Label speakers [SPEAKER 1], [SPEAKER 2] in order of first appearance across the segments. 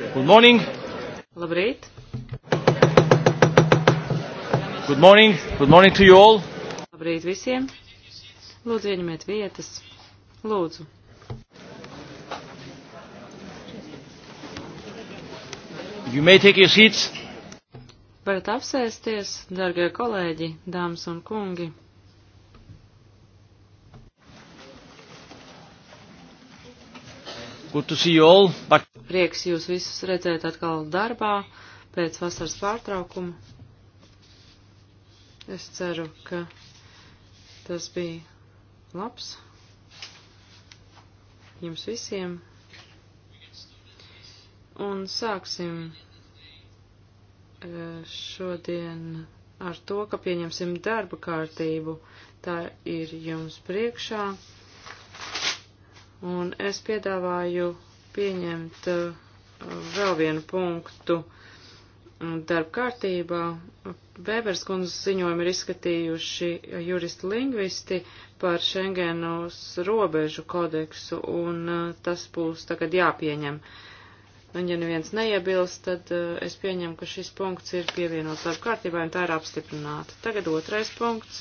[SPEAKER 1] Good morning. Labrīt. Good morning. Good morning to you all.
[SPEAKER 2] Labrīt visiem. Lūdzu, ieņemiet vietas. Lūdzu.
[SPEAKER 1] You may take your seats.
[SPEAKER 2] Varat apsēsties, dargie kolēģi, dāmas un kungi.
[SPEAKER 3] Good to see you all. Back.
[SPEAKER 2] Prieks jūs visus redzēt atkal darbā pēc vasaras pārtraukuma. Es ceru, ka tas bija labs jums visiem. Un sāksim eh, šodien ar to, ka pieņemsim darba kārtību. Tā ir jums priekšā. Un es piedāvāju pieņemt uh, vēl vienu punktu darba kārtībā. Bēbers uh, kundzes ziņojumu ir izskatījuši juristi lingvisti par Schengenos robežu kodeksu, un uh, tas būs tagad jāpieņem. Un ja neviens neiebilst, tad es pieņemu, ka šis punkts ir pievienots darba kārtībā, un tā ir apstiprināta. Tagad otrais punkts.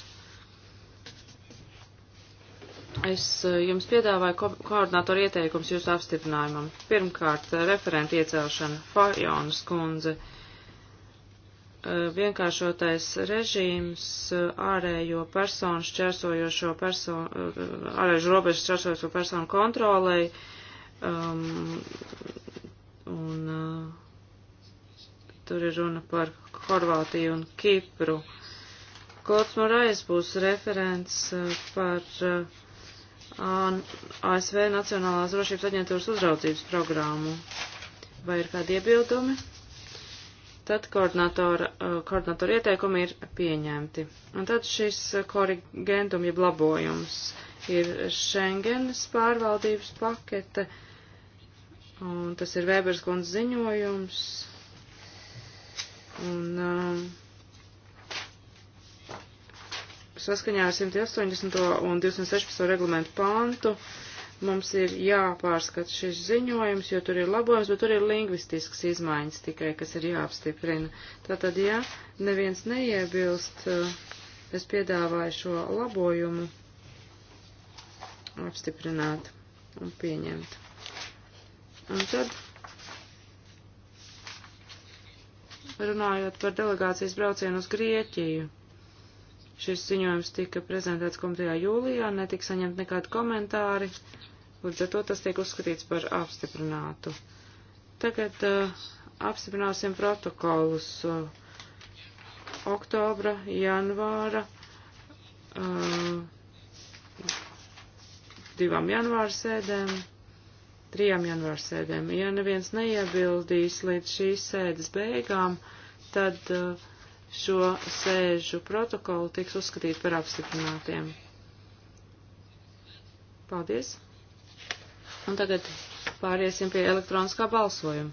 [SPEAKER 2] Es eh, jums piedāvāju ko koordinātoru ieteikums jūsu apstiprinājumam. Pirmkārt, eh, referenta iecelšana Fajonas kundze. Eh, vienkāršotais režīms ārējo personu šķērsojošo personu, ārējo robežu šķērsojošo personu kontrolei. Um, un uh, tur ir runa par Horvātiju un Kipru. Klots Morais būs referents uh, par uh, ASV Nacionālās drošības aģentūras uzraudzības programmu. Vai ir kādi iebildumi? Tad koordinatora, koordinatora ieteikumi ir pieņemti. Un tad šis korrigendum, jeb labojums, ir Schengenas pārvaldības pakete, un tas ir Vēberskundz ziņojums. Un, uh, saskaņā ar 180. un 216. reglamentu pāntu mums ir jāpārskata šis ziņojums, jo tur ir labojums, bet tur ir lingvistisks izmaiņas tikai, kas ir jāapstiprina. Tātad, ja neviens neiebilst, eh, es piedāvāju šo labojumu apstiprināt un pieņemt. Un tad, runājot par delegācijas braucienu uz Grieķiju. Šis ziņojums tika prezentēts komitejā jūlijā, netika saņemt nekādi komentāri, līdz ar to tas tiek uzskatīts par apstiprinātu. Tagad uh, apstiprināsim protokolus uh, oktobra, janvāra, uh, divām janvāra sēdēm, trijām janvāra sēdēm. Ja neviens neiebildīs līdz šīs sēdes beigām, tad uh, šo sēžu protokolu tiks uzskatīt par apstiprinātiem. Paldies! Un tagad pāriesim pie elektroniskā balsojuma.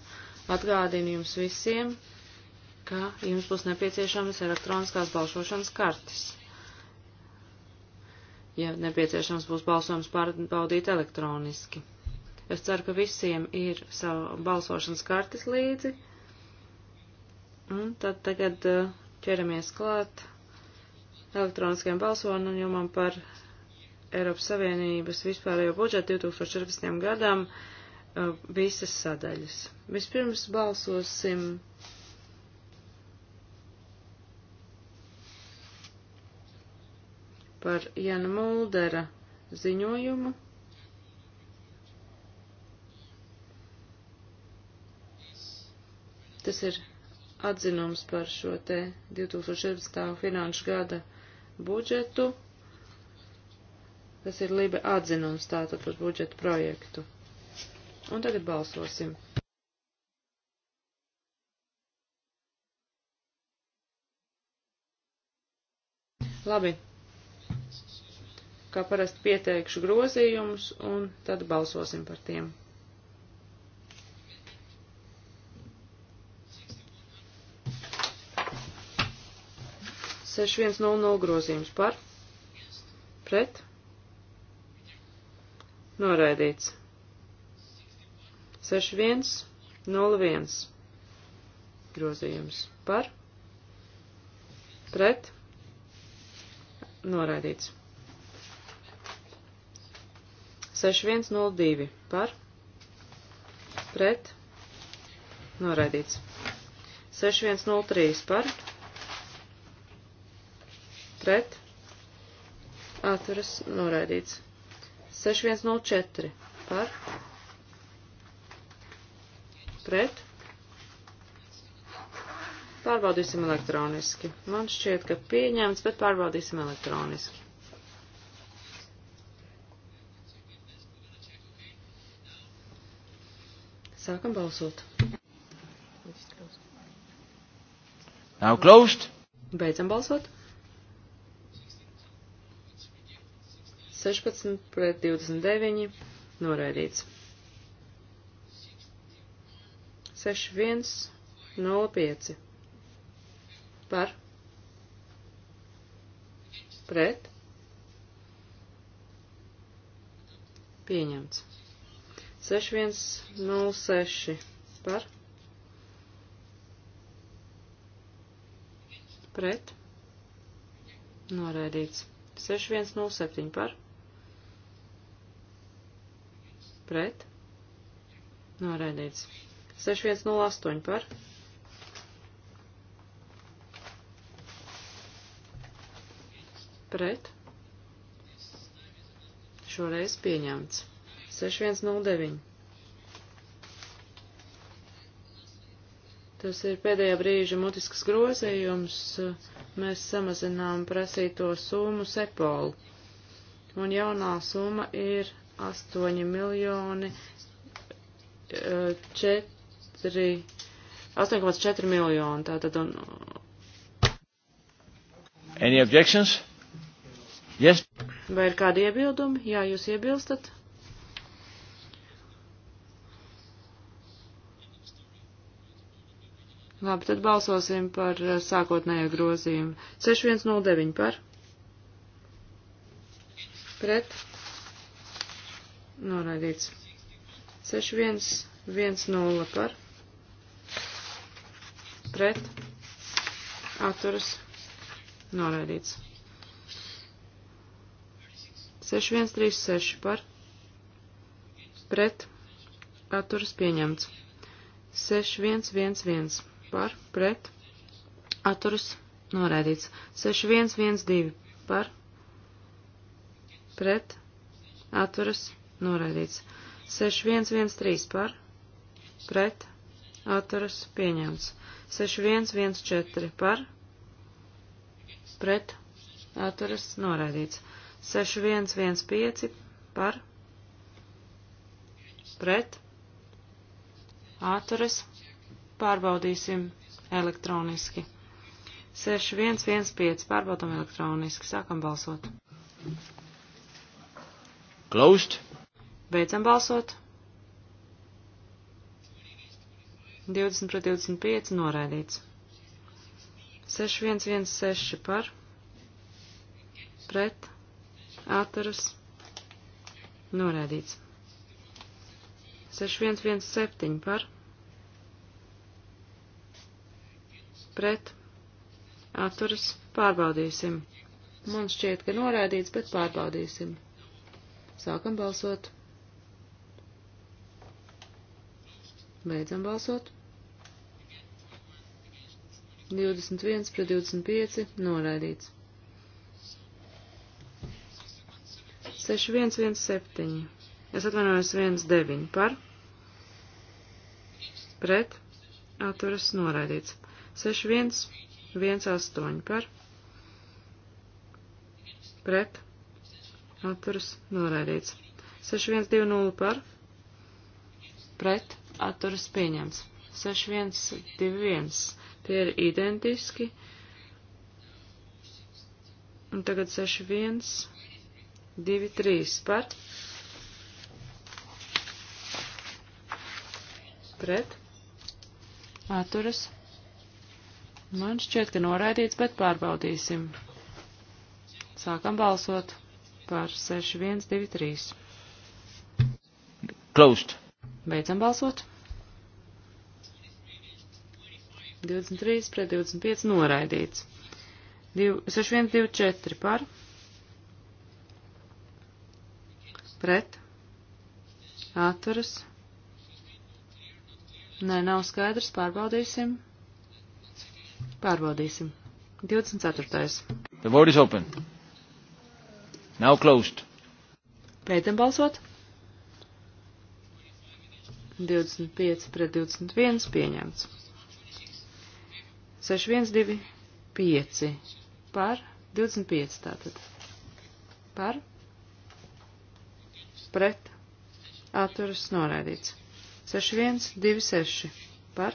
[SPEAKER 2] Atgādinu jums visiem, ka jums būs nepieciešamas elektroniskās balsošanas kartes. Ja nepieciešams būs balsojums pārbaudīt elektroniski. Es ceru, ka visiem ir savu balsošanas kartes līdzi. Un tad tagad uh, ķeramies klāt elektroniskiem balsojumam par Eiropas Savienības vispārējo budžetu 2014. gadam uh, visas sadaļas. Vispirms balsosim par Jana Muldera ziņojumu. Tas ir atzinums par šo te 2014. finanšu gada budžetu. Tas ir liba atzinums tātad par budžetu projektu. Un tagad balsosim. Labi. Kā parasti pieteikšu grozījumus un tad balsosim par tiem. 6100 grozījums par, pret, noraidīts. 6101 grozījums par, pret, noraidīts. 6102 par, pret, noraidīts. 6103 par, pret, pret, atturas noraidīts. 6104 par, pret, pārbaudīsim elektroniski. Man šķiet, ka pieņemts, bet pārbaudīsim elektroniski. Sākam balsot. Nav closed. Beidzam balsot. 16 pret 29 noraidīts. 6105 par pret pieņemts. 6106 par pret noraidīts. 6107 par pret pret, noraidīts. 6108 par, pret, šoreiz pieņemts. 6109. Tas ir pēdējā brīža mutiskas grozījums. Mēs samazinām prasīto summu sepolu. Un jaunā summa ir 8 miljoni 4, eh, 8,4 miljoni. Tātad un.
[SPEAKER 1] Any objections? Yes.
[SPEAKER 2] Vai ir kādi iebildumi? Jā, jūs iebilstat? Labi, tad balsosim par eh, sākotnējo grozījumu. 6109 par. Pret. Noraidīts. 6-1-1-0 par. Pret. Atturas. Noraidīts. 6-1-3-6 par. Pret. Atturas pieņemts. 6-1-1-1 par. Pret. Atturas. Noraidīts. 6-1-1-2 par. Pret. Atturas noraidīts. 6113 par, pret, atturas, pieņemts. 6114 par, pret, atturas, noraidīts. 6115 par, pret, atturas, pārbaudīsim elektroniski. 6115 pārbaudam elektroniski, sākam balsot. Closed. Beidzam balsot. 20 pret 25 noraidīts. 6116 par pret atturas noraidīts. 6117 par pret atturas pārbaudīsim. Man šķiet, ka noraidīts, bet pārbaudīsim. Sākam balsot. Beidzam balsot. 21 pret 25 noraidīts. 6117. Es atvainojos 19 par. Pret. Atturas noraidīts. 6118 par. Pret. Atturas noraidīts. 6120 par. Pret atturas pieņemts. 6121. Tie ir identiski. Un tagad 6123 par. Pret. Atturas. Man šķiet, ka noraidīts, bet pārbaudīsim. Sākam balsot par 6123. Closed. Beidzam balsot. 23 pret 25 noraidīts. 6124 par. Pret. Atturas. Nē, nav skaidrs, pārbaudīsim. Pārbaudīsim. 24.
[SPEAKER 3] The vote is open. Now closed.
[SPEAKER 2] Beidzam balsot. 25 pret 21 pieņemts. 6125 par 25 tātad. Par pret atturas noraidīts. 6126 par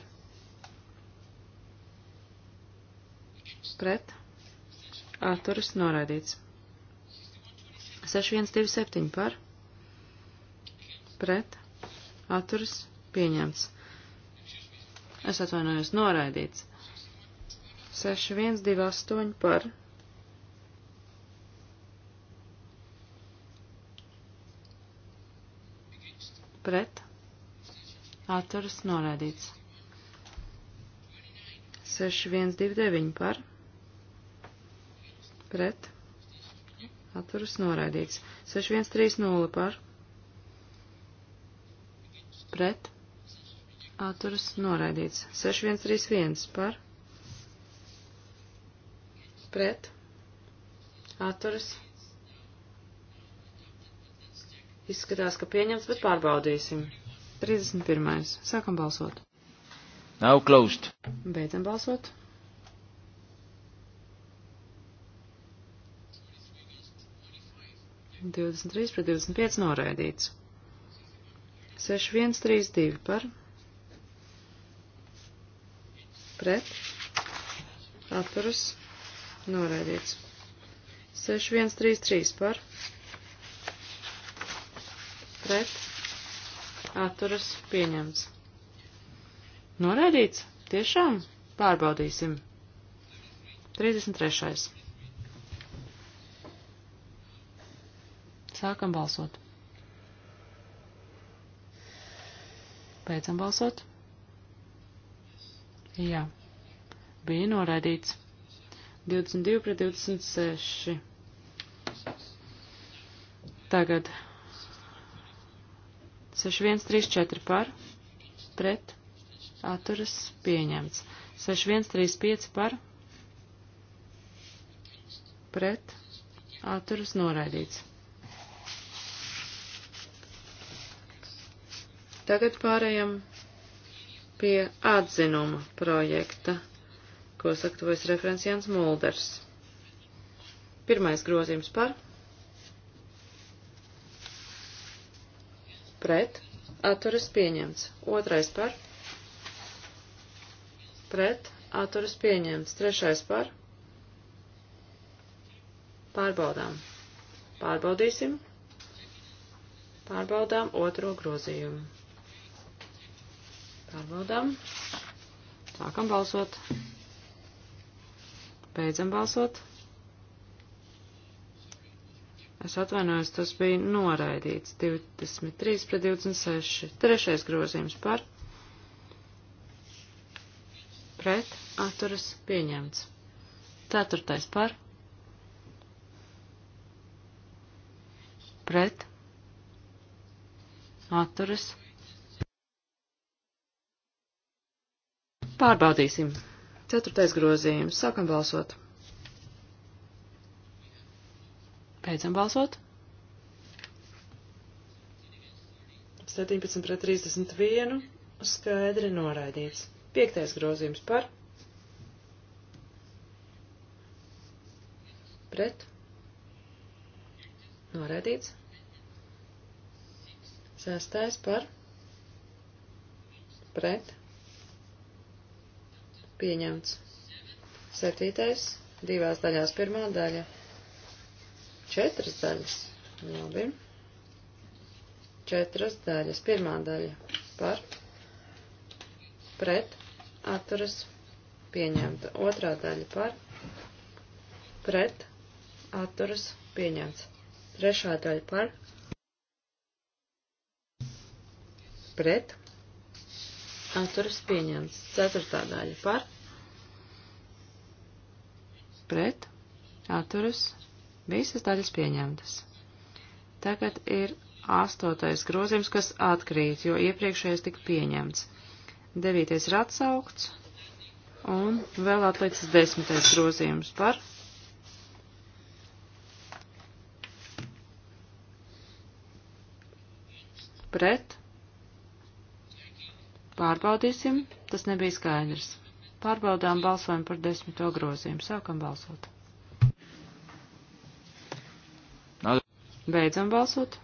[SPEAKER 2] pret atturas noraidīts. 6127 par pret atturas pieņemts. Es atvainojos, noraidīts. 6128 par pret atturas norādīts. 6129 par pret atturas norādīts. 6130 par pret atturas norādīts. 6131 par pret, atturas. Izskatās, ka pieņemts, bet pārbaudīsim. 31. Sākam balsot.
[SPEAKER 3] Nav closed.
[SPEAKER 2] Beidzam balsot. Divdesmit trīs pret divdesmit pieci noraidīts. Seši viens trīs divi par. Pret. Atturas Noraidīts. 6133 par. Pret. Atturas pieņemts. Noraidīts. Tiešām. Pārbaudīsim. 33. Sākam balsot. Beidzam balsot. Jā. Bija noraidīts. 22 pret 26. Tagad 6134 par, pret, atturas pieņemts. 6135 par, pret, atturas noraidīts. Tagad pārējam pie atzinuma projekta ko sagatavojas referents Jans Mulders. Pirmais grozījums par pret atturas pieņemts. Otrais par pret atturas pieņemts. Trešais par pārbaudām. Pārbaudīsim. Pārbaudām otro grozījumu. Pārbaudām. Sākam balsot. Beidzam balsot. Es atvainojos, tas bija noraidīts. 23 pret 26. Trešais grozījums par. Pret atturas pieņemts. Ceturtais par. Pret atturas. Pārbaudīsim. Ceturtais grozījums. Sākam balsot. Beidzam balsot. 17 pret 31 skaidri noraidīts. Piektais grozījums par pret noraidīts. Sestais par pret pieņemts. Septītais, divās daļās pirmā daļa, četras daļas, labi, četras daļas, pirmā daļa par, pret, atturas, pieņemta, otrā daļa par, pret, atturas, pieņemts, trešā daļa par, pret, atturas pieņemts. Ceturtā daļa par, pret, atturas, visas daļas pieņemtas. Tagad ir astotais grozījums, kas atkrīt, jo iepriekšējais tika pieņemts. Devītais ir atsaukts, un vēl atlicis desmitais grozījums par. Pret Pārbaudīsim, tas nebija skaidrs. Pārbaudām balsojumu par desmito grozījumu. Sākam balsot. Beidzam balsot.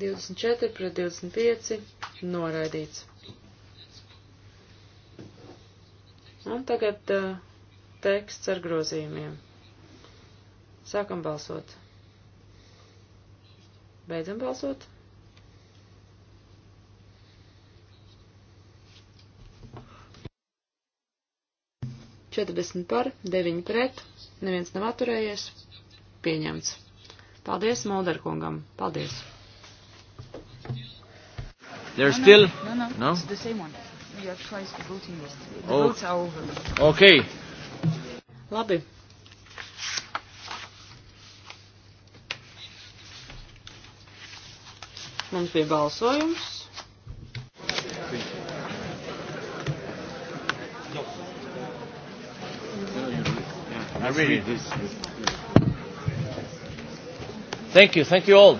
[SPEAKER 2] 24 pret 25 noraidīts. Un tagad uh, teksts ar grozījumiem. Sākam balsot. Beidzam balsot. 40 par, 9 pret, neviens nav atturējies, pieņemts. Paldies Molderkungam, paldies.
[SPEAKER 3] There's no, still? No, no, no. It's the
[SPEAKER 2] same one. You have twice the voting list.
[SPEAKER 3] The oh. votes are over. Okay.
[SPEAKER 2] Labi. Mums bija balsojums.
[SPEAKER 1] I really this. Thank you, thank you all.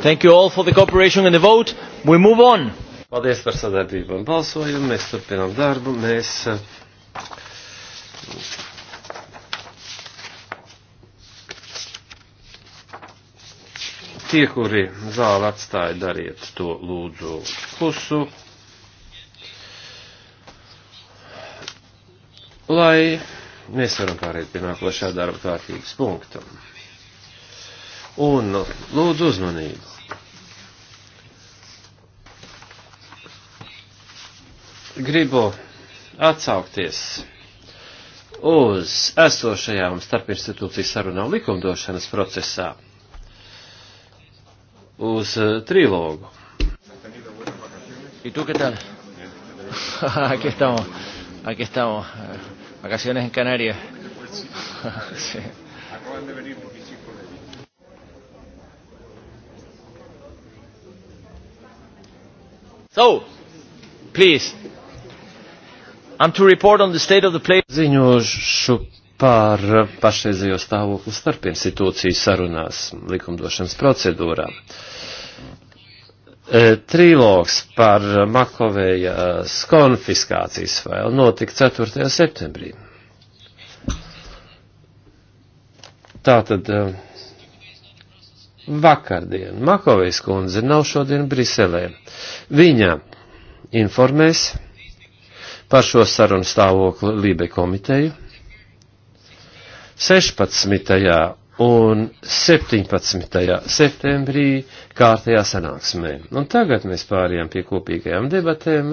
[SPEAKER 1] Thank you all for the cooperation and the vote. We move on.
[SPEAKER 3] Paldies par sadarbību un balsojumu. Mēs turpinām darbu. Mēs eh, tie, kuri zāli atstāja, dariet to lūdzu klusu. lai mēs varam pāriet pie nākošā darba kārtības punkta. Un lūdzu uzmanību. Gribu atsaukties uz esošajām starpinstitūciju sarunām likumdošanas procesā, uz eh, trilogu.
[SPEAKER 1] ¿Y tú qué tal? Ah, aquí estamos. Aquí estamos, eh, vacaciones en Canarias. sí. Acaban de venir mis hijos de allí.
[SPEAKER 3] So, please, I'm to report on the state of the play. Ziņošu par pašreizējo stāvokli starp institūciju sarunās likumdošanas procedūrā. Uh, E, trilogs par Makovējas e, konfiskācijas failu notika 4. septembrī. Tātad e, vakardien Makovējas kundze nav šodien Briselē. Viņa informēs par šo sarunu stāvokli Lībe komiteju. 16 un 17. septembrī kārtajā sanāksmē. Un tagad mēs pārējām pie kopīgajām debatēm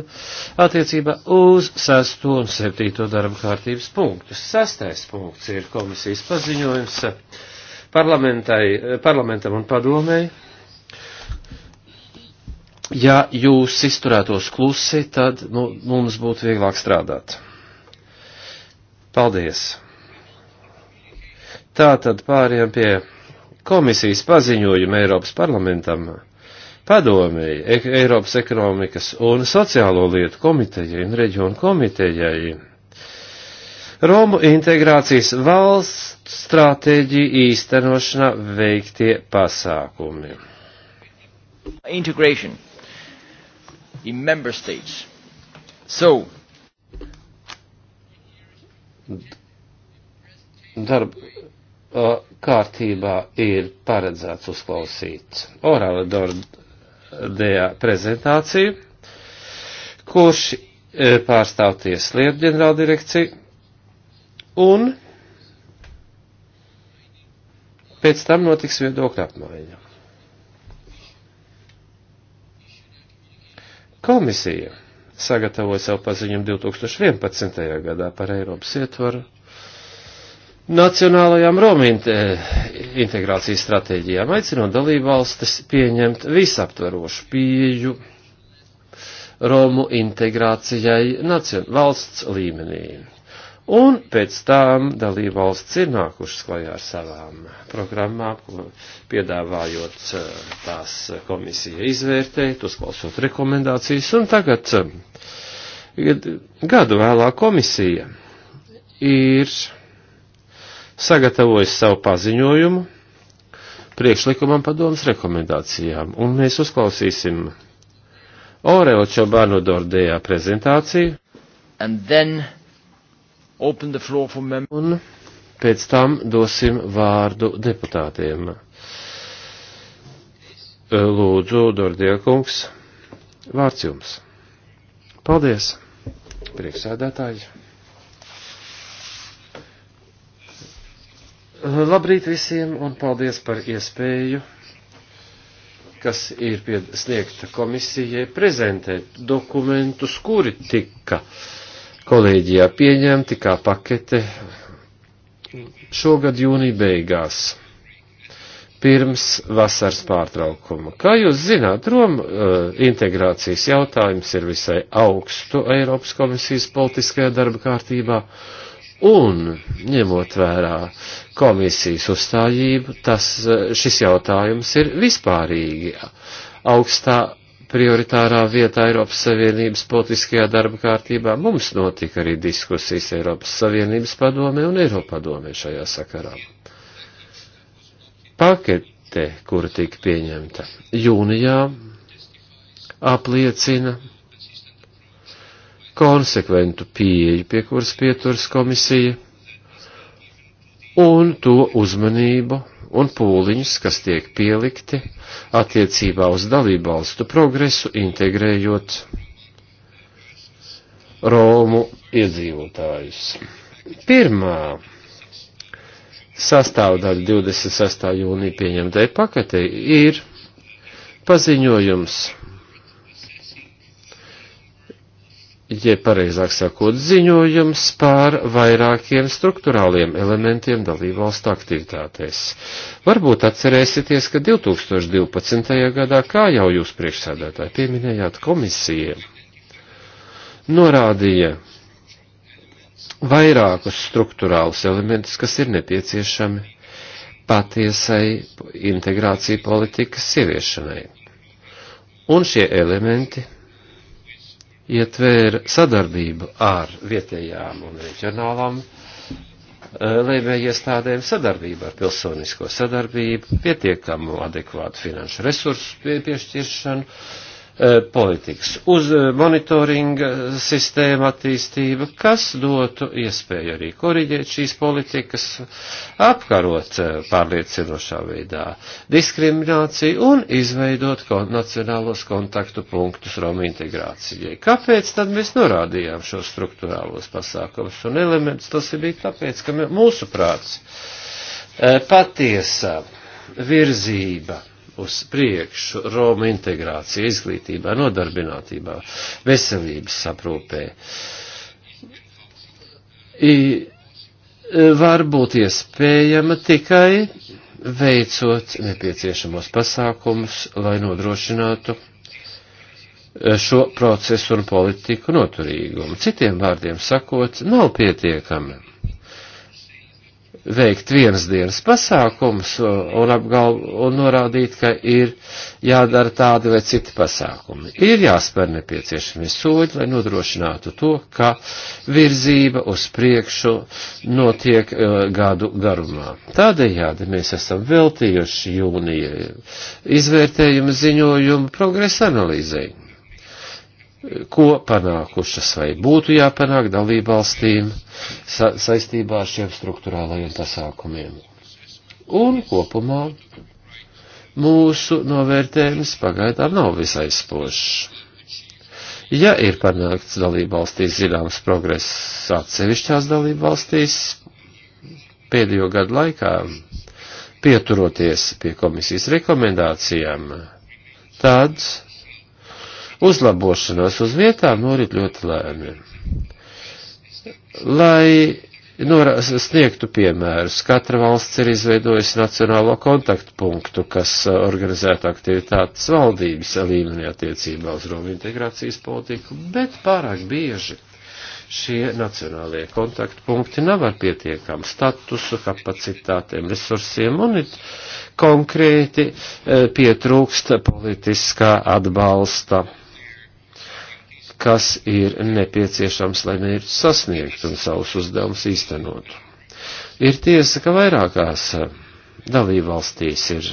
[SPEAKER 3] attiecībā uz 6. un 7. darba kārtības punktus. 6. punkts ir komisijas paziņojums parlamentam un padomēji. Ja jūs izturētos klusi, tad nu, mums būtu vieglāk strādāt. Paldies! Tātad pāriem pie komisijas paziņojuma Eiropas parlamentam, padomēji, e Eiropas ekonomikas un sociālo lietu komitejai un reģionu komitejai. Romu integrācijas valsts stratēģija īstenošanā veiktie pasākumi.
[SPEAKER 1] Integration in member states. So,
[SPEAKER 3] darba kārtībā ir paredzēts uzklausīt Orāla Dordējā prezentāciju, kurš e, pārstāv tieslietu ģenerāldirekciju, un pēc tam notiks viedokļa apmaiņa. Komisija sagatavoja savu paziņojumu 2011. gadā par Eiropas ietvaru nacionālajām Roma eh, integrācijas stratēģijām, aicinot dalībvalstis pieņemt visaptverošu pieju Romu integrācijai nacion, valsts līmenī. Un pēc tām dalībvalsts ir nākušas klajā ar savām programmām, piedāvājot eh, tās komisija izvērtēt, uzklausot rekomendācijas, un tagad eh, gadu vēlāk komisija ir sagatavojis savu paziņojumu priekšlikumam padomas rekomendācijām, un mēs uzklausīsim Oreo Čobanu Dordējā prezentāciju, un pēc tam dosim vārdu deputātiem. Lūdzu, Dordējā kungs, vārds jums. Paldies,
[SPEAKER 1] priekšsēdētāji!
[SPEAKER 3] Labrīt visiem un paldies par iespēju, kas ir sniegta komisijai prezentēt dokumentus, kuri tika kolēģijā pieņemti kā pakete šogad jūnija beigās pirms vasaras pārtraukuma. Kā jūs zināt, Roma uh, integrācijas jautājums ir visai augstu Eiropas komisijas politiskajā darba kārtībā, Un, ņemot vērā komisijas uzstājību, tas, šis jautājums ir vispārīgi augstā prioritārā vietā Eiropas Savienības politiskajā darba kārtībā. Mums notika arī diskusijas Eiropas Savienības padomē un Eiropadomē šajā sakarā. Pakete, kura tika pieņemta jūnijā, apliecina konsekventu pieeju, pie kuras pieturas komisija, un to uzmanību un pūliņus, kas tiek pielikti attiecībā uz dalībvalstu progresu, integrējot Romu iedzīvotājus. Pirmā sastāvdaļa 26. jūnija pieņemtai paketei ir paziņojums jeb pareizāk sakot, ziņojums par vairākiem struktūrāliem elementiem dalībvalstu aktivitātēs. Varbūt atcerēsieties, ka 2012. gadā, kā jau jūs priekšsēdētāji pieminējāt, komisija norādīja vairākus struktūrālus elementus, kas ir nepieciešami patiesai integrācija politikas ieviešanai. Un šie elementi ietvēra sadarbību ar vietējām un reģionālām eh, lēmēja iestādēm sadarbību ar pilsonisko sadarbību, pietiekamu adekvātu finanšu resursu piešķiršanu E, politikas, uz e, monitoringa e, sistēma attīstība, kas dotu iespēju arī koriģēt šīs politikas, apkarot pārliecinošā veidā diskrimināciju un izveidot nacionālos kontaktu punktus Roma integrācijai. Kāpēc tad mēs norādījām šos struktūrālos pasākumus un elementus? Tas bija tāpēc, ka mūsu prāts patiesa virzība uz priekšu Roma integrācija, izglītībā, nodarbinātībā, veselības aprūpē. I, var būt iespējama tikai veicot nepieciešamos pasākumus, lai nodrošinātu eh, šo procesu un politiku noturīgumu. Citiem vārdiem sakot, nav pietiekami veikt vienas dienas pasākums un, apgal, un norādīt, ka ir jādara tādi vai citi pasākumi. Ir jāspēr nepieciešami soļi, lai nodrošinātu to, ka virzība uz priekšu notiek uh, gadu garumā. Tādējādi mēs esam veltījuši jūnija izvērtējumu ziņojumu progresa analīzei ko panākušas vai būtu jāpanāk dalībvalstīm sa saistībā ar šiem struktūrālajiem pasākumiem. Un kopumā mūsu novērtējums pagaidām nav visai spožs. Ja ir panākts dalībvalstīs zināms progress atsevišķās dalībvalstīs pēdējo gadu laikā, pieturoties pie komisijas rekomendācijām, tad uzlabošanās uz vietām norit ļoti lēni. Lai nu, sniegtu piemērus. Katra valsts ir izveidojusi nacionālo kontaktpunktu, kas uh, organizētu aktivitātes valdības līmenī attiecībā uz Romu integrācijas politiku, bet pārāk bieži šie nacionālie kontaktpunkti nav ar pietiekamu statusu, kapacitātiem, resursiem un ir konkrēti uh, pietrūksta politiskā atbalsta kas ir nepieciešams, lai mērķus sasniegtu un savus uzdevumus īstenotu. Ir tiesa, ka vairākās eh, dalībvalstīs ir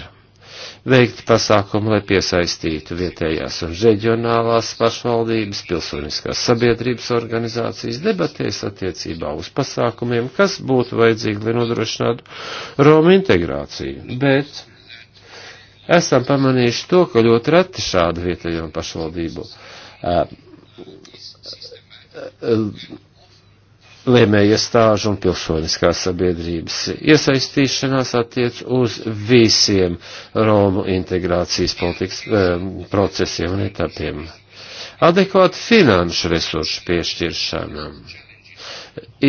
[SPEAKER 3] veikt pasākumu, lai piesaistītu vietējās un reģionālās pašvaldības, pilsoniskās sabiedrības organizācijas debatēs attiecībā uz pasākumiem, kas būtu vajadzīgi, lai nodrošinātu Roma integrāciju. Bet esam pamanījuši to, ka ļoti reti šādu vietējo un pašvaldību uh, Eh, lēmēja stāžu un pilsoniskās sabiedrības iesaistīšanās attiec uz visiem Romu integrācijas politikas e, procesiem un etapiem. Adekvāta finanšu resursu piešķiršanām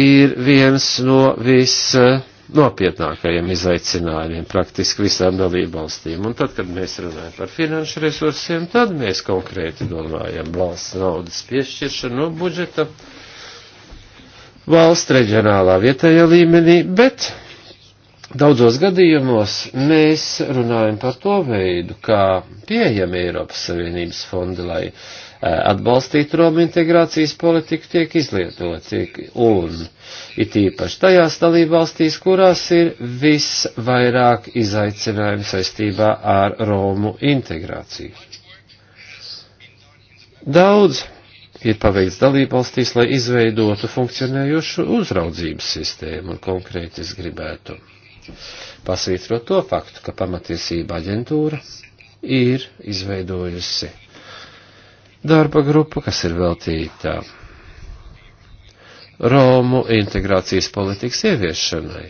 [SPEAKER 3] ir viens no viss eh, nopietnākajiem izaicinājumiem praktiski visām dalībvalstīm. Un tad, kad mēs runājam par finanšu resursiem, tad mēs konkrēti domājam valsts naudas piešķiršanu no budžeta valsts reģionālā vietējā līmenī, bet Daudzos gadījumos mēs runājam par to veidu, kā pieejami Eiropas Savienības fondi, lai Eh, atbalstīt Romu integrācijas politiku tiek izlietots, un it īpaši tajās dalībvalstīs, kurās ir visvairāk izaicinājumi saistībā ar Romu integrāciju. Daudz ir paveikts dalībvalstīs, lai izveidotu funkcionējošu uzraudzības sistēmu, un konkrēti es gribētu pasvītrot to faktu, ka pamatiesība aģentūra ir izveidojusi darba grupa, kas ir veltīta Romu integrācijas politikas ieviešanai,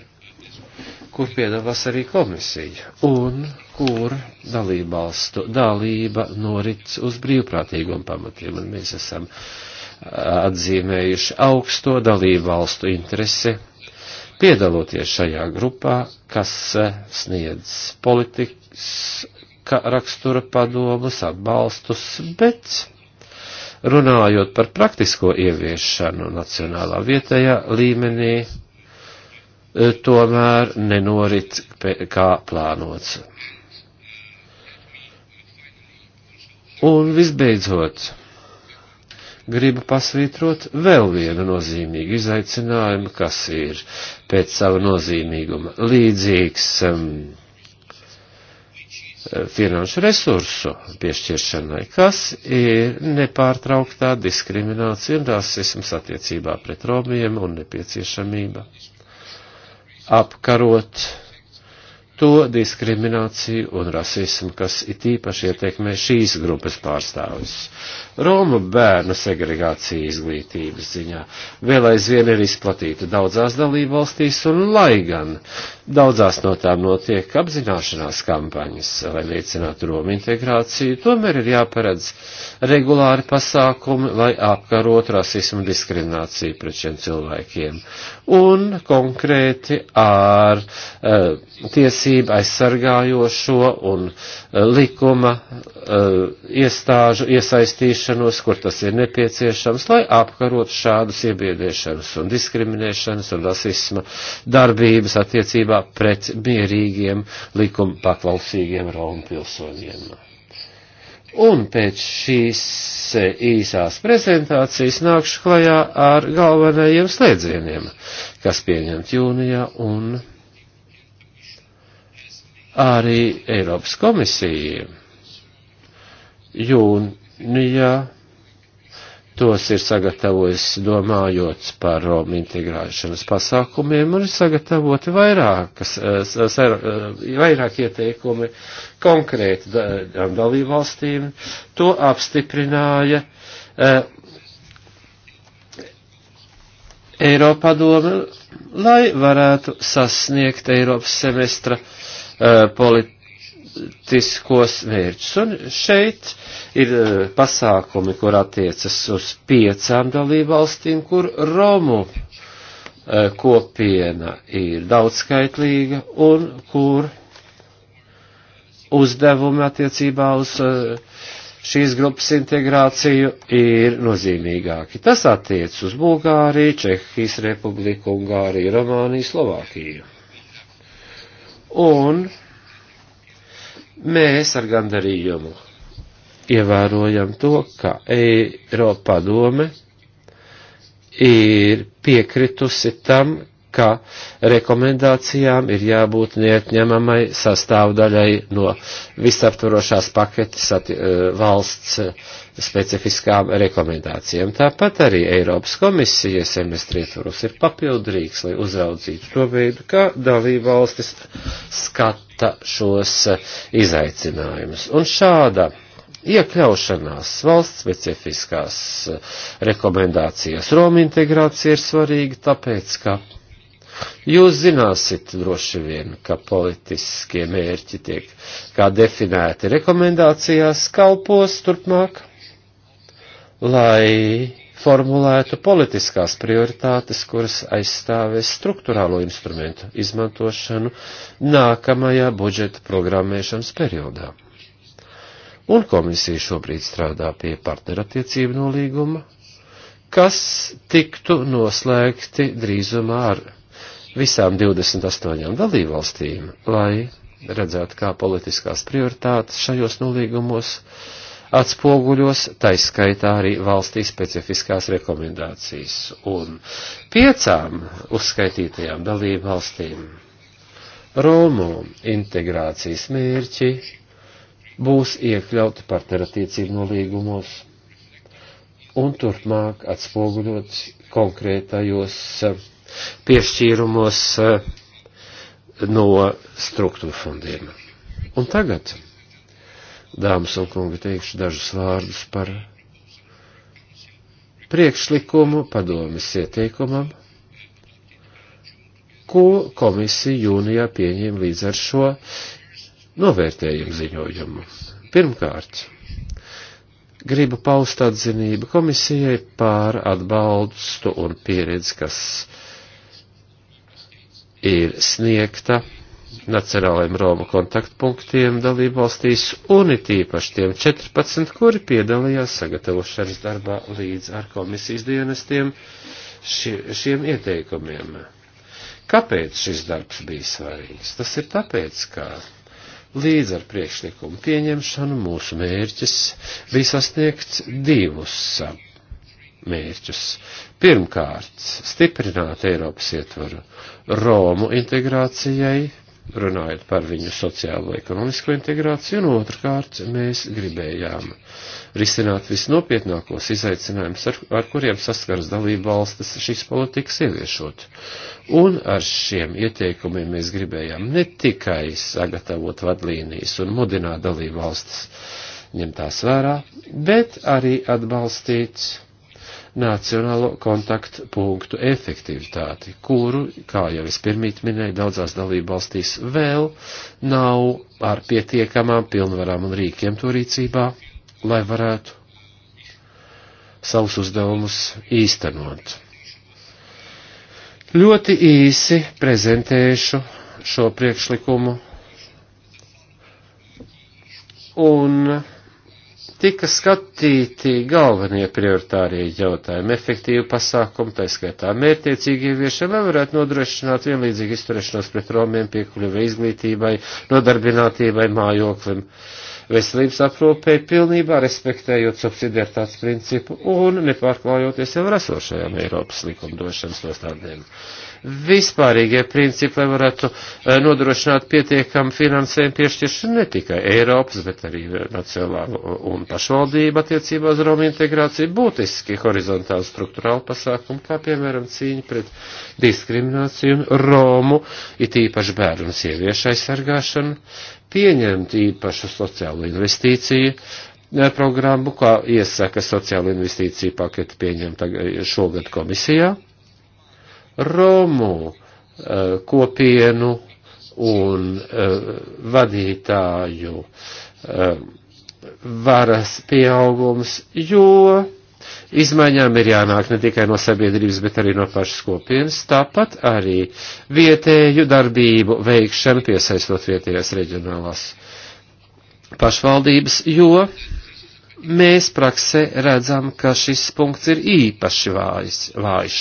[SPEAKER 3] kur piedalās arī komisija un kur dalībvalstu dalība norit uz brīvprātīgiem pamatiem, un mēs esam atzīmējuši augsto dalībvalstu interesi piedaloties šajā grupā, kas sniedz politikas rakstura padomus, atbalstus, bet Runājot par praktisko ieviešanu nacionālā vietējā līmenī, e, tomēr nenorit kā plānots. Un visbeidzot, gribu pasvītrot vēl vienu nozīmīgu izaicinājumu, kas ir pēc sava nozīmīguma līdzīgs um, Eh, finanšu resursu piešķiršanai, kas ir nepārtrauktā diskriminācija un rasisms attiecībā pret romiem un nepieciešamība apkarot to diskrimināciju un rasismu, kas it īpaši ietekmē šīs grupas pārstāvis. Romu bērnu segregācija izglītības ziņā vēl aizvien ir izplatīta daudzās dalībvalstīs, un lai gan daudzās no tām notiek apzināšanās kampaņas, lai veicinātu Romu integrāciju, tomēr ir jāparedz regulāri pasākumi, lai apkarotu rasismu diskrimināciju pret šiem cilvēkiem, un konkrēti ar uh, tiesību aizsargājošo un uh, likuma uh, iestāžu iesaistīšanu vēršanos, kur tas ir nepieciešams, lai apkarot šādus iebiedēšanas un diskriminēšanas un rasisma darbības attiecībā pret mierīgiem likuma paklausīgiem Romu pilsoņiem. Un pēc šīs īsās prezentācijas nākšu klajā ar galvenajiem slēdzieniem, kas pieņemt jūnijā un arī Eiropas komisija jūn, Nijā. Nu tos ir sagatavojis domājot par Roma integrēšanas pasākumiem un ir sagatavoti vairākas, eh, eh, vairāk ieteikumi konkrēti dalībvalstīm. To apstiprināja eh, Eiropadome, lai varētu sasniegt Eiropas semestra politiskos mērķus. Un šeit ir e, pasākumi, kur attiecas uz piecām dalībvalstīm, kur Romu e, kopiena ir daudzskaitlīga un kur uzdevumi attiecībā uz e, šīs grupas integrāciju ir nozīmīgāki. Tas attiec uz Bulgāriju, Čehijas republiku, Ungāriju, Romāniju, Slovākiju. Un mēs ar gandarījumu ievērojam to, ka Eiropa padome ir piekritusi tam, ka rekomendācijām ir jābūt neatņemamai sastāvdaļai no visaptvarošās paketes ati, eh, valsts specifiskām rekomendācijām. Tāpat arī Eiropas komisija semestri ietvaros ir papildrīgs, lai uzraudzītu to veidu, kā dalība valstis skata šos eh, izaicinājumus. Un šāda iekļaušanās valsts specifiskās eh, rekomendācijas Roma integrācija ir svarīga, tāpēc, ka Jūs zināsit droši vien, ka politiskie mērķi tiek, kā definēti rekomendācijās, kalpos turpmāk, lai formulētu politiskās prioritātes, kuras aizstāvēs struktūrālo instrumentu izmantošanu nākamajā budžeta programmēšanas periodā. Un komisija šobrīd strādā pie partnerattiecību nolīguma, kas tiktu noslēgti drīzumā ar visām 28 dalībvalstīm, lai redzētu, kā politiskās prioritātes šajos nolīgumos atspoguļos, taiskaitā arī valstī specifiskās rekomendācijas. Un piecām uzskaitītajām dalībvalstīm Romu integrācijas mērķi būs iekļauti partnerattiecību nolīgumos un turpmāk atspoguļot konkrētajos eh, piešķīrumos eh, no struktūra fondiem. Un tagad, dāmas un kungi, teikšu dažus vārdus par priekšlikumu padomis ieteikumam, ko komisija jūnijā pieņēma līdz ar šo novērtējumu ziņojumu. Pirmkārt, gribu paust atzinību komisijai pār atbalstu un pieredzi, kas ir sniegta nacionālajiem Roma kontaktpunktiem dalībvalstīs un it īpaši tiem 14, kuri piedalījās sagatavošanas darbā līdz ar komisijas dienestiem šie, šiem ieteikumiem. Kāpēc šis darbs bija svarīgs? Tas ir tāpēc, ka Līdz ar priekšlikumu pieņemšanu mūsu mērķis bija sasniegt divus mērķus. Pirmkārt, stiprināt Eiropas ietvaru Romu integrācijai runājot par viņu sociālo ekonomisko integrāciju, un otrkārt mēs gribējām risināt visnopietnākos izaicinājumus, ar, ar kuriem saskaras dalība valstis šīs politikas ieviešot. Un ar šiem ieteikumiem mēs gribējām ne tikai sagatavot vadlīnijas un mudināt dalību valstis ņemt tās vērā, bet arī atbalstīt nacionālo kontaktpunktu efektivitāti, kuru, kā jau es pirmīt minēju, daudzās dalību valstīs vēl nav ar pietiekamām pilnvarām un rīkiem to rīcībā, lai varētu savus uzdevumus īstenot. Ļoti īsi prezentēšu šo priekšlikumu un tika skatīti galvenie prioritārie jautājumi, efektīvi pasākumi, tā skaitā mērtiecīgi ieviešana, lai varētu nodrošināt vienlīdzīgu izturēšanos pret romiem, piekļuvi izglītībai, nodarbinātībai, mājoklim, veselības aprūpē, pilnībā respektējot subsidiartāts principu un nepārklājoties jau esošajām Eiropas likumdošanas nostādēm vispārīgie principi, lai varētu eh, nodrošināt pietiekam finansējumu piešķiršanu ne tikai Eiropas, bet arī eh, nacionāla un pašvaldība attiecībā uz Romu integrāciju, būtiski horizontāli struktūrāli pasākumi, kā piemēram cīņa pret diskrimināciju un Romu, it īpaši bērnu un sieviešu aizsargāšanu, pieņemt īpašu sociālo investīciju, eh, programmu, kā iesaka sociāla investīcija paketi pieņemta šogad komisijā. Romu eh, kopienu un eh, vadītāju eh, varas pieaugums, jo Izmaiņām ir jānāk ne tikai no sabiedrības, bet arī no pašas kopienas, tāpat arī vietēju darbību veikšana, piesaistot vietējās reģionālās pašvaldības, jo mēs praksē redzam, ka šis punkts ir īpaši vājš.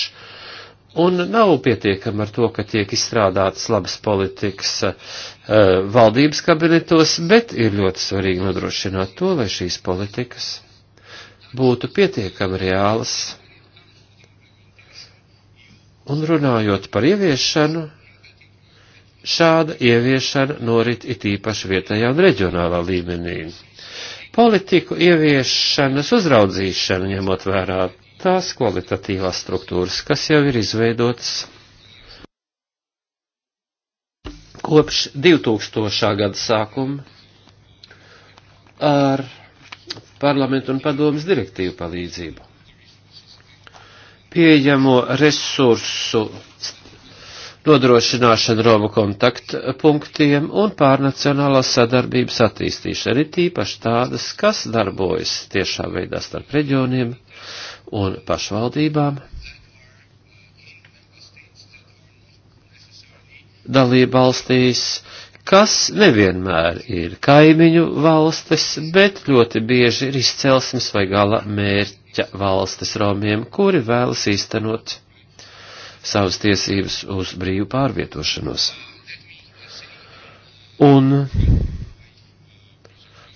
[SPEAKER 3] Un nav pietiekami ar to, ka tiek izstrādātas labas politikas uh, valdības kabinetos, bet ir ļoti svarīgi nodrošināt to, lai šīs politikas būtu pietiekami reālas. Un runājot par ieviešanu, šāda ieviešana norit it īpaši vietējā un reģionālā līmenī politiku ieviešanas uzraudzīšanu, ņemot vērā tās kvalitatīvās struktūras, kas jau ir izveidotas kopš 2000. gada sākuma ar parlamentu un padomas direktīvu palīdzību. Pieejamo resursu nodrošināšana Roma kontaktpunktiem un pārnacionālās sadarbības attīstīšana ir tīpaši tādas, kas darbojas tiešā veidā starp reģioniem un pašvaldībām. Dalība valstīs, kas nevienmēr ir kaimiņu valstis, bet ļoti bieži ir izcelsmes vai gala mērķa valstis romiem, kuri vēlas īstenot savas tiesības uz brīvu pārvietošanos. Un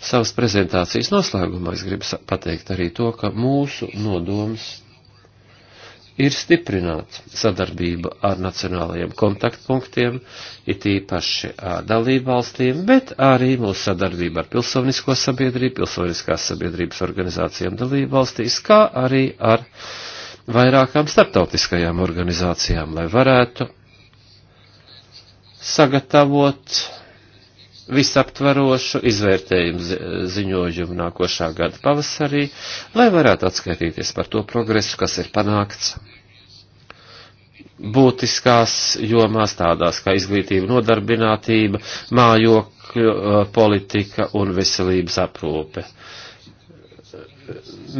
[SPEAKER 3] savas prezentācijas noslēgumā es gribu pateikt arī to, ka mūsu nodoms ir stiprināt sadarbību ar nacionālajiem kontaktpunktiem, it īpaši ar dalībvalstīm, bet arī mūsu sadarbību ar pilsonisko sabiedrību, pilsoniskās sabiedrības organizācijām dalībvalstīs, kā arī ar vairākām starptautiskajām organizācijām, lai varētu sagatavot visaptvarošu izvērtējumu ziņojumu nākošā gada pavasarī, lai varētu atskaitīties par to progresu, kas ir panākts būtiskās jomās tādās kā izglītība, nodarbinātība, mājokļu eh, politika un veselības aprūpe. Uh,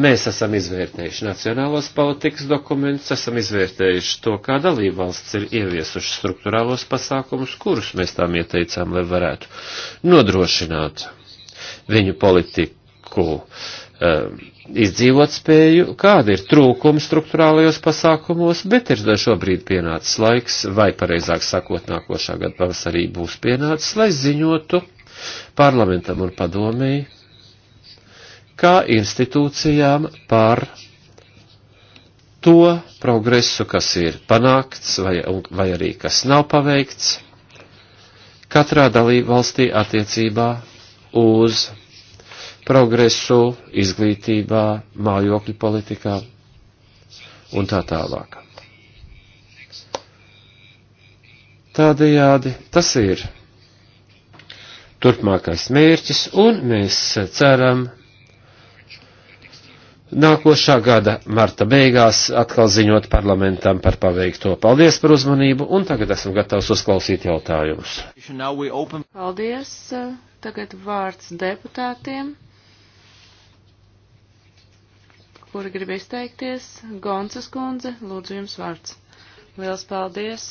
[SPEAKER 3] mēs esam izvērtējuši nacionālos politikas dokumentus, esam izvērtējuši to, kā dalībvalsts ir ieviesuši struktūrālos pasākumus, kurus mēs tām ieteicām, lai varētu nodrošināt viņu politiku um, izdzīvot spēju, kāda ir trūkuma struktūrālajos pasākumos, bet ir šobrīd pienācis laiks, vai pareizāk sakot, nākošā gada pavasarī būs pienācis, lai ziņotu parlamentam un padomēji kā institūcijām par to progresu, kas ir panākts vai, vai arī kas nav paveikts katrā dalību valstī attiecībā uz progresu izglītībā, mājokļu politikā un tā tālāk. Tādējādi tas ir turpmākais mērķis, un mēs ceram, nākošā gada marta beigās atkal ziņot parlamentam par paveikto. Paldies par uzmanību, un tagad esmu gatavs uzklausīt jautājumus.
[SPEAKER 2] Paldies. Tagad vārds deputātiem, kuri grib izteikties. Goncas kundze, lūdzu jums vārds. Liels paldies,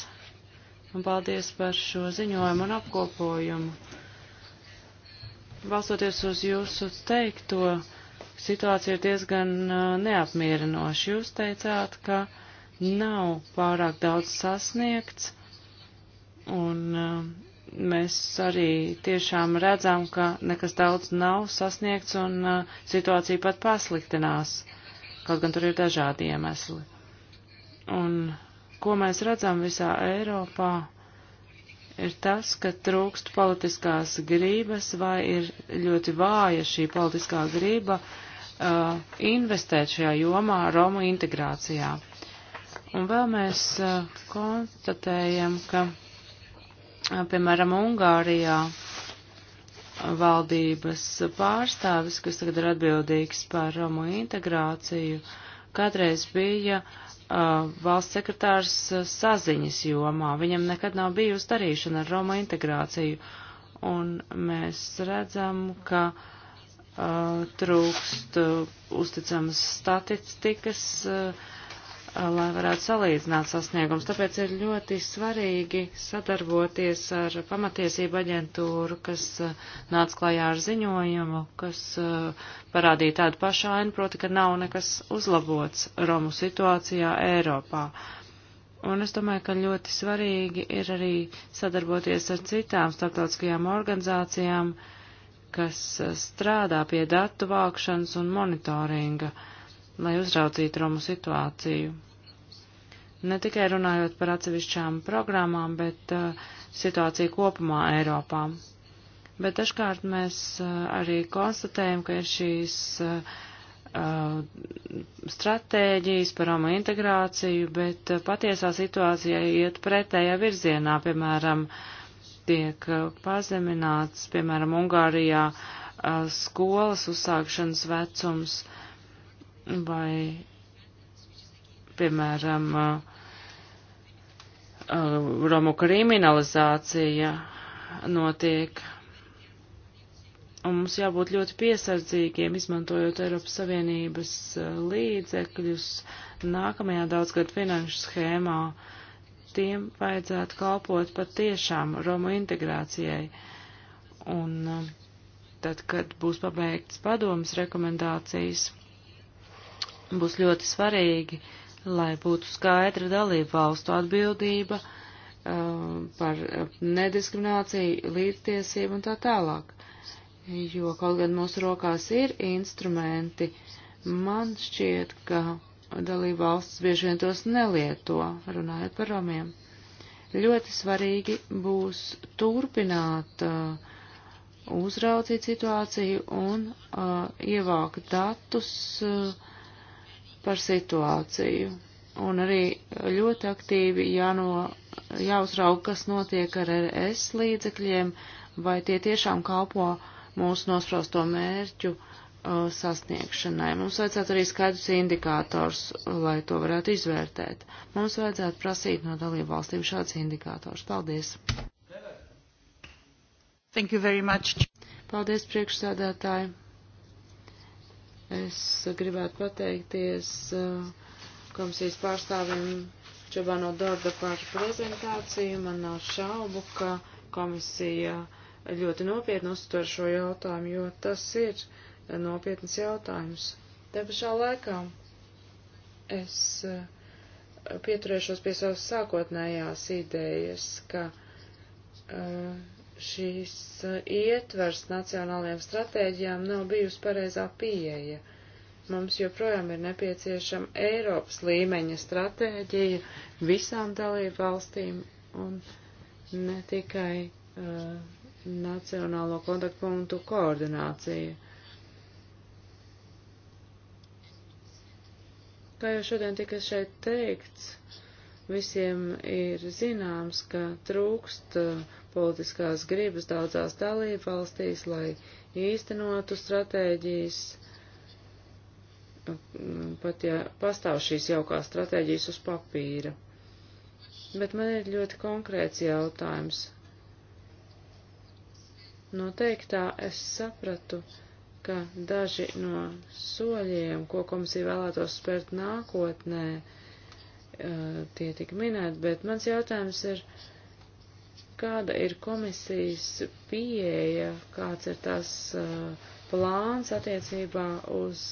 [SPEAKER 2] un paldies par šo ziņojumu un apkopojumu. Balsoties uz jūsu teikto, situācija ir diezgan uh, neapmierinoša. Jūs teicāt, ka nav pārāk daudz sasniegts, un uh, mēs arī tiešām redzam, ka nekas daudz nav sasniegts, un uh, situācija pat pasliktinās, kaut gan tur ir dažādi iemesli. Un ko mēs redzam visā Eiropā? ir tas, ka trūkst politiskās grības vai ir ļoti vāja šī politiskā grība uh, investēt šajā jomā Romu integrācijā. Un vēl mēs uh, konstatējam, ka, uh, piemēram, Ungārijā uh, valdības pārstāvis, kas tagad ir atbildīgs par Romu integrāciju, kādreiz bija uh, valsts sekretārs uh, saziņas jomā. Viņam nekad nav bijusi darīšana ar Romu integrāciju. Un mēs redzam, ka uh, Uh, trūkst uh, uzticamas statistikas, uh, lai varētu salīdzināt sasniegums. Tāpēc ir ļoti svarīgi sadarboties ar pamatiesību aģentūru, kas nāca klajā ar ziņojumu, kas parādīja tādu pašu ainu, proti, ka nav nekas uzlabots Romu situācijā Eiropā. Un es domāju, ka ļoti svarīgi ir arī sadarboties ar citām starptautiskajām organizācijām, uh, kas eh, strādā pie datu vākšanas un monitoringa, lai uzraudzītu Romu situāciju. Ne tikai runājot par atsevišķām programmām, bet uh, situāciju kopumā Eiropā. Bet dažkārt mēs uh, arī konstatējam, ka ir šīs uh, stratēģijas par Romu integrāciju, bet patiesā situācija iet pretējā virzienā, piemēram, uh, tiek eh, pazemināts, piemēram, Ungārijā eh, skolas uzsākšanas vecums vai, piemēram, eh, Romu kriminalizācija notiek. Un mums jābūt ļoti piesardzīgiem, izmantojot Eiropas Savienības līdzekļus nākamajā daudzgad finanšu schēmā. Uh, tiem vajadzētu kalpot patiešām Romu integrācijai. Un um, tad, kad būs pabeigts padomas rekomendācijas, būs ļoti svarīgi, lai būtu skaidra dalība valstu atbildība um, par um, nediskrimināciju, līdztiesību un tā tālāk. Jo kaut gan mūsu rokās ir instrumenti, man šķiet, ka dalība valsts bieži vien tos nelieto, runājot par romiem. Ļoti svarīgi būs turpināt uh, uzraucīt situāciju un uh, ievākt datus uh, par situāciju. Un arī ļoti aktīvi jāno, jāuzrauga, kas notiek ar RS līdzekļiem, vai tie tiešām kalpo mūsu nosprosto mērķu uh, uh, sasniegšanai. Mums vajadzētu arī skaidrs indikators, lai to varētu izvērtēt. Mums vajadzētu prasīt no dalību valstīm šāds indikators. Paldies! Thank you very much. Paldies, priekšsādātāji. Es gribētu pateikties uh, komisijas pārstāvim Čabano Dorda par prezentāciju. Man nav šaubu, ka komisija ļoti nopietni uztver šo jautājumu, jo tas ir uh, nopietnas jautājumus. Te pašā laikā es eh, pieturēšos pie savas sākotnējās idejas, ka eh, šīs eh, ietvers nacionālajām stratēģijām nav bijusi pareizā pieeja. Mums joprojām ir nepieciešama Eiropas līmeņa stratēģija visām dalību valstīm un ne tikai uh, nacionālo kontaktpunktu koordinācija. Uh, Kā jau šodien tika šeit teikts, visiem ir zināms, ka trūkst uh, politiskās gribas daudzās dalību valstīs, lai īstenotu stratēģijas, pat ja pastāv šīs jaukās stratēģijas uz papīra. Bet man ir ļoti konkrēts jautājums. No teiktā es sapratu, ka daži no soļiem, ko komisija vēlētos spērt nākotnē, eh, tie tik minēti, bet mans jautājums ir, kāda ir komisijas pieeja, kāds ir tās eh, plāns attiecībā uz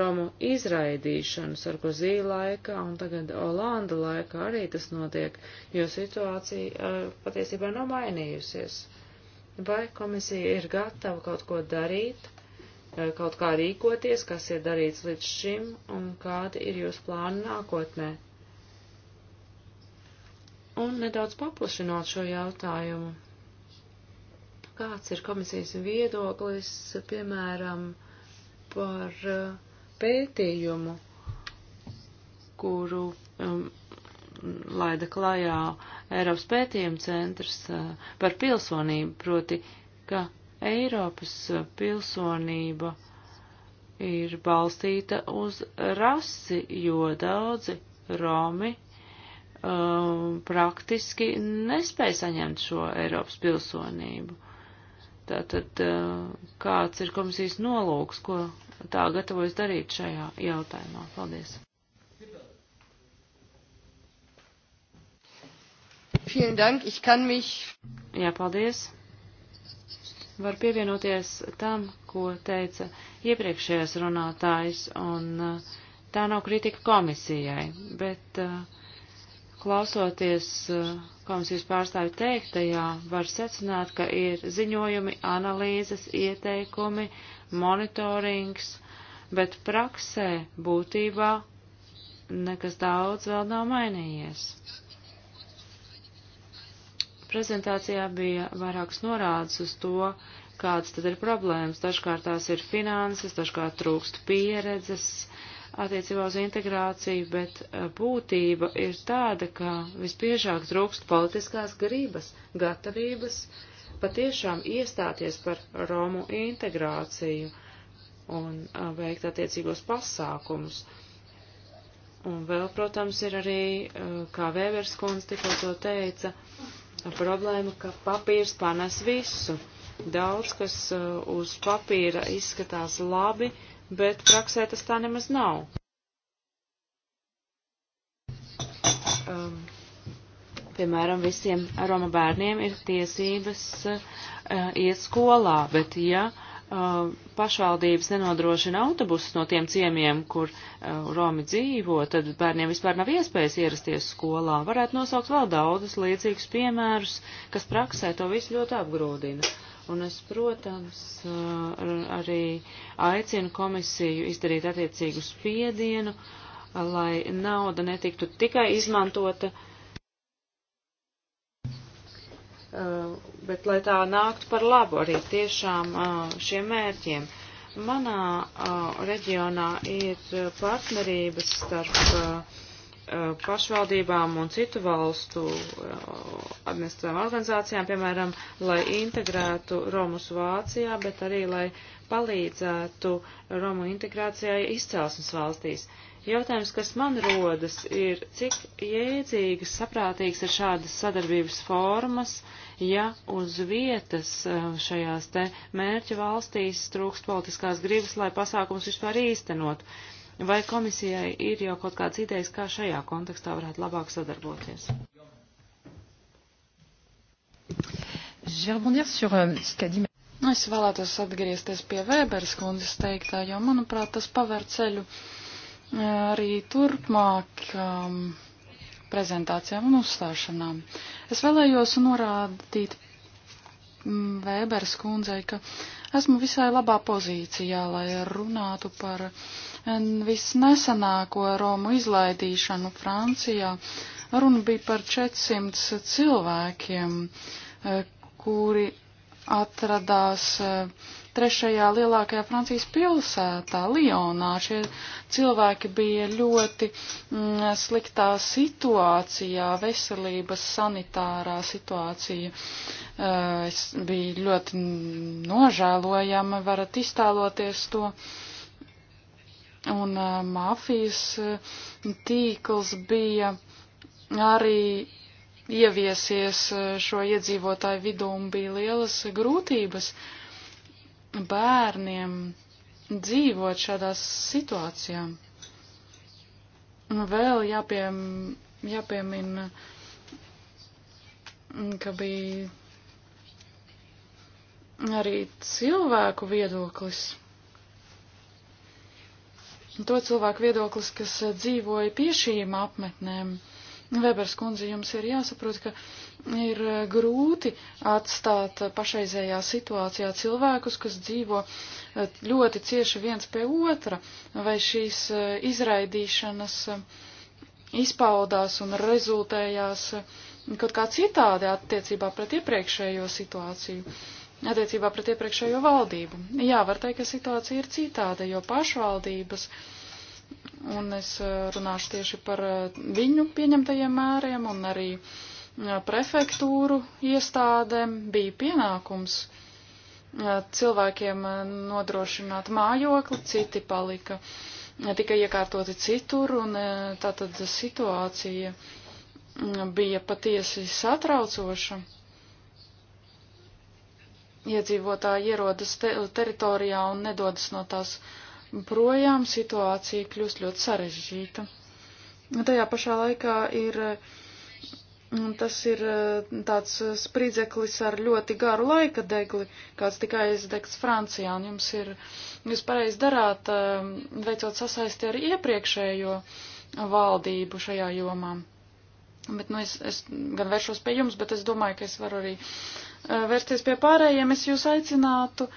[SPEAKER 2] Romu izraidīšanu Sarkozī laikā un tagad Olanda laikā arī tas notiek, jo situācija eh, patiesībā nav mainījusies. Vai komisija ir gatava kaut ko darīt? Eh, kaut kā rīkoties, kas ir darīts līdz šim un kādi ir jūsu plāni nākotnē. Un nedaudz paplašinot šo jautājumu, kāds ir komisijas viedoklis, piemēram, par eh, pētījumu, kuru um, laida klajā Eiropas pētījuma centrs uh, par pilsonību, proti, ka Eiropas pilsonība ir balstīta uz rasi, jo daudzi Romi um, praktiski nespēja saņemt šo Eiropas pilsonību. Tātad uh, kāds ir komisijas nolūks, ko tā gatavojas darīt šajā jautājumā? Paldies! Vielen Dank, ich kann mich. Jā, paldies var pievienoties tam, ko teica iepriekšējais runātājs, un uh, tā nav kritika komisijai, bet uh, klausoties uh, komisijas pārstāvi teiktajā, var secināt, ka ir ziņojumi, analīzes, ieteikumi, monitorings, bet praksē būtībā nekas daudz vēl nav mainījies. Prezentācijā bija vairākas norādes uz to, kādas tad ir problēmas. Dažkārt tās ir finanses, dažkārt trūkst pieredzes attiecībā uz integrāciju, bet eh, būtība ir tāda, ka visbiežāk trūkst politiskās gribas, gatavības patiešām iestāties par Romu integrāciju un eh, veikt attiecīgos pasākumus. Un vēl, protams, ir arī, eh, kā Vēvers kundze tikko to teica, uh, problēma, ka papīrs panes visu. Daudz, kas uh, uz papīra izskatās labi, bet praksē tas tā nemaz nav. Um, piemēram, visiem Roma bērniem ir tiesības uh, iet skolā, bet ja uh, uh, pašvaldības nenodrošina autobusus no tiem ciemiem, kur uh, Romi dzīvo, tad bērniem vispār nav iespējas ierasties skolā. Varētu nosaukt vēl daudzus līdzīgus piemērus, kas praksē to visu ļoti apgrūdina. Un es, protams, uh, arī aicinu komisiju izdarīt attiecīgu spiedienu, lai nauda netiktu tikai izmantota uh, Eh, bet lai tā nāktu par labu arī tiešām eh, šiem mērķiem. Manā eh, reģionā ir partnerības starp pašvaldībām un citu valstu administratīvām organizācijām, piemēram, lai integrētu Romus Vācijā, bet arī lai palīdzētu Romu integrācijai izcelsmes valstīs. Jautājums, kas man rodas, ir, cik jēdzīgas, saprātīgas ir šādas sadarbības formas, uh, ja uz vietas eh, šajās te mērķu valstīs trūkst politiskās gribas, lai pasākums vispār īstenot. Vai komisijai ir jau kaut kāds idejas, kā šajā kontekstā varētu labāk sadarboties? Euh,
[SPEAKER 4] es vēlētos atgriezties pie Vēberas kundzes teiktā, jo, manuprāt, tas paver ceļu eh, arī turpmāk. Um, prezentācijām un uzstāšanām. Es vēlējos norādīt mm, Vēbers kundzei, ka esmu visai labā pozīcijā, lai runātu par mm, visnesenāko Romu izlaidīšanu Francijā. Runa bija par 400 cilvēkiem, mm, kuri atradās uh, trešajā lielākajā Francijas pilsētā, Lionā. Šie cilvēki bija ļoti mm, sliktā situācijā, veselības sanitārā situācija. Eh, es biju ļoti nožēlojama, varat iztēloties to. Un eh, mafijas eh, tīkls bija arī ieviesies šo iedzīvotāju vidū un bija lielas grūtības uh, bērniem dzīvot šādās situācijām. Un vēl jāpiem, jāpiemina, ka bija arī cilvēku viedoklis. To cilvēku viedoklis, kas dzīvoja pie šīm apmetnēm. Vebers kundze, jums ir jāsaprot, ka ir eh, grūti atstāt eh, pašreizējā situācijā cilvēkus, kas dzīvo eh, ļoti cieši viens pie otra, vai šīs izraidīšanas izpaudās un rezultējās kaut kā citādi attiecībā pret iepriekšējo situāciju attiecībā pret iepriekšējo valdību. Jā, var teikt, ka situācija ir citāda, jo pašvaldības uh, un es eh, runāšu tieši par eh, viņu pieņemtajiem mēriem un arī eh, prefektūru iestādēm bija pienākums cilvēkiem nodrošināt mājokli, citi palika tika iekārtoti citur, un tā tad situācija mm, bija patiesi satraucoša. Iedzīvotāji ierodas te teritorijā un nedodas no tās uh, projām, situācija kļūst ļoti sarežģīta. Tajā pašā laikā ir, tas ir eh, tāds spridzeklis ar ļoti garu laika degli, kāds tikai aizdegs Francijā, un jums ir, jūs pareizi darāt, eh, veicot sasaisti ar iepriekšējo valdību šajā jomā. Bet, nu, es, es gan vēršos pie jums, bet es domāju, ka es varu arī eh, vērsties pie pārējiem. Es jūs aicinātu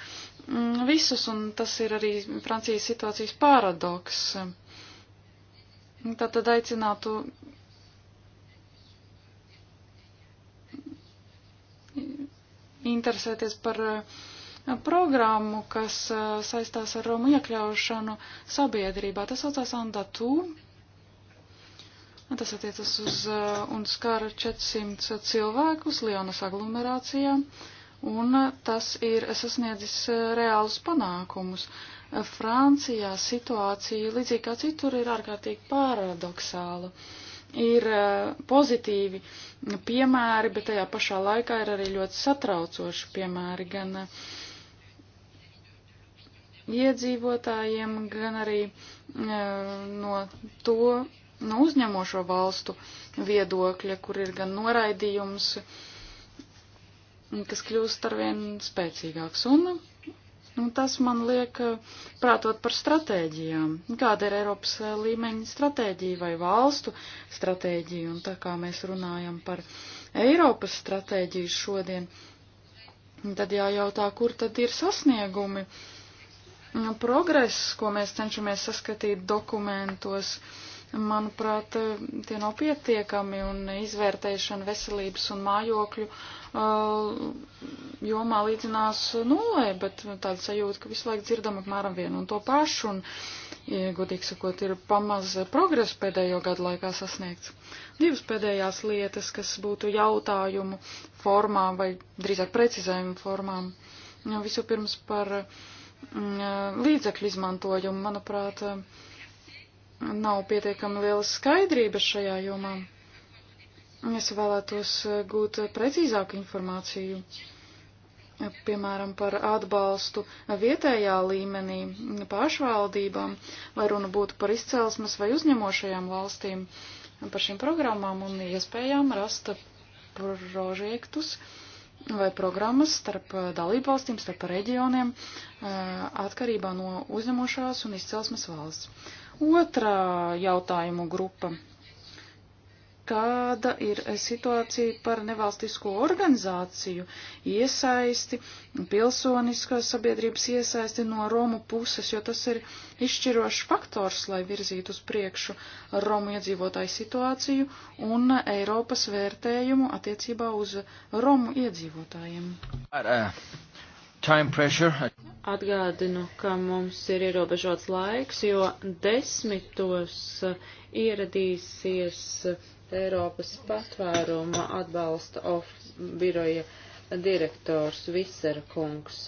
[SPEAKER 4] Mm, visus, un tas ir arī Francijas situācijas paradoks. Tātad aicinātu interesēties par eh, programmu, kas eh, saistās ar Romu iekļaušanu sabiedrībā. Tas saucās Andatū. Tas attiecas uz eh, un skara 400 cilvēkus Lionas aglomerācijā. Uh, un tas ir sasniedzis eh, reālus panākumus. Francijā situācija, līdzīgi kā citur, ir ārkārtīgi paradoxāla. Ir eh, pozitīvi piemēri, bet tajā pašā laikā ir arī ļoti satraucoši piemēri gan eh, iedzīvotājiem, gan arī no to no uzņemošo valstu viedokļa, kur ir gan noraidījums, uh, kas kļūst arvien spēcīgāks. Un, un tas man liek eh, prātot par stratēģijām. Kāda ir Eiropas eh, līmeņa stratēģija vai valstu stratēģija? Un tā kā mēs runājam par Eiropas stratēģiju šodien, tad jājautā, kur tad ir sasniegumi, progress, ko mēs cenšamies saskatīt dokumentos. Uh, manuprāt, tie nav pietiekami un izvērtēšana veselības un mājokļu eh, jomā līdzinās nulē, bet tāda sajūta, ka visu laiku dzirdam apmēram vienu un to pašu un, godīgi sakot, ir pamaz progress pēdējo gadu laikā sasniegts. Divas pēdējās lietas, kas būtu jautājumu formā vai drīzāk precizējumu formām. Vispirms par mm, līdzekļu izmantojumu, manuprāt, uh, nav pietiekami liela skaidrība šajā jomā. Es vēlētos eh, gūt precīzāku informāciju, piemēram, par atbalstu vietējā līmenī pašvaldībām, lai runa būtu par izcelsmes vai uzņemošajām valstīm, par šīm programmām un iespējām rast projektus vai programmas starp eh, dalību valstīm, starp reģioniem, eh, atkarībā no uzņemošās un izcelsmes valsts. Otrā jautājumu grupa. Kāda ir situācija par nevalstisko organizāciju iesaisti, pilsoniskās sabiedrības iesaisti no Romu puses, jo tas ir izšķirošs faktors, lai virzītu uz priekšu Romu iedzīvotāju situāciju un Eiropas vērtējumu attiecībā uz Romu iedzīvotājiem?
[SPEAKER 3] Ar, uh time pressure.
[SPEAKER 2] Atgādinu, ka mums ir ierobežots laiks, jo desmitos uh, ieradīsies Eiropas patvēruma atbalsta of biroja direktors Visera kungs.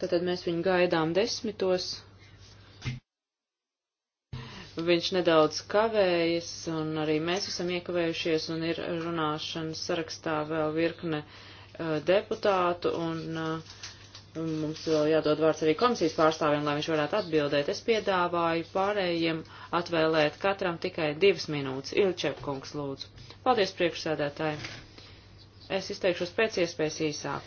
[SPEAKER 2] Tātad mēs viņu gaidām desmitos. Viņš nedaudz kavējas, un arī mēs esam iekavējušies, un ir runāšanas sarakstā vēl virkne uh, Eh, deputātu, un eh, mums vēl jādod vārds arī komisijas pārstāvjiem, lai viņš varētu atbildēt. Es piedāvāju pārējiem atvēlēt katram tikai divas minūtes. Ilčevkungs, lūdzu. Paldies, priekšsēdētāji. Es izteikšos pēc iespējas īsāk.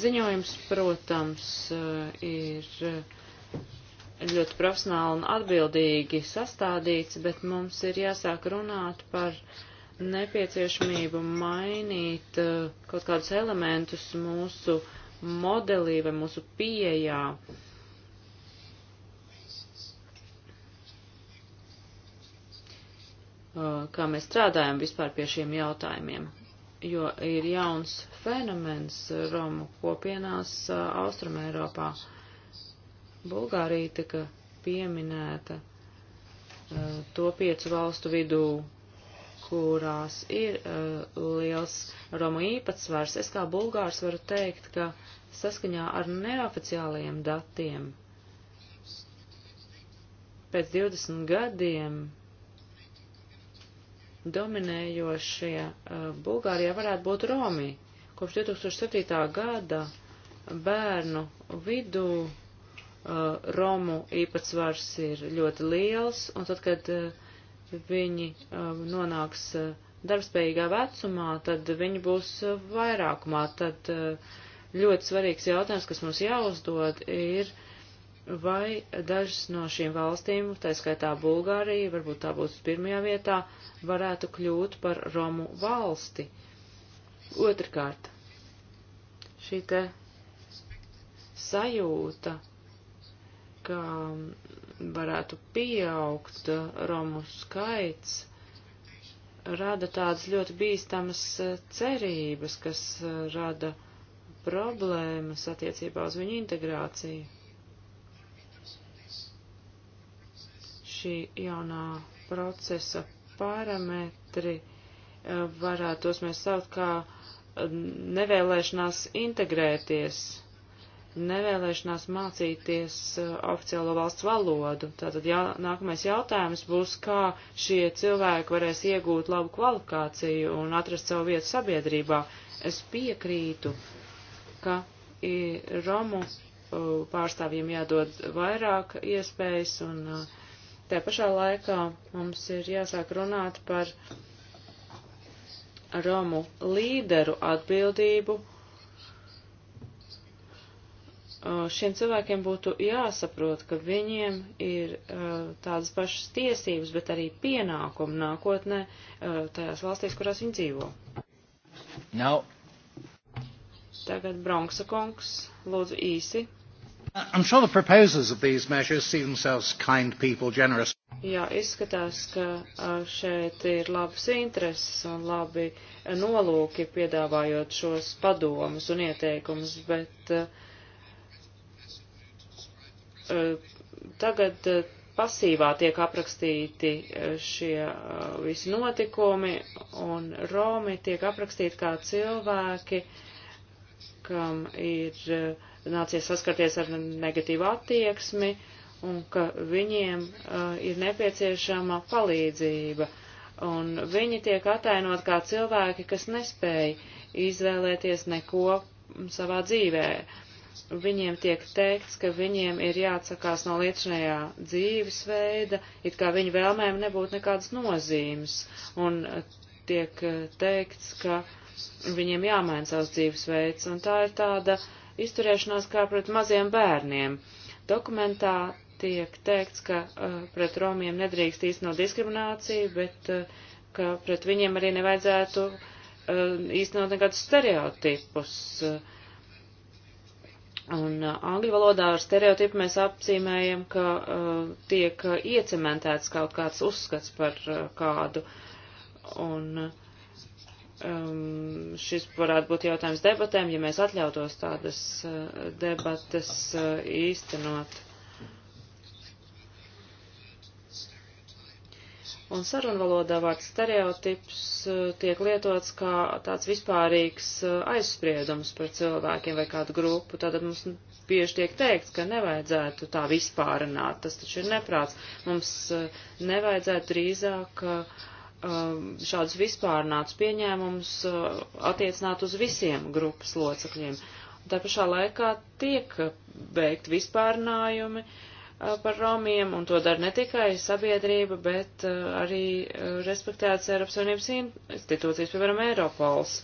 [SPEAKER 2] Ziņojums, protams, eh, ir ļoti profesionāli un atbildīgi sastādīts, bet mums ir jāsāk runāt par uh, nepieciešamību mainīt eh, kaut kādus elementus mūsu modelī vai mūsu pieejā. Eh, kā mēs strādājam vispār pie šiem jautājumiem, jo ir jauns fenomens Romu kopienās eh, Austrumē Eiropā. Bulgārija tika pieminēta to piecu valstu vidū, kurās ir uh, liels Romu īpatsvars. Es kā bulgārs varu teikt, ka saskaņā ar neoficiālajiem datiem pēc 20 gadiem dominējošie uh, Bulgārijā varētu būt Romi. Kopš 2007. gada bērnu vidū uh, Romu īpatsvars ir ļoti liels, un tad, kad uh, viņi uh, nonāks uh, darbspējīgā vecumā, tad viņi būs uh, vairākumā. Tad ļoti svarīgs jautājums, kas mums jāuzdod, ir, vai dažas no šīm valstīm, tā skaitā Bulgārija, varbūt tā būs pirmajā vietā, varētu kļūt par Romu valsti. Otrkārt, šī te sajūta, ka varētu pieaugt romu skaits, rada tādas ļoti bīstamas eh, cerības, kas eh, rada problēmas attiecībā uz viņu integrāciju. Šī jaunā procesa parametri eh, varētu tos mēs saukt kā nevēlēšanās integrēties nevēlēšanās mācīties uh, oficiālo valsts valodu. Tātad jā, nākamais jautājums būs, kā šie cilvēki varēs iegūt labu kvalifikāciju un atrast savu vietu sabiedrībā. Es piekrītu, ka Romu uh, pārstāvjiem jādod vairāk iespējas un uh, te pašā laikā mums ir jāsāk runāt par Romu līderu atbildību Uh, šiem cilvēkiem būtu jāsaprot, ka viņiem ir uh, tādas pašas tiesības, bet arī pienākumi nākotnē uh, tajās valstīs, kurās viņi dzīvo.
[SPEAKER 1] Nav. No.
[SPEAKER 2] Tagad Bronksa kungs, lūdzu īsi.
[SPEAKER 1] I'm sure the proposers of these measures see themselves kind people, generous.
[SPEAKER 2] Jā, izskatās, ka šeit ir labas intereses un labi nolūki piedāvājot šos padomus un ieteikumus, bet uh, Eh, tagad eh, pasīvā tiek aprakstīti eh, šie visi notikumi, un Romi tiek aprakstīti kā cilvēki, kam ir nācies saskarties ar negatīvu attieksmi, un ka viņiem ir nepieciešama palīdzība. Un viņi tiek atainot kā cilvēki, kas nespēja izvēlēties neko savā dzīvē. Uh, viņiem tiek teikts, ka viņiem ir jāatsakās no liecinējā dzīvesveida, it kā viņu vēlmēm nebūtu nekādas nozīmes, un uh, tiek uh, teikts, ka viņiem jāmaina savs dzīvesveids, un tā ir tāda izturēšanās kā pret maziem bērniem. Dokumentā tiek teikts, ka uh, pret romiem nedrīkst īstenot diskrimināciju, bet uh, ka pret viņiem arī nevajadzētu uh, īstenot nekādus stereotipus. Uh, Un uh, angļu valodā ar stereotipu mēs apzīmējam, ka uh, tiek iecementēts kaut kāds uzskats par uh, kādu. Un um, šis varētu būt jautājums debatēm, ja mēs atļautos tādas uh, debates uh, īstenot. Un sarunvalodā vārds stereotips eh, tiek lietots kā tāds vispārīgs eh, aizspriedums par cilvēkiem vai kādu grupu. Tātad mums bieži tiek teikts, ka nevajadzētu tā vispārināt. Tas taču ir neprāts. Mums eh, nevajadzētu drīzāk šādus vispārinātus pieņēmumus attiecināt uz visiem grupas locekļiem. Tā pašā laikā tiek veikt vispārinājumi. Uh, par romiem, un to dara ne tikai sabiedrība, bet arī respektētas Eiropas Savienības institūcijas, piemēram, Eiropols.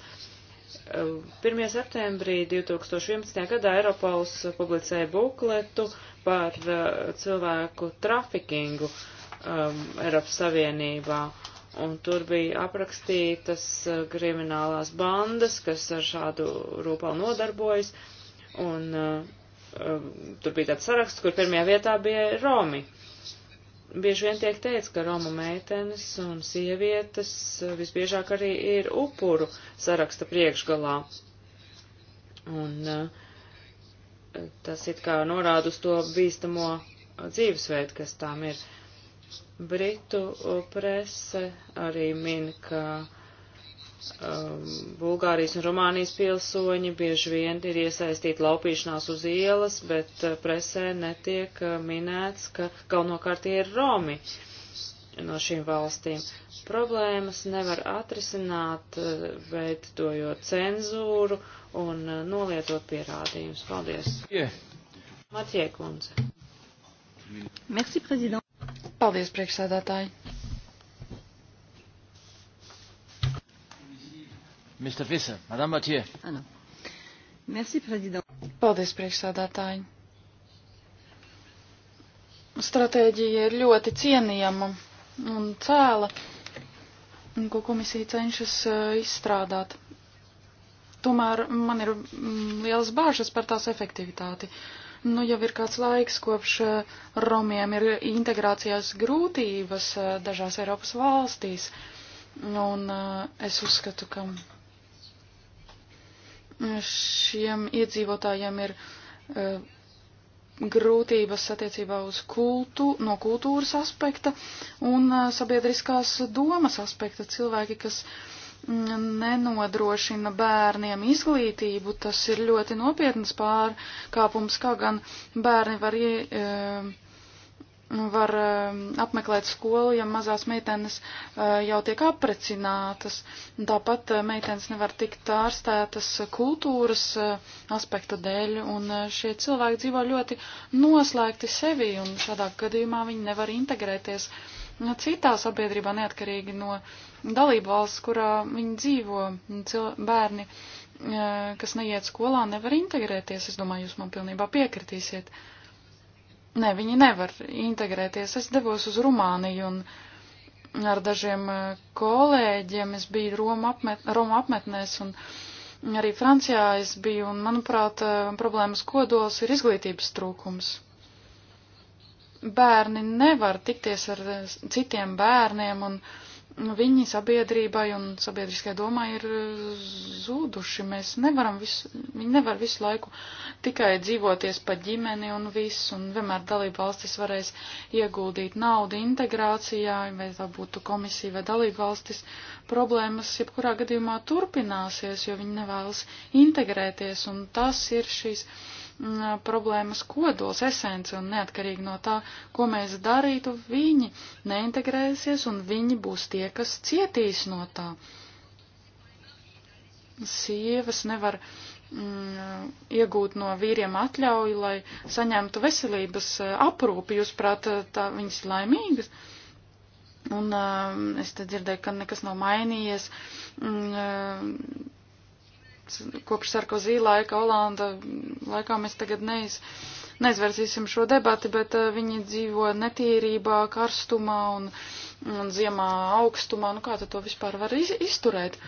[SPEAKER 2] 1. septembrī 2011. gadā Eiropols publicēja bukletu par cilvēku trafikingu um, Eiropas Savienībā. Un tur bija aprakstītas kriminālās bandas, kas ar šādu rūpalu nodarbojas. Un uh, Um, tur bija tāds saraksts, kur pirmajā vietā bija Romi. Bieži vien tiek teikt, ka Romu meitenes un sievietes uh, visbiežāk arī ir upuru saraksta priekšgalā. Un uh, tas it kā norāda uz to bīstamo dzīvesveidu, kas tām ir. Britu uh, prese arī min, ka uh, Um, Bulgārijas un Rumānijas pilsoņi bieži vien ir iesaistīti laupīšanās uz ielas, bet uh, presē netiek uh, minēts, ka galvenokārt ir Romi no šīm valstīm. Problēmas nevar atrisināt, uh, veidojot cenzūru un nolietot pierādījumus. Paldies! Yeah. Matie kundze.
[SPEAKER 4] Merci, prezident. Paldies, priekšsēdētāji.
[SPEAKER 3] Mr. Fisser, Madame Mathieu.
[SPEAKER 4] Ano. Merci, prezident. Paldies, priekšsādātāji. Stratēģija ir ļoti cienījama un cēla, ko komisija cenšas eh, izstrādāt. Tomēr man ir mm, lielas bāžas par tās efektivitāti. Nu, jau ir kāds laiks, kopš eh, romiem ir integrācijas grūtības eh, dažās Eiropas valstīs, un es uzskatu, ka šiem iedzīvotājiem ir uh, grūtības attiecībā uz kultu, no kultūras aspekta un uh, sabiedriskās domas aspekta. Cilvēki, kas mm, nenodrošina bērniem izglītību, tas ir ļoti nopietnas pārkāpums, kā gan bērni var ie, uh, var ehm, apmeklēt skolu, ja mazās meitenes eh, jau tiek aprecinātas. Tāpat eh, meitenes nevar tikt ārstētas kultūras eh, aspekta dēļ, un šie cilvēki dzīvo ļoti noslēgti sevi, un šādā gadījumā viņi nevar integrēties citā sabiedrībā neatkarīgi no dalību valsts, kurā viņi dzīvo. Cil bērni, kas neiet skolā, nevar integrēties. Es domāju, jūs man pilnībā piekritīsiet. Uh, Nē, viņi nevar integrēties. Es devos uz Rumāniju un ar dažiem e, kolēģiem es biju Roma, apmet, Roma apmetnēs un arī Francijā es biju un, manuprāt, e, problēmas kodols ir izglītības trūkums. Bērni nevar tikties ar e, citiem bērniem un uh, viņi sabiedrībai un sabiedriskai domai ir eh, zuduši. Mēs nevaram visu, viņi nevar visu laiku tikai dzīvoties pa ģimeni un viss, un vienmēr dalība valstis varēs ieguldīt naudu integrācijā, vai tā būtu komisija vai dalība valstis. Problēmas jebkurā gadījumā turpināsies, jo viņi nevēlas integrēties, un tas ir šīs Mm, problēmas kodols, esence, un neatkarīgi no tā, ko mēs darītu, viņi neintegrēsies, un viņi būs tie, kas cietīs no tā. Sievas nevar mm, iegūt no vīriem atļauju, lai saņemtu veselības eh, aprūpi, jūs prāt, eh, tā viņas laimīgas. Un uh, es te dzirdēju, ka nekas nav mainījies. Un, mm, uh, kopš Sarkozī laika, Olanda laikā mēs tagad neiz, neizvērsīsim šo debati, bet eh, viņi dzīvo netīrībā, karstumā un, un ziemā augstumā. Nu kā tad to vispār var iz, izturēt?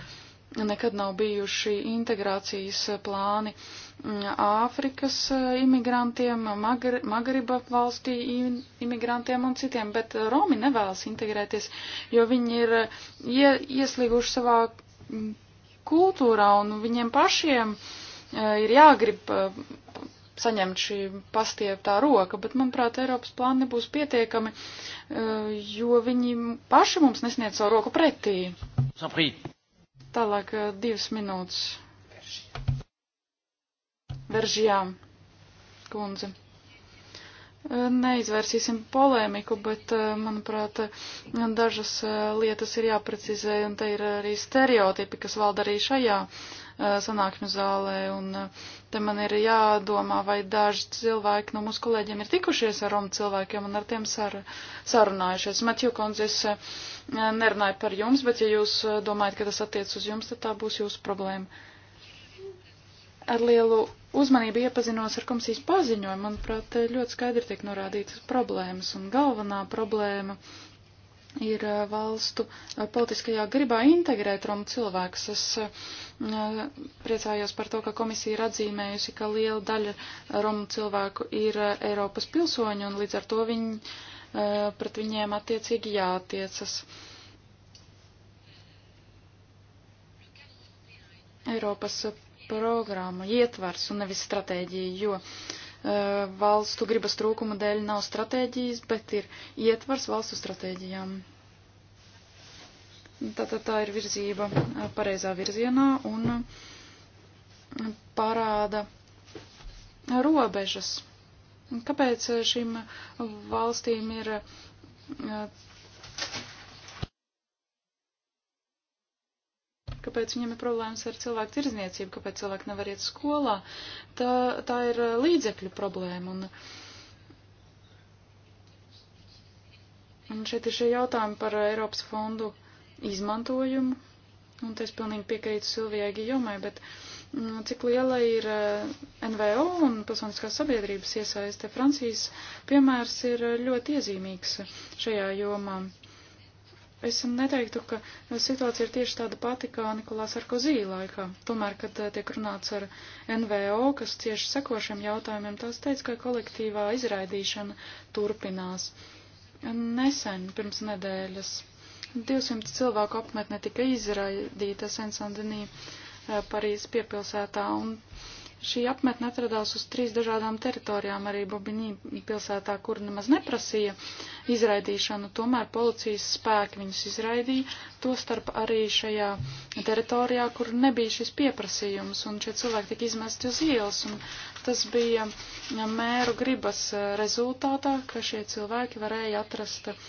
[SPEAKER 4] Nekad nav bijuši integrācijas eh, plāni mm, Āfrikas eh, imigrantiem, Magri, Magriba valstī imigrantiem un citiem, bet Romi nevēlas integrēties, jo viņi ir ie, ieslīguši savā mm, kultūrā, un viņiem pašiem e, ir jāgrib e, saņemt šī pastieptā roka, bet, manuprāt, Eiropas plāni nebūs pietiekami, e, jo viņi paši mums nesniedz savu roku pretī. Saprīt. Tālāk divas minūtes. Veržijām. Kundze neizvērsīsim polēmiku, bet, eh, manuprāt, dažas eh, lietas ir jāprecizē, un te ir arī stereotipi, kas valda arī šajā eh, sanāksmu zālē, un te man ir jādomā, vai daži cilvēki no mūsu kolēģiem ir tikušies ar romu cilvēkiem un ar tiem sar, sarunājušies. Matju Kondze, es nerunāju par jums, bet ja jūs domājat, ka tas attiec uz jums, tad tā būs jūsu problēma. Ar lielu uzmanību iepazinos ar komisijas paziņojumu, manuprāt, ļoti skaidri tiek norādītas problēmas, un galvenā problēma ir eh, valstu eh, politiskajā gribā integrēt Romu cilvēkus. Es eh, priecājos par to, ka komisija ir atzīmējusi, ka liela daļa Romu cilvēku ir Eiropas pilsoņi, un līdz ar to viņi, pret viņiem attiecīgi jātiecas. Eiropas programma, ietvars un nevis stratēģija, jo uh, valstu gribas trūkuma dēļ nav stratēģijas, bet ir ietvars valstu stratēģijām. Tātad tā ir virzība e, pareizā virzienā un e, parāda robežas. Kāpēc šīm valstīm ir kāpēc viņiem ir problēmas ar cilvēku tirzniecību, kāpēc cilvēki nevar iet skolā. Tā, tā ir līdzekļu problēma. Un, un šeit ir šie jautājumi par Eiropas fondu izmantojumu. Un es pilnīgi piekrītu Silvijai Gijomai, bet nu, cik liela ir NVO un pilsoniskās sabiedrības iesaiste? Francijas piemērs ir ļoti iezīmīgs šajā jomā. Es neteiktu, ka situācija ir tieši tāda pati kā Nikolā Sarkozī laikā. Tomēr, kad eh, tiek runāts ar NVO, kas cieši seko šiem jautājumiem, tās teica, ka kolektīvā izraidīšana turpinās. Nesen, pirms nedēļas, 200 cilvēku apmetne tika izraidīta Sensandinī eh, Parīzes piepilsētā, un Šī apmetne atradās uz trīs dažādām teritorijām, arī Bobinī pilsētā, kur nemaz neprasīja izraidīšanu, tomēr policijas spēki viņus izraidīja, to starp arī šajā teritorijā, kur nebija šis pieprasījums, un šie cilvēki tika izmesti uz ielas, un tas bija mēru gribas eh, rezultātā, ka šie cilvēki varēja atrast eh,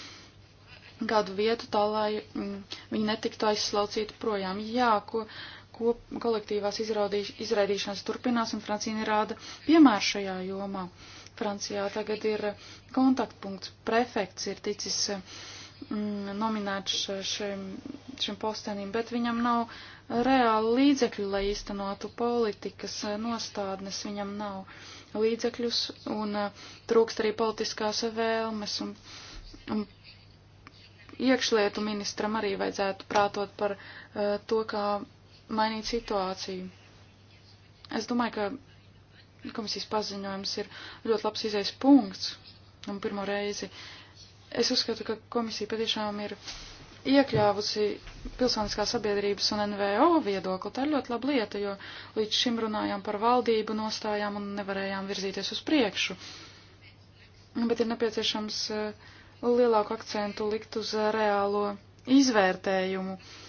[SPEAKER 4] gadu vietu tā, lai mm, viņi netiktu aizslaucīti projām. Jā, ko, uh, ko kolektīvās izraidīšanas turpinās, un Francija nerāda piemēru šajā jomā. Francijā tagad ir kontaktpunkts, prefekts ir ticis mm, nominēts šim, šim postenim, bet viņam nav reāli līdzekļu, lai īstenotu politikas nostādnes, viņam nav līdzekļus un e, trūkst arī politiskās vēlmes. Un, un iekšlietu ministram arī vajadzētu prātot par uh, to, kā mainīt situāciju. Es domāju, ka komisijas paziņojums ir ļoti labs izējas punkts, un pirmo reizi es uzskatu, ka komisija patiešām ir iekļāvusi pilsoniskā sabiedrības un NVO viedokli. Tā ir ļoti laba lieta, jo līdz šim runājām par valdību nostājām un nevarējām virzīties uz priekšu. Bet ir nepieciešams eh, lielāku akcentu likt uz eh, reālo izvērtējumu. Uh,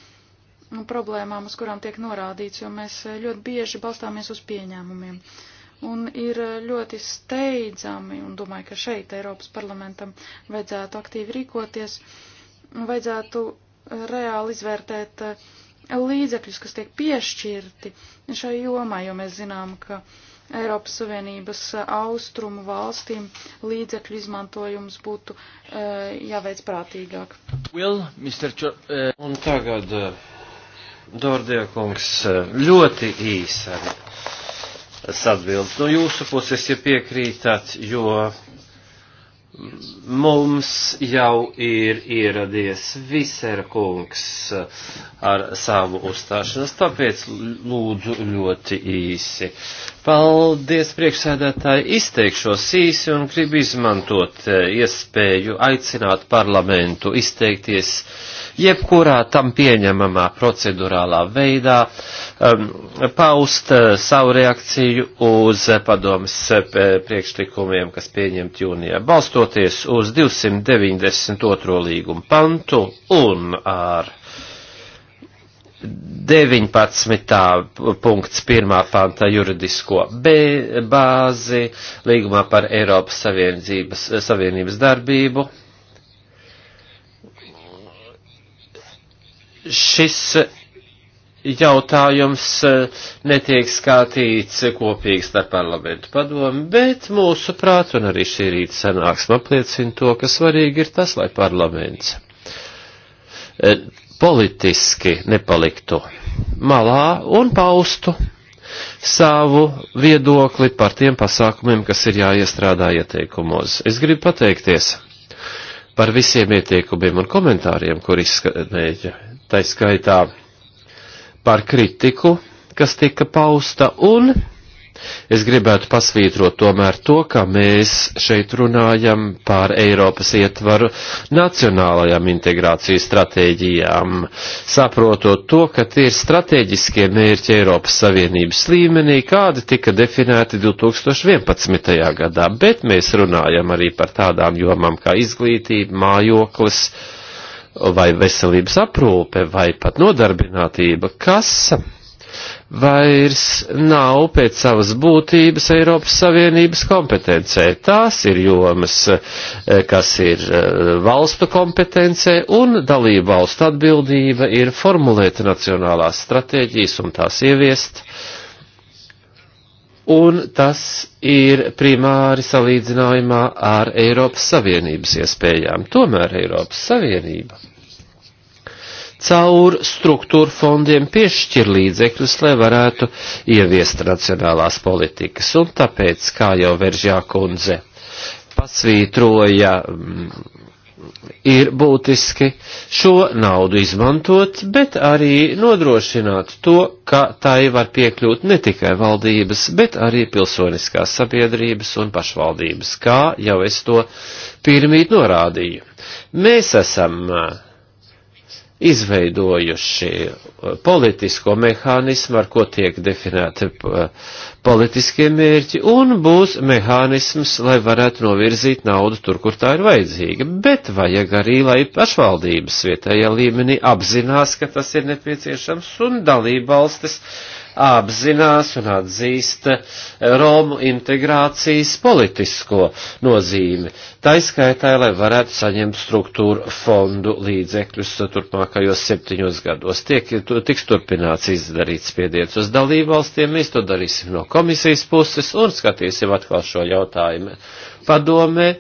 [SPEAKER 4] Nu, problēmām, uz kurām tiek norādīts, jo mēs eh, ļoti bieži balstāmies uz pieņēmumiem. Un ir eh, ļoti steidzami, un domāju, ka šeit Eiropas parlamentam vajadzētu aktīvi rīkoties, vajadzētu eh, reāli izvērtēt līdzekļus, kas tiek piešķirti šai jomai, jo mēs zinām, ka Eiropas Savienības austrumu valstīm līdzekļu izmantojums būtu uh, jāveic prātīgāk.
[SPEAKER 3] Will, Mr. Ch uh, un tagad. Uh Dordie kungs, ļoti īsa atbildes no jūsu puses, ja piekrītat, jo mums jau ir ieradies visera kungs ar savu uzstāšanos, tāpēc lūdzu ļoti īsi. Paldies, priekšsēdētāji. Izteikšos īsi un gribu izmantot eh, iespēju aicināt parlamentu izteikties jebkurā tam pieņemamā procedurālā veidā, um, paust eh, savu reakciju uz eh, padomas priekšlikumiem, kas pieņemt jūnijā, balstoties uz 292. līgumu pantu un ar 19. punkts 1. panta juridisko B bāzi līgumā par Eiropas Savienības, Savienības darbību. Šis jautājums netiek skatīts kopīgi starp parlamentu padomu, bet mūsu prāt un arī šī rīta sanāksme apliecina to, ka svarīgi ir tas, lai parlaments politiski nepaliktu malā un paustu savu viedokli par tiem pasākumiem, kas ir jāiestrādā ieteikumos. Es gribu pateikties par visiem ieteikumiem un komentāriem, kur izskanēja, tai skaitā par kritiku, kas tika pausta, un Es gribētu pasvītrot tomēr to, ka mēs šeit runājam par Eiropas ietvaru nacionālajām integrācijas stratēģijām, saprotot to, ka tie ir strateģiskie mērķi Eiropas Savienības līmenī, kādi tika definēti 2011. gadā, bet mēs runājam arī par tādām jomām kā izglītība, mājoklis vai veselības aprūpe vai pat nodarbinātība, kas vairs nav pēc savas būtības Eiropas Savienības kompetencē. Tās ir jomas, eh, kas ir eh, valstu kompetencē, un dalību valstu atbildība ir formulēt nacionālās stratēģijas un tās ieviest. Un tas ir primāri salīdzinājumā ar Eiropas Savienības iespējām. Tomēr Eiropas Savienība caur struktūru fondiem piešķir līdzekļus, lai varētu ieviest nacionālās politikas. Un tāpēc, kā jau Veržjā kundze pasvītroja, mm, ir būtiski šo naudu izmantot, bet arī nodrošināt to, ka tai var piekļūt ne tikai valdības, bet arī pilsoniskās sabiedrības un pašvaldības, kā jau es to pirmīt norādīju. Mēs esam uh, izveidojuši uh, politisko mehānismu, ar ko tiek definēti uh, politiskie mērķi, un būs mehānisms, lai varētu novirzīt naudu tur, kur tā ir vajadzīga. Bet vajag arī, lai pašvaldības vietējā līmenī apzinās, ka tas ir nepieciešams, un dalībvalstis valstis apzinās un atzīst Romu integrācijas politisko nozīmi. Taiskaitā, lai varētu saņemt struktūru fondu līdzekļus turpmākajos septiņos gados. Tiek, tiks turpināts izdarīt spiediens uz dalībvalstiem, mēs to darīsim no komisijas puses un skatīsim atkal šo jautājumu padomē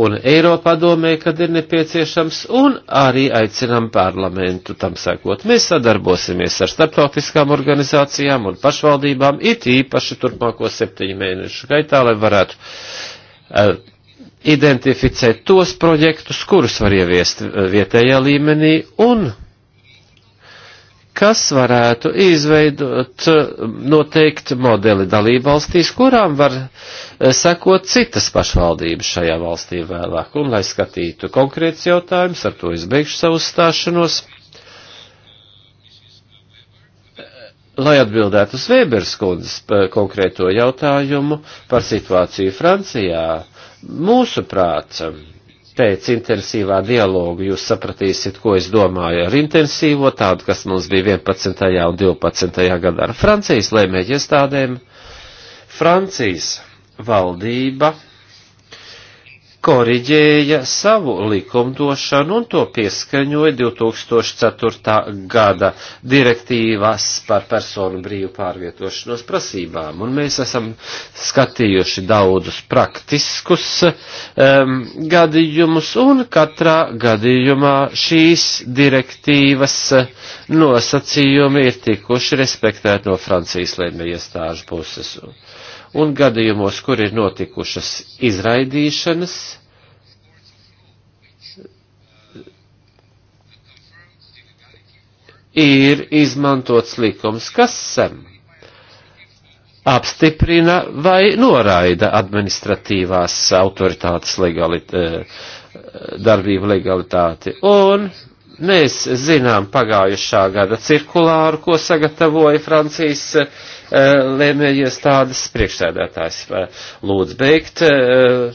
[SPEAKER 3] un Eiropā domē, kad ir nepieciešams, un arī aicinām parlamentu tam sekot. Mēs sadarbosimies ar starptautiskām organizācijām un pašvaldībām, it īpaši turpmāko septiņu mēnešu gaitā, lai varētu uh, identificēt tos projektus, kurus var ieviest eh, vietējā līmenī un kas varētu izveidot noteikti modeli dalībvalstīs, kurām var eh, sekot citas pašvaldības šajā valstī vēlāk. Un, lai skatītu konkrēts jautājums, ar to izbeigšu savu stāšanos. Lai atbildētu uz Vēberskundas eh, konkrēto jautājumu par situāciju Francijā, mūsu prāts pēc intensīvā dialoga jūs sapratīsiet, ko es domāju ar intensīvo, tādu, kas mums bija 11. un 12. gadā ar Francijas lēmēģiestādēm. Francijas valdība koriģēja savu likumdošanu un to pieskaņoja 2004. gada direktīvas par personu brīvu pārvietošanos prasībām. Un mēs esam skatījuši daudzus praktiskus um, gadījumus, un katrā gadījumā šīs direktīvas nosacījumi ir tikuši respektēti no Francijas lēmējiestāžu puses. Un, un gadījumos, kur ir notikušas izraidīšanas, ir izmantots likums, kas sem apstiprina vai noraida administratīvās autoritātes legalit, eh, darbību legalitāti. Un mēs zinām pagājušā gada cirkulāru, ko sagatavoja Francijas Eh, lēmējies tādas priekšsēdētājs eh, lūdz beigt eh,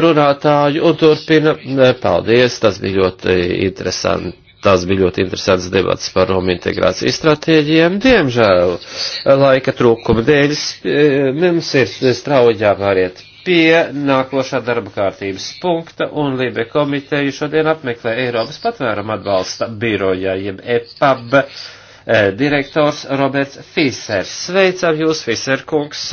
[SPEAKER 3] runātāju un turpina. Paldies, tas bija ļoti interesanti. Tās bija ļoti interesants debats par Romu integrācijas stratēģiem. Diemžēl laika trūkuma dēļ mums ir strauji jāpāriet pie nākošā darba kārtības punkta, un Lībe komiteju šodien apmeklē Eiropas patvērumu atbalsta birojā, jeb EPAB Eh, direktors Roberts Fisers. Sveicam jūs, Fiser kungs,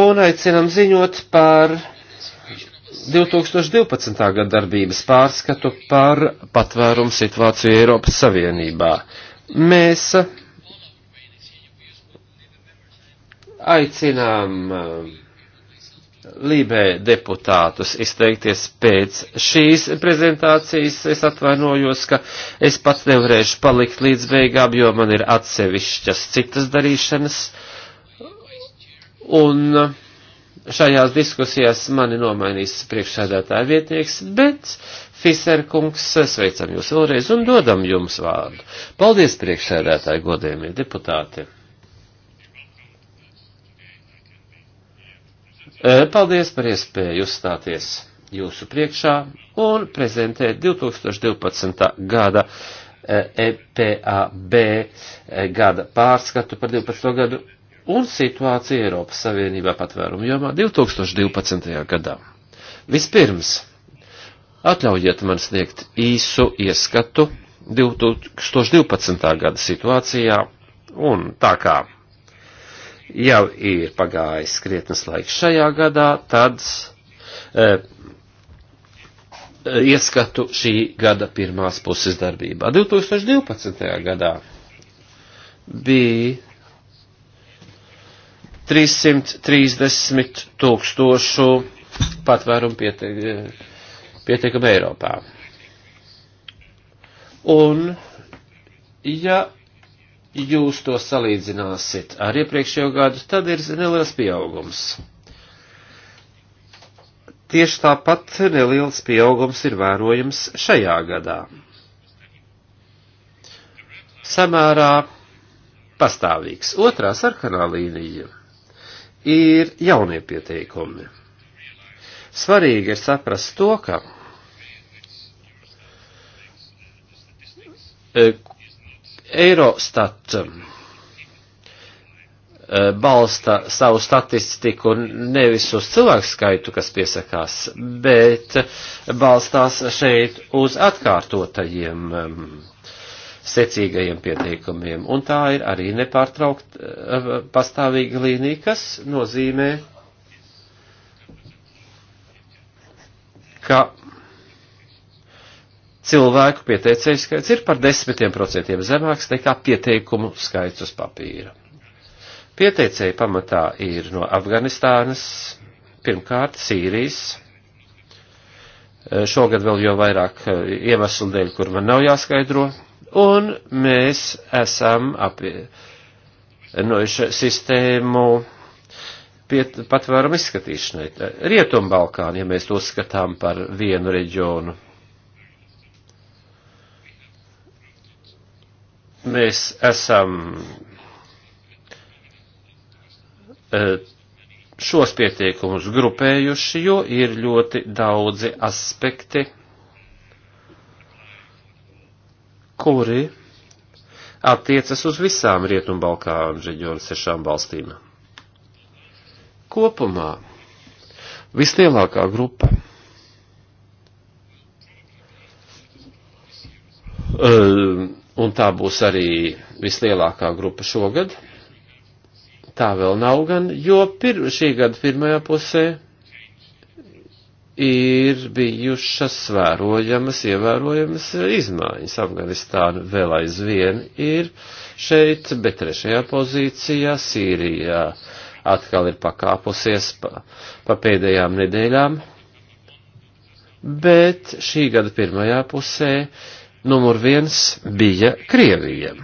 [SPEAKER 3] un aicinam ziņot par 2012. gada darbības pārskatu par patvērumu situāciju Eiropas Savienībā. Mēs aicinām uh, Lībē deputātus izteikties pēc šīs prezentācijas. Es atvainojos, ka es pats nevarēšu palikt līdz beigām, jo man ir atsevišķas citas darīšanas. Un šajās diskusijās mani nomainīs priekšsēdētāja vietnieks, bet Fiserkungs, sveicam jūs vēlreiz un dodam jums vārdu. Paldies priekšsēdētāji, godējumie deputāti! E, paldies par iespēju uzstāties jūsu priekšā un prezentēt 2012. gada EPAB e e, gada pārskatu par 12. gadu un situāciju Eiropas Savienībā patvērumu jomā 2012. gadā. Vispirms, atļaujiet man sniegt īsu ieskatu 2012. gada situācijā un tā kā jau ir pagājis krietnes laiks šajā gadā, tad e, e ieskatu šī gada pirmās puses darbībā. 2012. gadā bija 330 tūkstošu patvērumu pietiekumu e, Eiropā. Un, ja jūs to salīdzināsit ar iepriekšējo gadu, tad ir neliels pieaugums. Tieši tāpat neliels pieaugums ir vērojams šajā gadā. Samērā pastāvīgs. Otrā sarkanā līnija ir jaunie pieteikumi. Svarīgi ir saprast to, ka e, Eurostat eh, balsta savu statistiku nevis uz cilvēku skaitu, kas piesakās, bet balstās šeit uz atkārtotajiem eh, secīgajiem pieteikumiem. Un tā ir arī nepārtraukt eh, pastāvīga līnija, kas nozīmē, ka cilvēku pieteicēju skaits ir par desmitiem procentiem zemāks nekā pieteikumu skaits uz papīra. Pieteicēji pamatā ir no Afganistānas, pirmkārt Sīrijas, šogad vēl jau vairāk eh, iemeslu dēļ, kur man nav jāskaidro, un mēs esam apie, no sistēmu patvērumu izskatīšanai. Rietumbalkāni, ja mēs to skatām par vienu reģionu Mēs esam eh, šos pietiekumus grupējuši, jo ir ļoti daudzi aspekti, kuri attiecas uz visām Rietumbalkānu reģionu sešām valstīm. Kopumā vislielākā grupa um, un tā būs arī vislielākā grupa šogad. Tā vēl nav gan, jo pir, šī gada pirmajā pusē ir bijušas vērojamas, ievērojamas izmaiņas. Afganistāna vēl aizvien ir šeit, bet trešajā pozīcijā Sīrijā atkal ir pakāpusies pa, pa pēdējām nedēļām. Bet šī gada pirmajā pusē uh, numur viens bija Krievija.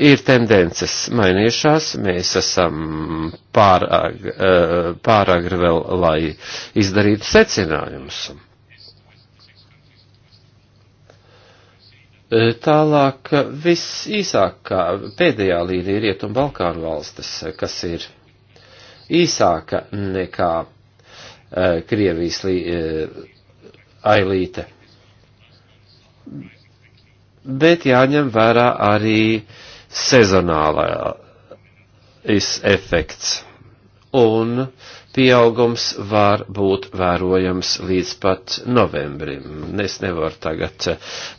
[SPEAKER 3] Ir tendences mainījušās, mēs esam pārag, eh, pāragri vēl, lai izdarītu secinājumus. Eh, tālāk viss īsākā pēdējā līnija ir Rietumu Balkānu valstis, kas ir īsāka nekā eh, Krievijas ailīte bet jāņem vērā arī sezonālais efekts. Un pieaugums var būt vērojams līdz pat novembrim. Es nevaru tagad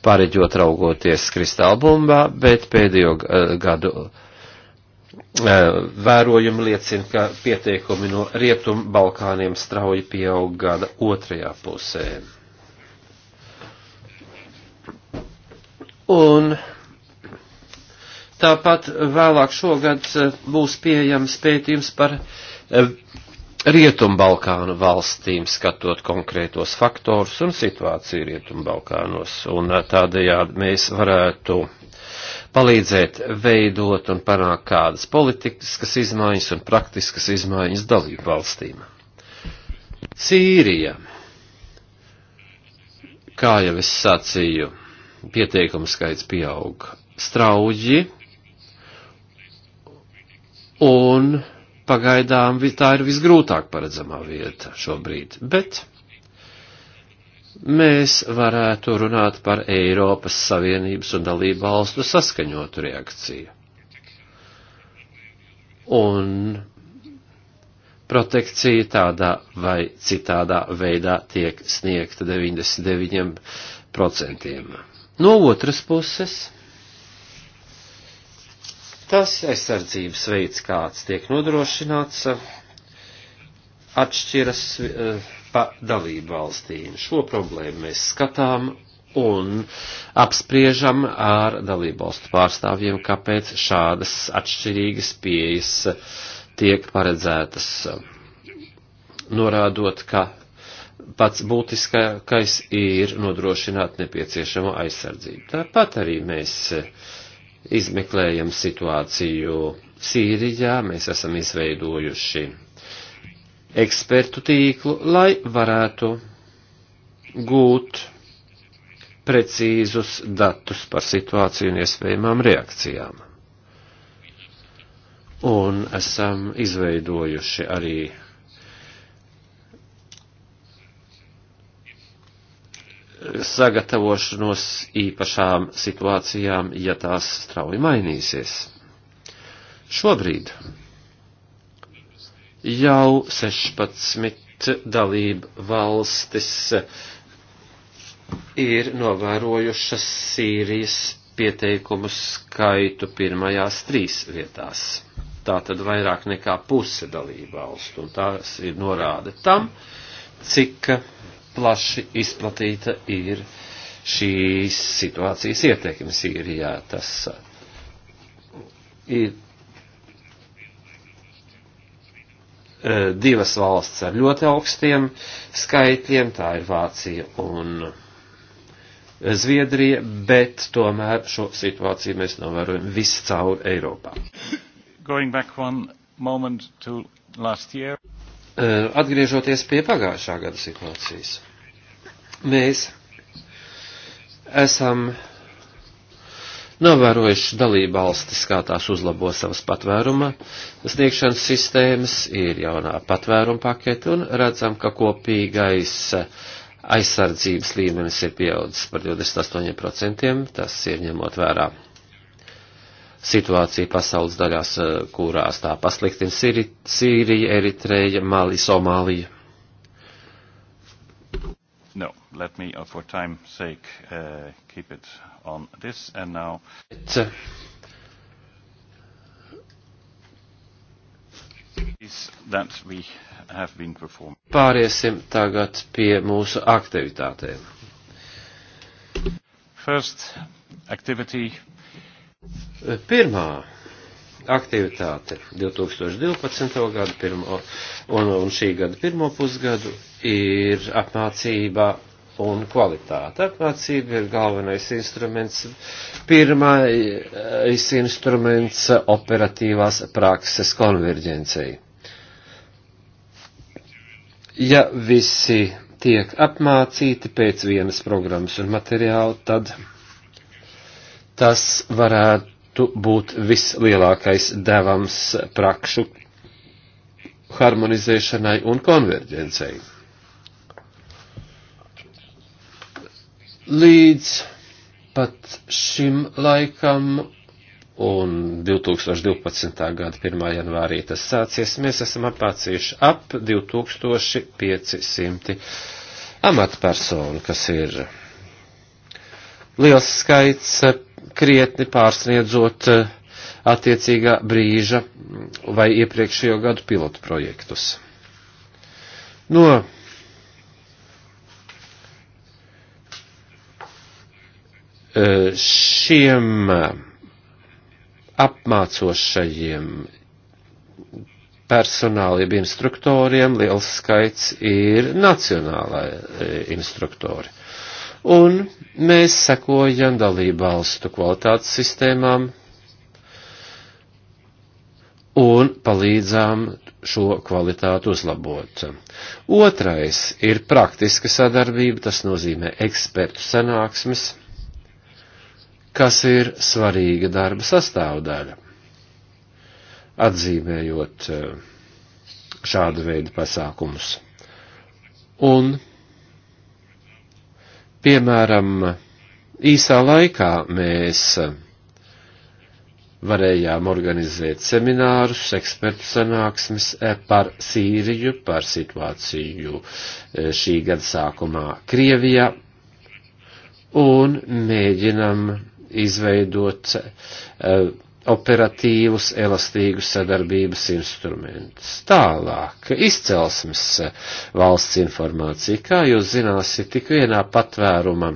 [SPEAKER 3] pareģot raugoties kristālbumbā, bet pēdējo eh, gadu eh, vērojumi liecina, ka pieteikumi no Rietum Balkāniem strauji pieaug gada otrajā pusē. Un tāpat vēlāk šogad eh, būs pieejams pētījums par eh, Rietumbalkānu valstīm, skatot konkrētos faktorus un situāciju Rietumbalkānos. Un eh, tādējādi mēs varētu palīdzēt veidot un panākt kādas politiskas izmaiņas un praktiskas izmaiņas dalību valstīm. Sīrija. Kā jau es sacīju, pieteikumu skaits pieaug strauji, un pagaidām tā ir visgrūtāk paredzamā vieta šobrīd, bet mēs varētu runāt par Eiropas Savienības un dalību valstu saskaņotu reakciju. Un protekcija tādā vai citādā veidā tiek sniegta 99%. No otras puses, tas aizsardzības veids, kāds tiek nodrošināts, atšķiras eh, pa dalību valstīm. Šo problēmu mēs skatām un apspriežam ar dalībvalstu pārstāvjiem, kāpēc šādas atšķirīgas pieejas tiek paredzētas, norādot, ka pats būtiskākais ir nodrošināt nepieciešamo aizsardzību. Tāpat arī mēs e, izmeklējam situāciju Sīrijā, mēs esam izveidojuši ekspertu tīklu, lai varētu gūt precīzus datus par situāciju un iespējamām reakcijām. Un esam izveidojuši arī sagatavošanos īpašām situācijām, ja tās strauji mainīsies. Šobrīd jau 16 dalību valstis ir novērojušas Sīrijas pieteikumu skaitu pirmajās trīs vietās. Tā tad vairāk nekā puse dalību valstu, un tās ir norāde tam, cik uh, plaši izplatīta ir šīs situācijas ietekme Sīrijā. Tas uh, ir uh, divas valsts ar ļoti augstiem skaitļiem, tā ir Vācija un Zviedrija, bet tomēr šo situāciju mēs novērojam viscaur Eiropā.
[SPEAKER 1] Going back one moment to last year.
[SPEAKER 3] Eh, atgriežoties pie pagājušā gada situācijas. Mēs esam novērojuši dalību valstis, kā tās uzlabo savas patvēruma sniegšanas sistēmas, ir jaunā patvēruma pakete un redzam, ka kopīgais aizsardzības līmenis ir pieaudzis par 28%, tas ir ņemot vērā situācija pasaules daļās, eh, kurās tā pasliktina Sīri, Sīrija, Eritreja, Mali, Somālija.
[SPEAKER 1] No, let me, uh, for time's sake, uh, keep it on this and now. Eh, It's, uh,
[SPEAKER 3] Pāriesim tagad pie mūsu aktivitātēm.
[SPEAKER 1] First activity
[SPEAKER 3] Pirmā aktivitāte 2012. gadu pirmo, un, un šī gada pirmo pusgadu ir apmācība un kvalitāte. Apmācība ir galvenais instruments, pirmais eh, instruments operatīvās prakses konverģencei. Ja visi tiek apmācīti pēc vienas programmas un materiāla, tad tas varētu būt vislielākais devams prakšu harmonizēšanai un konverģencei. Līdz pat šim laikam un 2012. gada 1. janvārī tas sācies, mēs esam apmācījuši ap 2500 amatpersonu, kas ir liels skaits krietni pārsniedzot eh, attiecīgā brīža vai iepriekšējo gadu pilotu projektus. No eh, šiem apmācošajiem personāliem instruktoriem liels skaits ir nacionālai eh, instruktori un mēs sekojam dalību valstu kvalitātes sistēmām un palīdzām šo kvalitātu uzlabot. Otrais ir praktiska sadarbība, tas nozīmē ekspertu sanāksmes, kas ir svarīga darba sastāvdaļa. Atzīmējot eh, šādu veidu pasākumus. Un Piemēram, īsā laikā mēs varējām organizēt seminārus, ekspertu sanāksmes par Sīriju, par situāciju eh, šī gada sākumā Krievijā un mēģinam izveidot uh, operatīvus, elastīgus sadarbības instrumentus. Tālāk, izcelsmes valsts informācija, kā jūs zināsiet, tik vienā patvēruma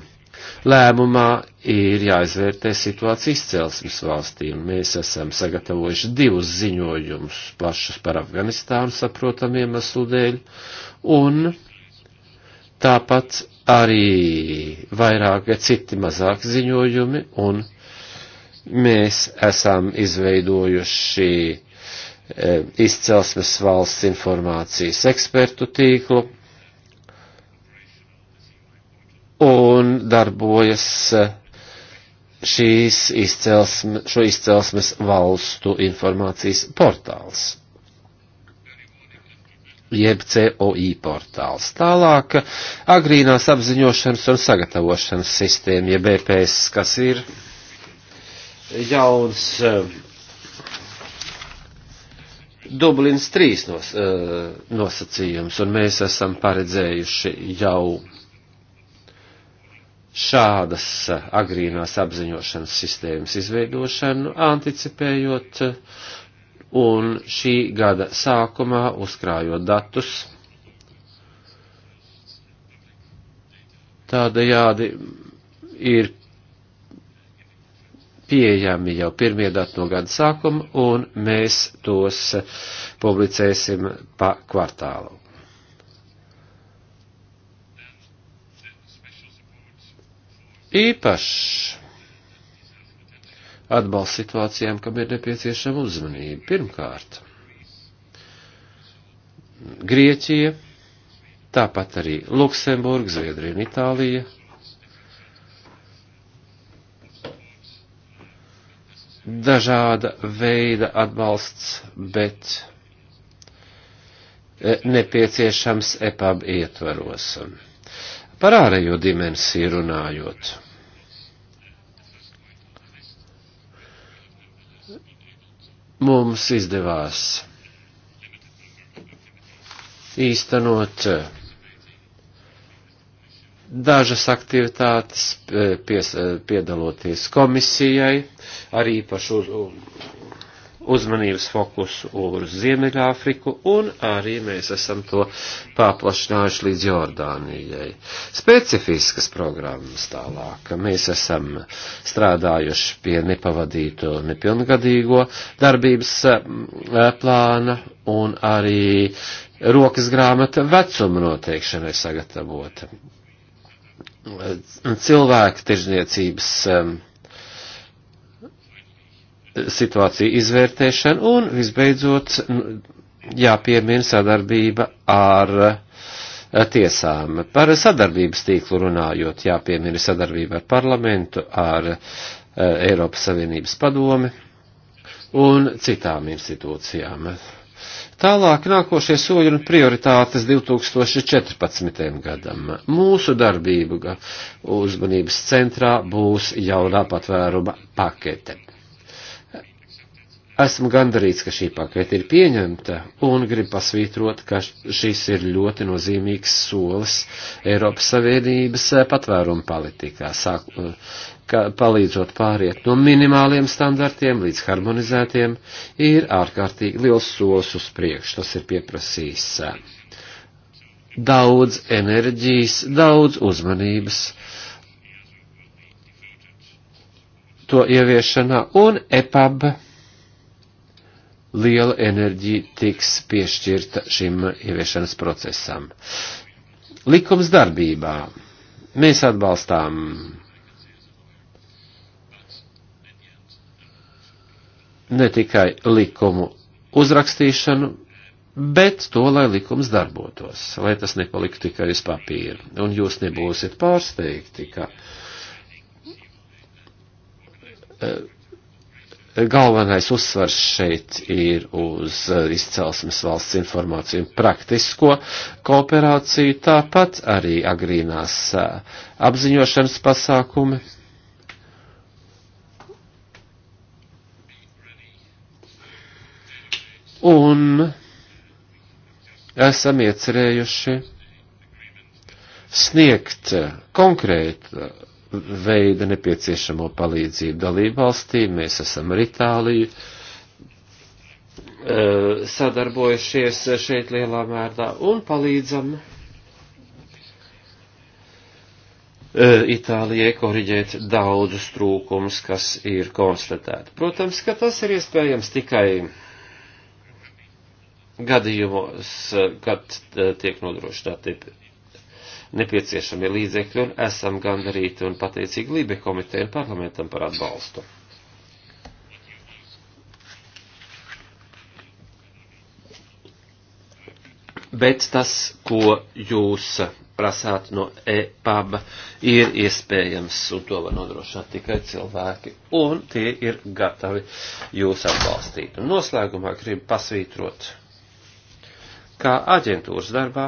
[SPEAKER 3] lēmumā ir jāizvērtē situācija izcelsmes valstī, un mēs esam sagatavojuši divus ziņojumus plašus par Afganistānu saprotam iemeslu dēļ, un tāpat arī vairāk citi mazāk ziņojumi, un Mēs esam izveidojuši e, izcelsmes valsts informācijas ekspertu tīklu un darbojas e, šīs izcelsme, šo izcelsmes valstu informācijas portāls jeb COI portāls. Tālāk agrīnās apziņošanas un sagatavošanas sistēma, jeb BPS, e kas ir jauns eh, Dublins 3 nos, eh, nosacījums, un mēs esam paredzējuši jau šādas eh, agrīnās apziņošanas sistēmas izveidošanu, anticipējot un šī gada sākumā uzkrājot datus. Tādējādi ir pieejami jau pirmie dati no gada sākuma, un mēs tos publicēsim pa kvartālu. Īpašs atbalsts situācijām, kam ir nepieciešama uzmanība. Pirmkārt, Grieķija, tāpat arī Luksemburga, Zviedrija un Itālija dažāda veida atbalsts, bet e, nepieciešams EPAB ietvaros. Par ārējo dimensiju runājot. Mums izdevās īstenot dažas aktivitātes, pies, piedaloties komisijai, arī pašu uz, uzmanības fokusu uz Ziemeļāfriku, un arī mēs esam to paplašinājuši līdz Jordānijai. Specifiskas programmas tālāk. Mēs esam strādājuši pie nepavadīto nepilngadīgo darbības plāna un arī rokas grāmata vecuma noteikšanai sagatavota cilvēku tirzniecības um, situāciju izvērtēšanu un, visbeidzot, jāpiemina sadarbība ar uh, tiesām. Par sadarbības tīklu runājot, jāpiemina sadarbība ar parlamentu, ar uh, Eiropas Savienības padomi un citām institūcijām. Tālāk nākošie soļi un prioritātes 2014. gadam. Mūsu darbība uzmanības centrā būs jaunā patvēruma pakete. Esmu gandarīts, ka šī pakete ir pieņemta un gribu pasvītrot, ka šis ir ļoti nozīmīgs solis Eiropas Savienības patvērumu politikā, sāk, ka palīdzot pāriet no minimāliem standartiem līdz harmonizētiem, ir ārkārtīgi liels solis uz priekšu. Tas ir pieprasījis eh, daudz enerģijas, daudz uzmanības to ieviešanā, un EPAB liela enerģija tiks piešķirta šim ieviešanas procesam. Likums darbībā. Mēs atbalstām ne tikai likumu uzrakstīšanu, bet to, lai likums darbotos, lai tas nepaliktu tikai uz papīra. Un jūs nebūsiet pārsteigti, ka eh, galvenais uzsvars šeit ir uz eh, izcelsmes valsts informāciju un praktisko kooperāciju, tāpat arī agrīnās eh, apziņošanas pasākumi Un esam iecerējuši sniegt konkrētu veidu nepieciešamo palīdzību dalībvalstī. Mēs esam ar Itāliju eh, sadarbojušies šeit lielā mērā un palīdzam eh, Itālijai koriģēt daudzus trūkumus, kas ir konstatēti. Protams, ka tas ir iespējams tikai gadījumos, eh, kad eh, tiek nodrošināti nepieciešamie līdzekļi, un esam gandarīti un pateicīgi Lībe komiteja un parlamentam par atbalstu. Bet tas, ko jūs prasāt no e-pub, ir iespējams, un to var nodrošināt tikai cilvēki, un tie ir gatavi jūs atbalstīt. Un noslēgumā gribu pasvītrot kā aģentūras darbā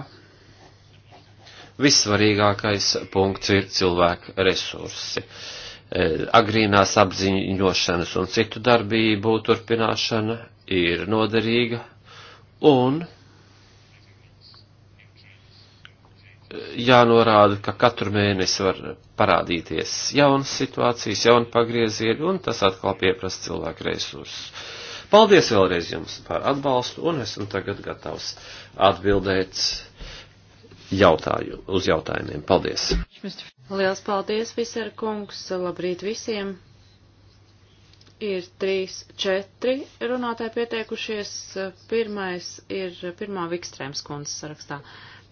[SPEAKER 3] vissvarīgākais punkts ir cilvēku resursi. E, agrīnās apziņošanas un citu darbību turpināšana ir noderīga un jānorāda, ka katru mēnesi var parādīties jaunas situācijas, jauni pagriezieni, un tas atkal pieprasa cilvēku resursus. Paldies vēlreiz jums par atbalstu, un esmu tagad gatavs atbildēt jautāju, uz jautājumiem. Paldies!
[SPEAKER 2] Liels paldies, Visera kungs! Labrīt visiem! Ir trīs, četri runātāji pieteikušies. Pirmais ir pirmā Vikstrēms kundzes sarakstā.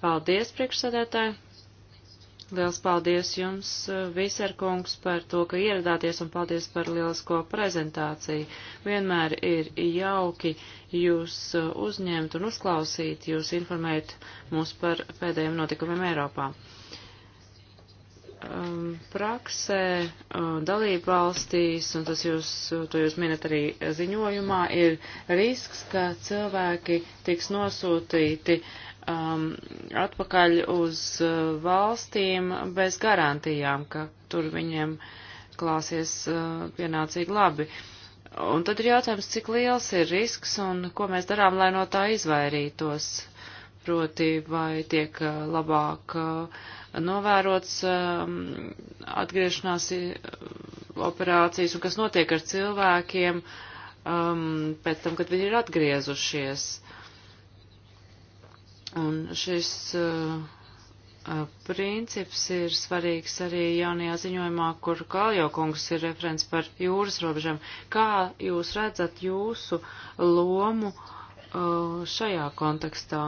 [SPEAKER 2] Paldies, priekšsēdētāji! Liels paldies jums, eh, Viserkungs, par to, ka ieradāties un paldies par lielisko prezentāciju. Vienmēr ir jauki jūs eh, uzņemt un uzklausīt, jūs informēt mūs par pēdējiem notikumiem Eiropā. Um, praksē uh, dalību valstīs, un tas jūs, uh, to jūs minat arī ziņojumā, ir risks, ka cilvēki tiks nosūtīti uh, um, atpakaļ uz uh, valstīm bez garantijām, ka tur viņiem klāsies uh, pienācīgi labi. Un tad ir jautājums, cik liels ir risks un ko mēs darām, lai no tā izvairītos. Proti, vai tiek uh, labāk uh, novērots um, atgriešanās uh, operācijas un kas notiek ar cilvēkiem um, pēc tam, kad viņi ir atgriezušies. Un šis uh, uh, princips ir svarīgs arī jaunajā ziņojumā, kur Kaljokungs ir referents par jūras robežām. Kā jūs redzat jūsu lomu uh, šajā kontekstā?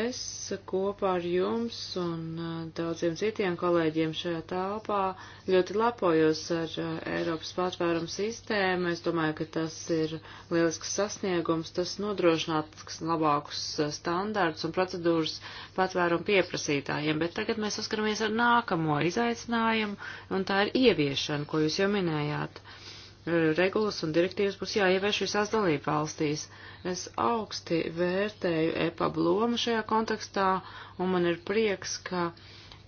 [SPEAKER 2] Es kopā ar jums un uh, daudziem citiem kolēģiem šajā telpā ļoti lepojos ar uh, Eiropas patvērumu sistēmu. Es domāju, ka tas ir lielisks sasniegums, tas nodrošināt labākus uh, standārtus un procedūras patvērumu pieprasītājiem. Bet tagad mēs saskaramies ar nākamo izaicinājumu, un tā ir ieviešana, ko jūs jau minējāt. Uh, regulas un direktīvas būs jāievieš visās dalību valstīs. Es augsti vērtēju EPAB lomu šajā kontekstā, un man ir prieks, ka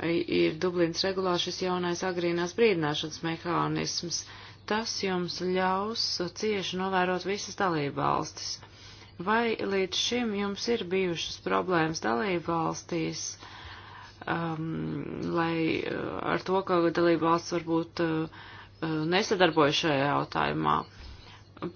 [SPEAKER 2] ir Dublīns regulā šis jaunais agrīnās brīdināšanas mehānisms. Tas jums ļaus cieši novērot visas dalību valstis. Vai līdz šim jums ir bijušas problēmas dalību valstīs? Um, lai uh, ar to, ka dalība valsts varbūt uh, nesadarbojas šajā jautājumā.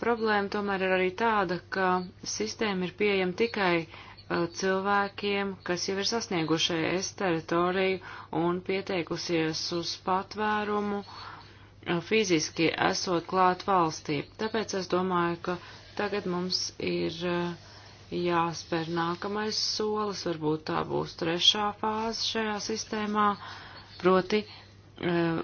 [SPEAKER 2] Problēma tomēr ir arī tāda, ka sistēma ir pieejama tikai uh, cilvēkiem, kas jau ir sasnieguši es teritoriju un pieteikusies uz patvērumu uh, fiziski esot klāt valstī. Tāpēc es domāju, ka tagad mums ir uh, jāspēr nākamais solis, varbūt tā būs trešā fāze šajā sistēmā, proti Eh,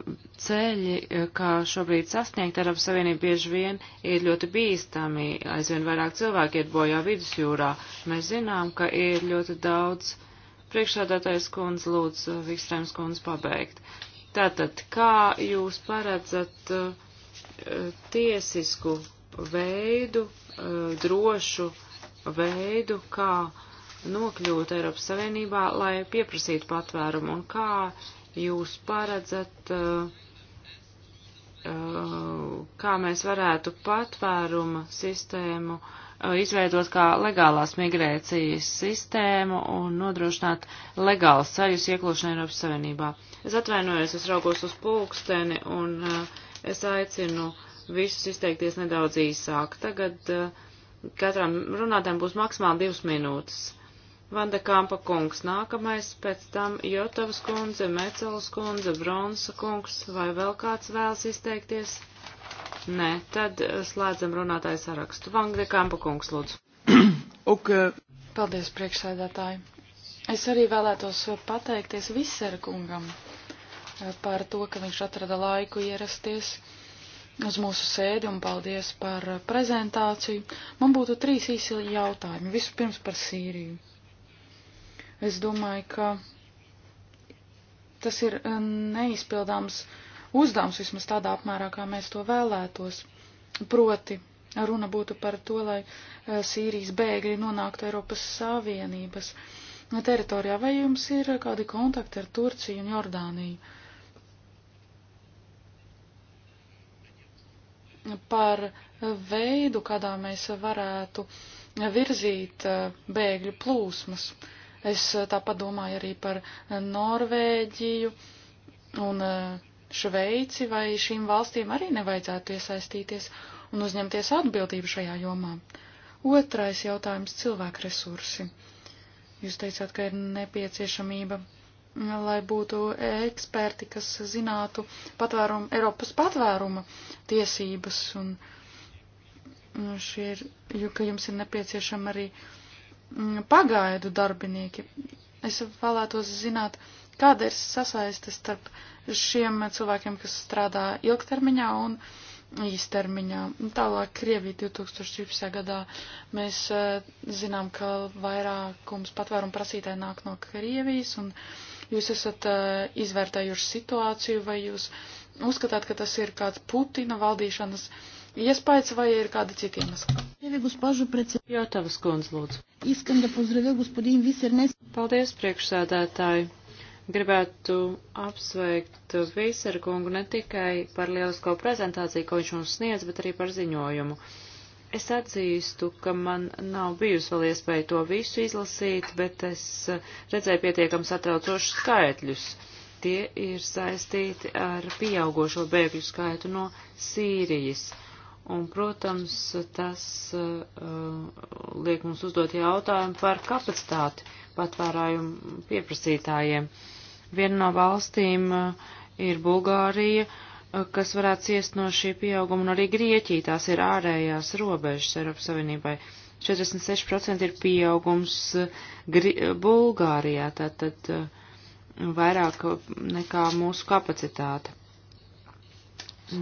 [SPEAKER 2] ceļi, eh, kā šobrīd sasniegt Eiropas Savienību, bieži vien ir ļoti bīstami. Aizvien vairāk cilvēki iet bojā vidusjūrā. Mēs zinām, ka ir ļoti daudz priekšādātais kundze lūdzu eh, Vikstrēms kundze pabeigt. Tātad, kā jūs paredzat tiesisku veidu, drošu veidu, kā nokļūt Eiropas Savienībā, lai pieprasītu patvērumu un kā jūs paredzat, uh, kā mēs varētu patvēruma sistēmu uh, izveidot kā legālās migrācijas sistēmu un nodrošināt legālas ceļus iekļūšanai Eiropas Savienībā. Es atvainojos, es raugos uz pulksteni un uh, es aicinu visus izteikties nedaudz īsāk. Tagad katram runātājam būs maksimāli divas minūtes. Vanda Kampa kungs nākamais, pēc tam Jotavas kundze, Mecelas kundze, Bronsa kungs, vai vēl kāds vēlas izteikties? Nē, tad eh, slēdzam runātāju sarakstu. Vanda Kampa kungs, lūdzu. okay. Paldies,
[SPEAKER 4] priekšsēdētāji. Es arī vēlētos pateikties Visera kungam eh, par to, ka viņš atrada laiku ierasties uz mūsu sēdi un paldies par eh, prezentāciju. Man būtu trīs īsi jautājumi. Vispirms par Sīriju. Es domāju, ka tas ir eh, neizpildāms uzdevums vismaz tādā apmērā, kā mēs to vēlētos. Proti, runa būtu par to, lai eh, Sīrijas bēgļi nonāktu Eiropas Savienības teritorijā. Vai jums ir eh, kādi kontakti ar Turciju un Jordāniju? Par veidu, kādā mēs varētu virzīt bēgļu plūsmas. Uh, Es eh, tāpat domāju arī par eh, Norvēģiju un eh, Šveici, vai šīm valstīm arī nevajadzētu iesaistīties un uzņemties atbildību šajā jomā. Otrais jautājums - cilvēku resursi. Jūs teicāt, ka ir nepieciešamība, mm, lai būtu eksperti, kas zinātu patvērum, Eiropas patvēruma tiesības, un mm, šie ir, jo, ka jums ir nepieciešama arī uh, Mm, pagaidu darbinieki. Es vēlētos zināt, kāda ir sasaiste starp šiem cilvēkiem, kas strādā ilgtermiņā un īstermiņā. Tālāk Krievija 2012. gadā mēs eh, zinām, ka vairākums patvērumu prasītāji nāk no Krievijas un jūs esat eh, izvērtējuši situāciju vai jūs uzskatāt, ka tas ir kāds Putina valdīšanas iespējas
[SPEAKER 2] vai ir kādi citi iemesli? Jā, tavas kundz, lūdzu. Искам да поздравя господин Висер Нес. Paldies, priekšsēdētāji! Gribētu apsveikt Vīseru kungu ne tikai par lielisko prezentāciju, ko viņš mums sniedz, bet arī par ziņojumu. Es atzīstu, ka man nav bijusi vēl iespēja to visu izlasīt, bet es redzēju pietiekam satraucošus skaitļus. Tie ir saistīti ar pieaugošo bēgļu skaitu no Sīrijas. Un, protams, tas uh, liek mums uzdot jautājumu par kapacitāti patvērājumu pieprasītājiem. Viena no valstīm uh, ir Bulgārija, uh, kas varētu ciest no šī pieauguma, un arī Grieķija tās ir ārējās robežas Eiropas Savienībai. 46% ir pieaugums uh, Gri uh, Bulgārijā, tātad uh, vairāk nekā mūsu kapacitāte.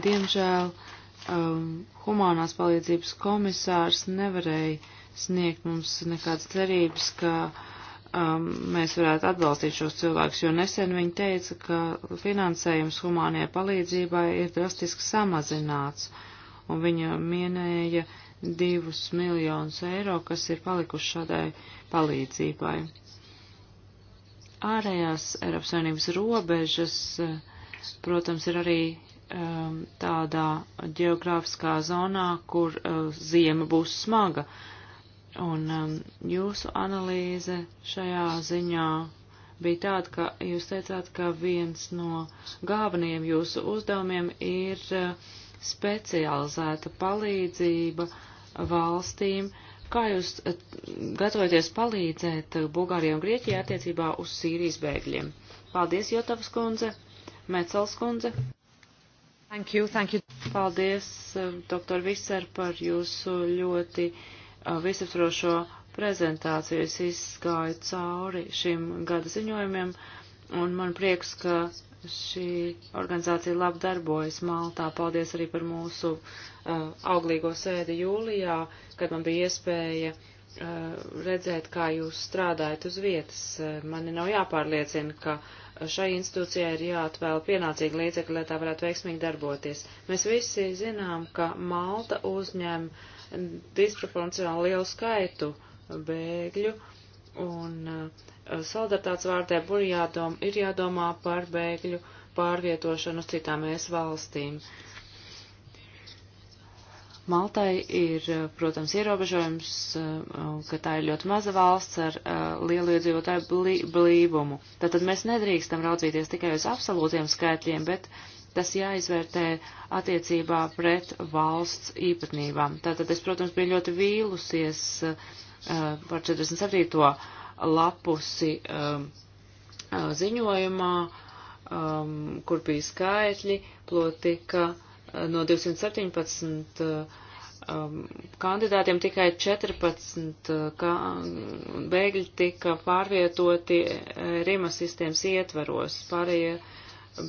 [SPEAKER 2] Diemžēl. Uh, um, humanās palīdzības komisārs nevarēja sniegt mums nekādas cerības, ka um, mēs varētu atbalstīt šos cilvēkus, jo nesen viņi teica, ka finansējums humānajai palīdzībai ir drastiski samazināts, un viņa minēja divus miljonus eiro, kas ir palikuši šādai palīdzībai. Ārējās Eiropas Savienības robežas, uh, protams, ir arī Um, tādā geogrāfiskā zonā, kur uh, ziema būs smaga. Un um, jūsu analīze šajā ziņā bija tāda, ka jūs teicāt, ka viens no galvenajiem jūsu uzdevumiem ir uh, specializēta palīdzība valstīm. Kā jūs uh, gatavojaties palīdzēt Bulgārijai un Grieķijai attiecībā uz Sīrijas bēgļiem? Paldies, Jotavas kundze, Mecels kundze. Thank you, thank you. Paldies, eh, doktor Visar, par jūsu ļoti eh, visaptrošo prezentāciju. Es izgāju cauri šim gada ziņojumiem, un man prieks, ka šī organizācija labi darbojas Maltā. Paldies arī par mūsu uh, auglīgo sēdi jūlijā, kad man bija iespēja uh, redzēt, kā jūs strādājat uz vietas. Uh, mani nav jāpārliecina, ka šai institūcijai ir jāatvēl pienācīgi līdzekļi, lai tā varētu veiksmīgi darboties. Mēs visi zinām, ka Malta uzņem disproporcionāli lielu skaitu bēgļu, un uh, solidaritātes vārtē ir jādomā par bēgļu pārvietošanu uz citām ES valstīm. Uh, Maltai ir, eh, protams, ierobežojums, eh, ka tā ir ļoti maza valsts ar eh, lielu iedzīvotāju blīvumu. Tātad mēs nedrīkstam raudzīties tikai uz absolūtiem skaitļiem, bet tas jāizvērtē attiecībā pret valsts īpatnībām. Tātad es, protams, biju ļoti vīlusies par 47. lapusi ziņojumā, kur bija skaitļi, proti, ka no 217 um, kandidātiem tikai 14 uh, kā, bēgļi tika pārvietoti uh, Rima sistēmas ietvaros, pārējie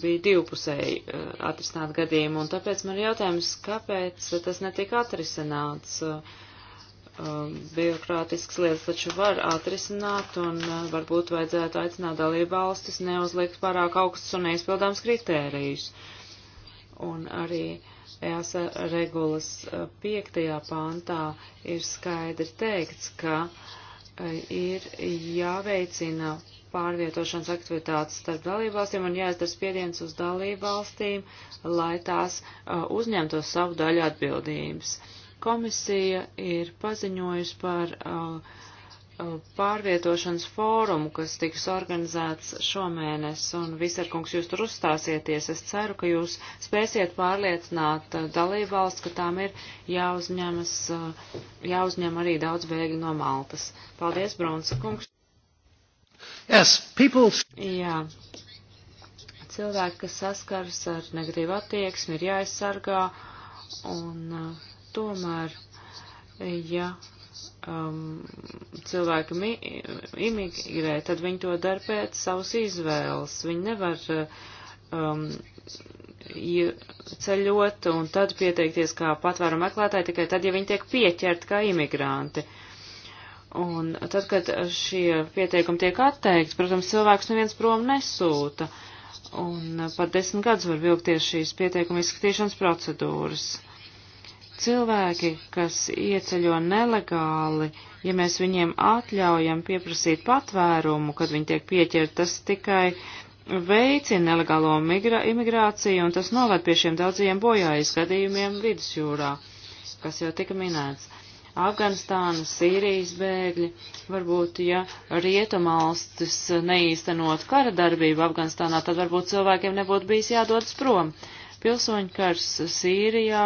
[SPEAKER 2] bija divpusēji uh, atrisināt gadījumu, un tāpēc man ir jautājums, kāpēc tas netika atrisināts. Um, Birokrātiskas lietas taču var atrisināt, un varbūt vajadzētu aicināt dalību valstis neuzliekt pārāk augstus un neizpildāms kritērijus. Uh, un arī EASA regulas eh, piektajā pāntā ir skaidri teikts, ka eh, ir jāveicina pārvietošanas aktivitātes starp dalībvalstīm un jāizdara spiediens uz dalībvalstīm, lai tās eh, uzņemtos savu daļu atbildības. Komisija ir paziņojusi par uh, Uh, pārvietošanas fórumu, kas tiks organizēts šomēnes, un visarkungs jūs tur uzstāsieties. Es ceru, ka jūs spēsiet pārliecināt uh, dalībvalsts, ka tām ir jāuzņemas, uh, jāuzņem arī daudz bēgļu no Maltas. Paldies, Brunsa kungs. Yes, people... Jā. Cilvēki, kas saskars ar negatīvu attieksmi, ir jāaizsargā, un tomēr, ja um, cilvēki mi, imigrē, tad viņi to dara pēc savas izvēles. Viņi nevar um, ceļot un tad pieteikties kā patvēru meklētāji tikai tad, ja viņi tiek pieķerti kā imigranti. Un tad, kad šie pieteikumi tiek atteikti, protams, cilvēks neviens prom nesūta. Un pat desmit gadus var vilkties šīs pieteikuma izskatīšanas procedūras. Uh, cilvēki, kas ieceļo nelegāli, ja mēs viņiem atļaujam pieprasīt patvērumu, kad viņi tiek pieķert, tas tikai veicina nelegālo migra, imigrāciju un tas noved pie šiem daudziem bojājas gadījumiem vidusjūrā, kas jau tika minēts. Afganistāna, Sīrijas bēgļi, varbūt, ja rietumalstis neīstenot kara darbību Afganistānā, tad varbūt cilvēkiem nebūtu bijis jādodas prom. Pilsoņkars Sīrijā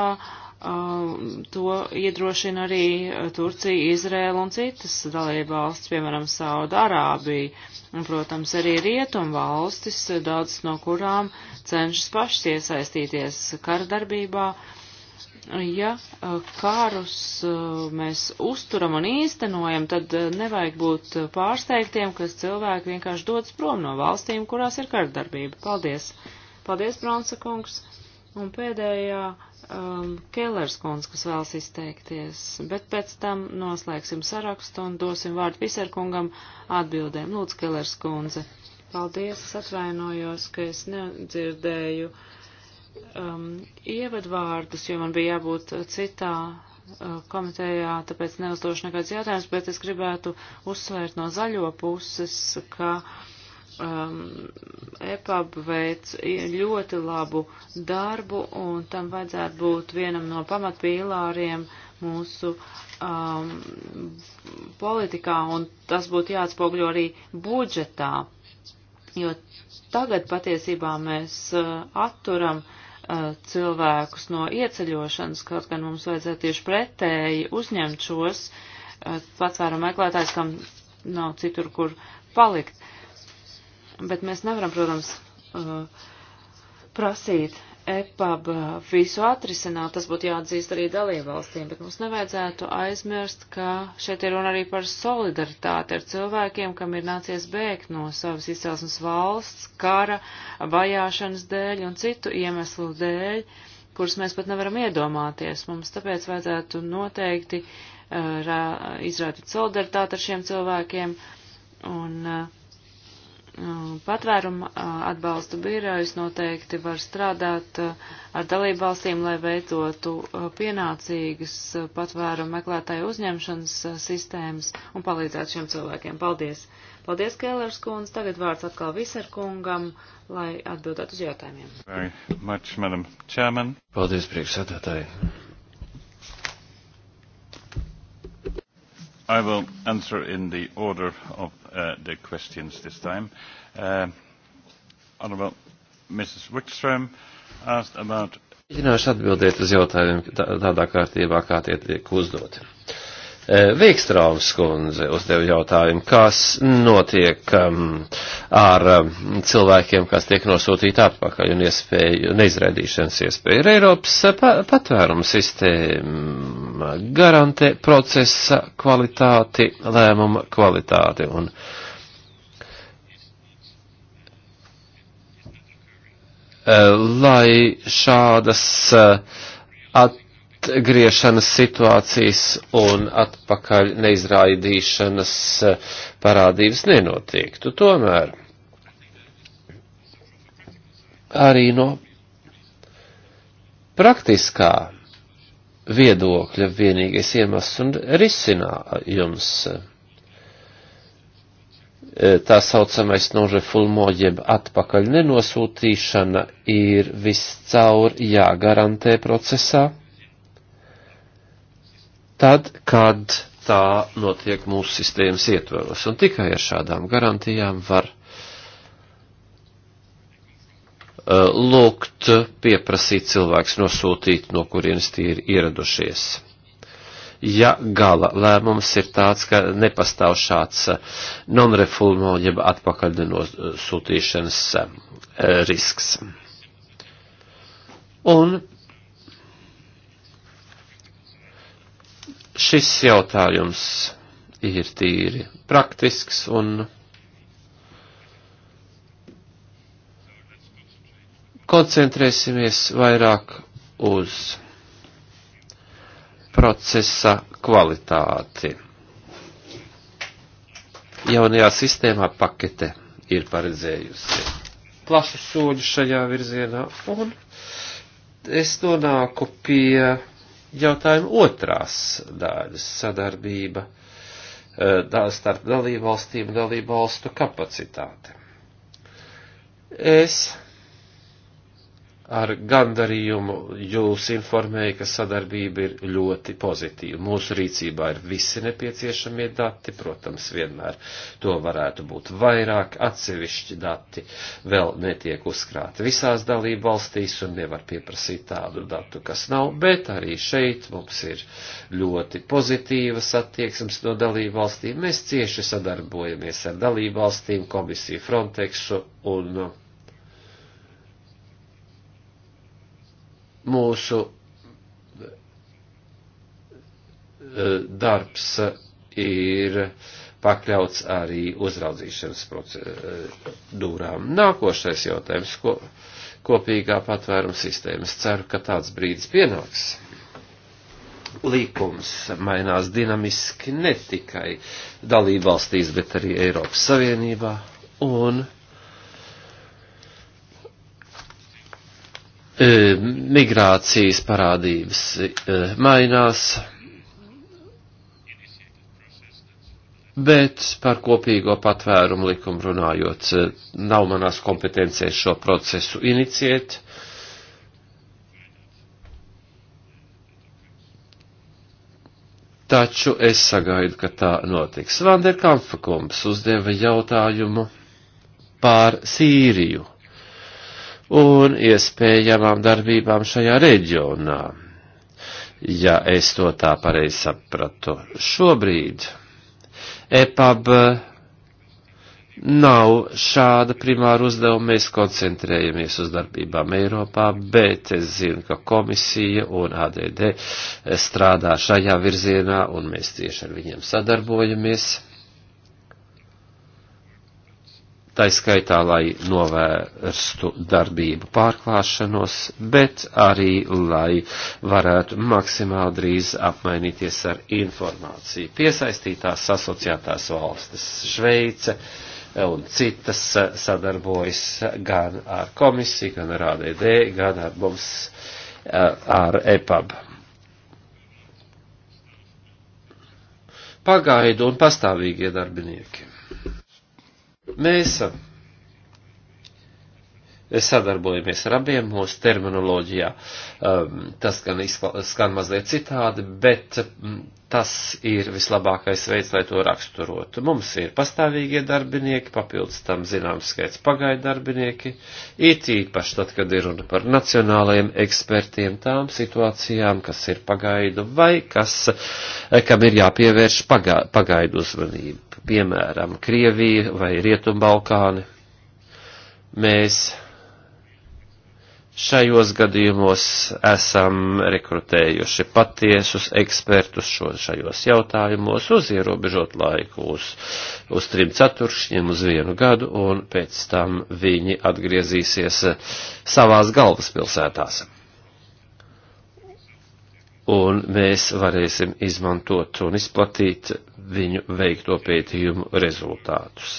[SPEAKER 2] Um, to iedrošina arī uh, Turcija, Izrēla un citas dalība valsts, piemēram, Saudārābija, un, protams, arī rietum valstis, uh, daudz no kurām cenšas pašas iesaistīties kardarbībā. Ja uh, karus mēs uzturam un īstenojam, tad nevajag būt pārsteigtiem, ka cilvēki vienkārši dodas prom no valstīm, kurās ir kardarbība. Paldies! Paldies, Bronsa kungs! Un pēdējā um, Kellers kundz, kas vēlas izteikties, bet pēc tam noslēgsim sarakstu un dosim vārdu Viserkungam atbildēm. Lūdzu, Kellers kundze. Paldies, es atvainojos, ka es nedzirdēju um, ievadvārdus, jo man bija jābūt citā uh, komitejā, tāpēc neuzdošu nekāds jautājums, bet es gribētu uzsvērt no zaļo puses, ka uh, um, EPAB veic ļoti labu darbu, un tam vajadzētu būt vienam no pamatpīlāriem mūsu um, politikā, un tas būtu jāatspogļo arī budžetā, jo tagad patiesībā mēs uh, atturam uh, cilvēkus no ieceļošanas, kaut gan mums vajadzētu tieši pretēji uzņemt šos uh, patvēru meklētājs, kam nav citur, kur palikt. Uh, Bet mēs nevaram, protams, uh, prasīt EPAB visu atrisināt, tas būtu jāatzīst arī dalībvalstīm, bet mums nevajadzētu aizmirst, ka šeit ir runa arī par solidaritāti ar cilvēkiem, kam ir nācies bēgt no savas izcelsmes valsts, kara, vajāšanas dēļ un citu iemeslu dēļ, kurus mēs pat nevaram iedomāties. Mums tāpēc vajadzētu noteikti uh, izrādīt solidaritāti ar šiem cilvēkiem un uh, Uh, patvēruma uh, atbalsta birojas noteikti var strādāt uh, ar dalībvalstīm, lai veidotu pienācīgas patvērumu meklētāju uzņemšanas sistēmas un palīdzētu šiem cilvēkiem. Paldies! Paldies, Kēlers kundze! Tagad vārds atkal Viserkungam, lai atbildētu uz jautājumiem.
[SPEAKER 1] Much, Paldies, priekšsēdētāji! I will answer in the order of uh, the questions this time. Uh, Honourable Mrs. Wickstrom asked about Mēģināšu
[SPEAKER 3] atbildēt uz jautājumiem tādā kārtībā, kā tie tiek uzdoti. Uh, Eh, Veikstrāvas kundze uzdev jautājumu, kas notiek um, ar um, cilvēkiem, kas tiek nosūtīti atpakaļ un iespēju, neizrēdīšanas iespēju. Ir Eiropas eh, pa, patvērumu sistēma garantē procesa kvalitāti, lēmuma kvalitāti. Un, eh, lai šādas at, atgriešanas situācijas un atpakaļ neizraidīšanas eh, parādības nenotiektu. Tomēr arī no praktiskā viedokļa vienīgais iemesls un risinājums eh, tā saucamais nožefulmo jeb atpakaļ nenosūtīšana ir viscaur jāgarantē procesā tad, kad tā notiek mūsu sistēmas ietvaros. Un tikai ar šādām garantijām var e, lūgt, pieprasīt cilvēks nosūtīt, no kurienes tie ir ieradušies. Ja gala lēmums ir tāds, ka nepastāv šāds e, non-refulmo, jeb atpakaļ nenosūtīšanas e, risks. Un šis jautājums ir tīri praktisks un koncentrēsimies vairāk uz procesa kvalitāti. Jaunajā sistēmā pakete ir paredzējusi plašu soļu šajā virzienā, un es nonāku pie jautājuma otrās daļas - sadarbība eh, starp dalībvalstīm un dalībvalstu kapacitāti. Es ar gandarījumu jūs informēju, ka sadarbība ir ļoti pozitīva. Mūsu rīcībā ir visi nepieciešamie dati, protams, vienmēr to varētu būt vairāk, atsevišķi dati vēl netiek uzkrāti visās dalību valstīs un nevar pieprasīt tādu datu, kas nav, bet arī šeit mums ir ļoti pozitīvas attieksmes no dalību valstīm. Mēs cieši sadarbojamies ar dalību valstīm, komisiju Frontexu un mūsu e, darbs ir pakļauts arī uzraudzīšanas procedūrām. E, Nākošais jautājums ko, - kopīgā patvēruma sistēma. Es ceru, ka tāds brīdis pienāks. Līkums mainās dinamiski ne tikai dalībvalstīs, bet arī Eiropas Savienībā. Un E, migrācijas parādības e, mainās, bet par kopīgo patvērumu likumu runājot, e, nav manās kompetencijas šo procesu iniciēt. Taču es sagaidu, ka tā notiks. Vanderkampfa kungs uzdeva jautājumu pār Sīriju un iespējamām darbībām šajā reģionā. Ja es to tā pareizi sapratu, šobrīd EPAB nav šāda primāra uzdevuma, mēs koncentrējamies uz darbībām Eiropā, bet es zinu, ka komisija un ADD strādā šajā virzienā un mēs tieši ar viņiem sadarbojamies taiskaitā, lai novērstu darbību pārklāšanos, bet arī, lai varētu maksimāli drīz apmainīties ar informāciju. Piesaistītās asociētās valstis Šveice un citas sadarbojas gan ar komisiju, gan ar ADD, gan ar mums, eh, ar EPAB. Pagaidu un pastāvīgie darbinieki. Uh, mēs sadarbojamies ar abiem mūsu terminoloģijā. Um, tas gan skan mazliet citādi, bet um, Tas ir vislabākais veids, lai to raksturotu. Mums ir pastāvīgie darbinieki, papildus tam zināms skaits pagaidu darbinieki, it īpaši tad, kad ir runa par nacionālajiem ekspertiem, tām situācijām, kas ir pagaidu vai kas, eh, kam ir jāpievērš pagaidu uzmanību. Piemēram, Krievija vai Rietumbalkāni. Mēs šajos gadījumos esam rekrutējuši patiesus ekspertus šo, šajos jautājumos uz ierobežot laiku, uz, uz trim ceturšņiem, uz vienu gadu, un pēc tam viņi atgriezīsies savās galvaspilsētās. Un mēs varēsim izmantot un izplatīt viņu veikto pētījumu rezultātus.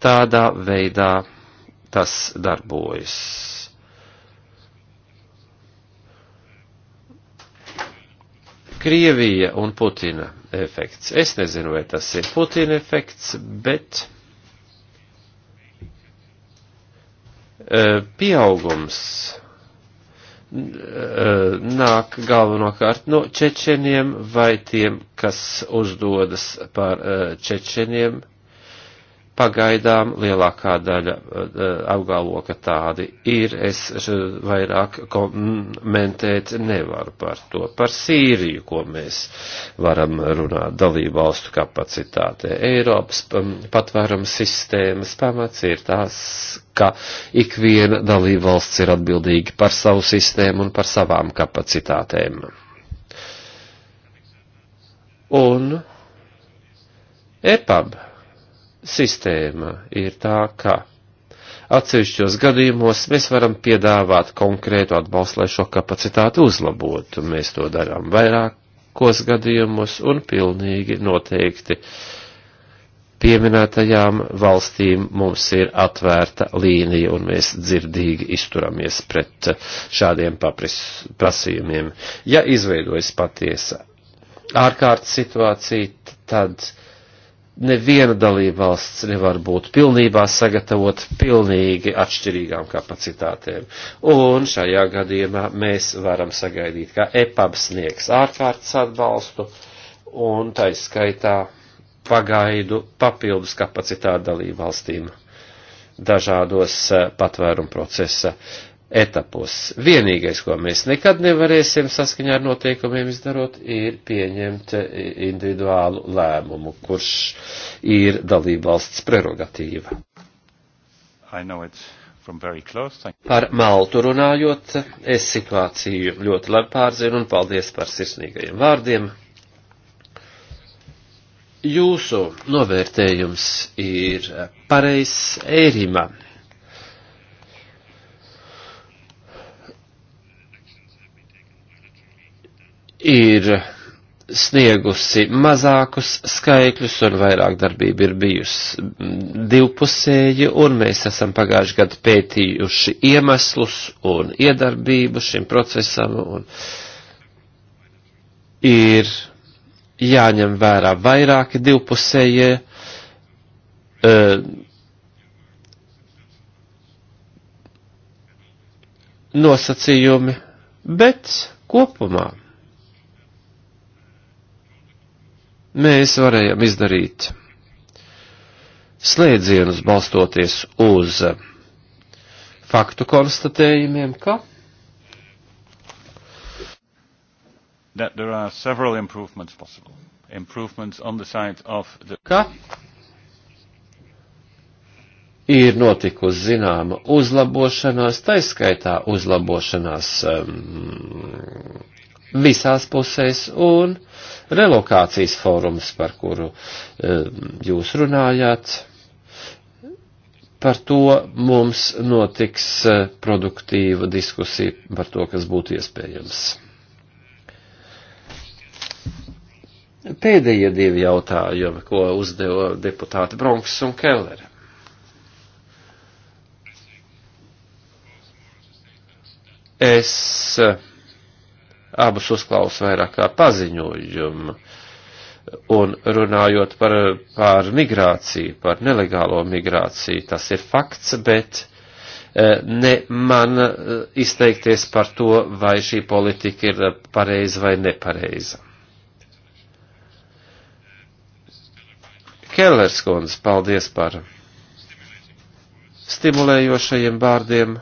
[SPEAKER 3] Tādā veidā tas darbojas Krievija un Putina efekts. Es nezinu, vai tas ir Putina efekts, bet e, pieaugums e, nāk galvenokārt no čečeniem vai tiem, kas uzdodas par e, čečeniem. Pagaidām lielākā daļa eh, apgalvoka tādi ir, es eh, vairāk komentēt nevaru par to. Par Sīriju, ko mēs varam runāt dalību valstu kapacitātē. Eiropas mm, patvērums sistēmas pamats ir tās, ka ikviena dalība valsts ir atbildīga par savu sistēmu un par savām kapacitātēm. Un EPAB sistēma ir tā, ka atsevišķos gadījumos mēs varam piedāvāt konkrētu atbalstu, lai šo kapacitāti uzlabotu. Mēs to darām vairākos gadījumos un pilnīgi noteikti pieminētajām valstīm mums ir atvērta līnija un mēs dzirdīgi izturamies pret šādiem papris, prasījumiem. Ja izveidojas patiesa ārkārtas situācija, tad neviena dalība valsts nevar būt pilnībā sagatavot pilnīgi atšķirīgām kapacitātēm. Un šajā gadījumā mēs varam sagaidīt, ka EPAB sniegs ārkārtas atbalstu un tai skaitā pagaidu papildus kapacitāti dalību valstīm dažādos eh, patvērumu procesa etapos. Vienīgais, ko mēs nekad nevarēsim saskaņā ar noteikumiem izdarot, ir pieņemt individuālu lēmumu, kurš ir dalībvalsts prerogatīva. Par Maltu runājot, es situāciju ļoti labi pārzinu un paldies par sirsnīgajiem vārdiem. Jūsu novērtējums ir pareizs ērima ir sniegusi mazākus skaitļus un vairāk darbība ir bijusi divpusēja, un mēs esam pagājuši gadu pētījuši iemeslus un iedarbību šim procesam, un ir jāņem vērā vairāki divpusējie uh, nosacījumi, bet kopumā mēs varējām izdarīt slēdzienus balstoties uz eh, faktu konstatējumiem, ka
[SPEAKER 1] that there are several improvements possible. Improvements on the side of the ka
[SPEAKER 3] ir notikusi zināma uzlabošanās, taiskaitā uzlabošanās um, visās pusēs un relokācijas fórums, par kuru eh, jūs runājāt. Par to mums notiks eh, produktīva diskusija par to, kas būtu iespējams. Pēdējie divi jautājumi, ko uzdeva deputāti Bronks un Kellere. Es uh, abus uzklaus vairāk kā paziņojumu. Un runājot par, par migrāciju, par nelegālo migrāciju, tas ir fakts, bet e, ne man e, izteikties par to, vai šī politika ir pareiza vai nepareiza. Kellers kundze, paldies par stimulējošajiem vārdiem.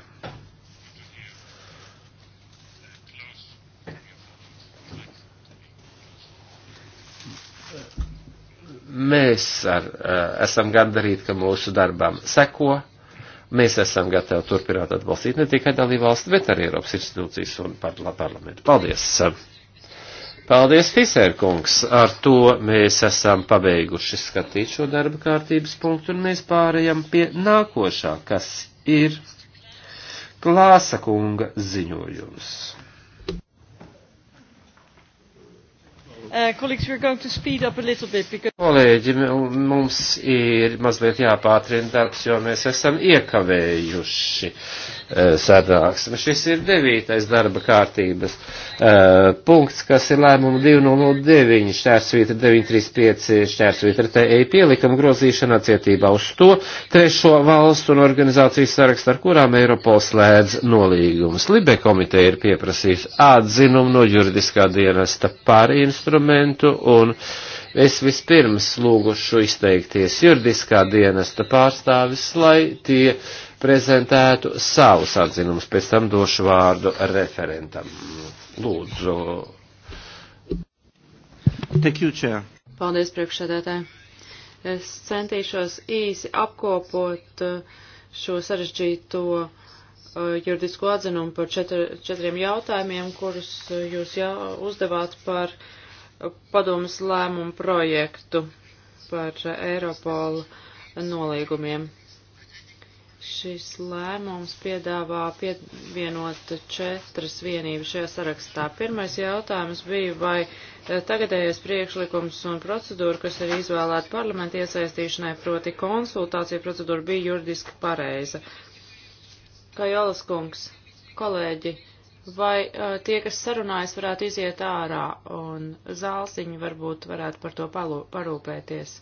[SPEAKER 3] Mēs ar, eh, esam gandarīti, ka mūsu darbam seko. Mēs esam gatavi turpināt atbalstīt ne tikai dalībvalstu, bet arī Eiropas institūcijas un parlamentu. Paldies! Paldies, Fiserkungs! Ar to mēs esam pabeiguši skatīt šo darba kārtības punktu un mēs pārējam pie nākošā, kas ir Klāsa kunga ziņojums. Uh, Kolēģi, mums ir mazliet jāpātrina darbs, jo mēs esam iekavējuši. Eh, sanāksme. Šis ir devītais darba kārtības eh, punkts, kas ir lēmuma 209 šķērsvītra 935 šķērsvītra TE pielikam grozīšana attiecībā uz to trešo valstu un organizāciju sarakstu, ar kurām Eiropols slēdz nolīgumus. Libe komiteja ir pieprasījusi atzinumu no juridiskā dienesta par instrumentu un Es vispirms lūgušu izteikties juridiskā dienesta pārstāvis, lai tie prezentētu savus atzinumus, pēc tam došu vārdu referentam. Lūdzu. Thank you, Chair.
[SPEAKER 2] Paldies, priekšsēdētāji. Es centīšos īsi apkopot uh, šo sarežģīto uh, juridisko atzinumu par četr, četriem jautājumiem, kurus uh, jūs jā, uzdevāt par padomas lēmumu projektu par Eiropolu nolīgumiem. Šis lēmums piedāvā pievienot četras vienības šajā sarakstā. Pirmais jautājums bija, vai eh, tagadējais priekšlikums un procedūra, kas ir izvēlēta parlamenta iesaistīšanai, proti konsultācija procedūra, bija juridiski pareiza. Kā Jolas kungs, kolēģi, vai eh, tie, kas sarunājas, varētu iziet ārā un zālsiņi varbūt varētu par to parūpēties?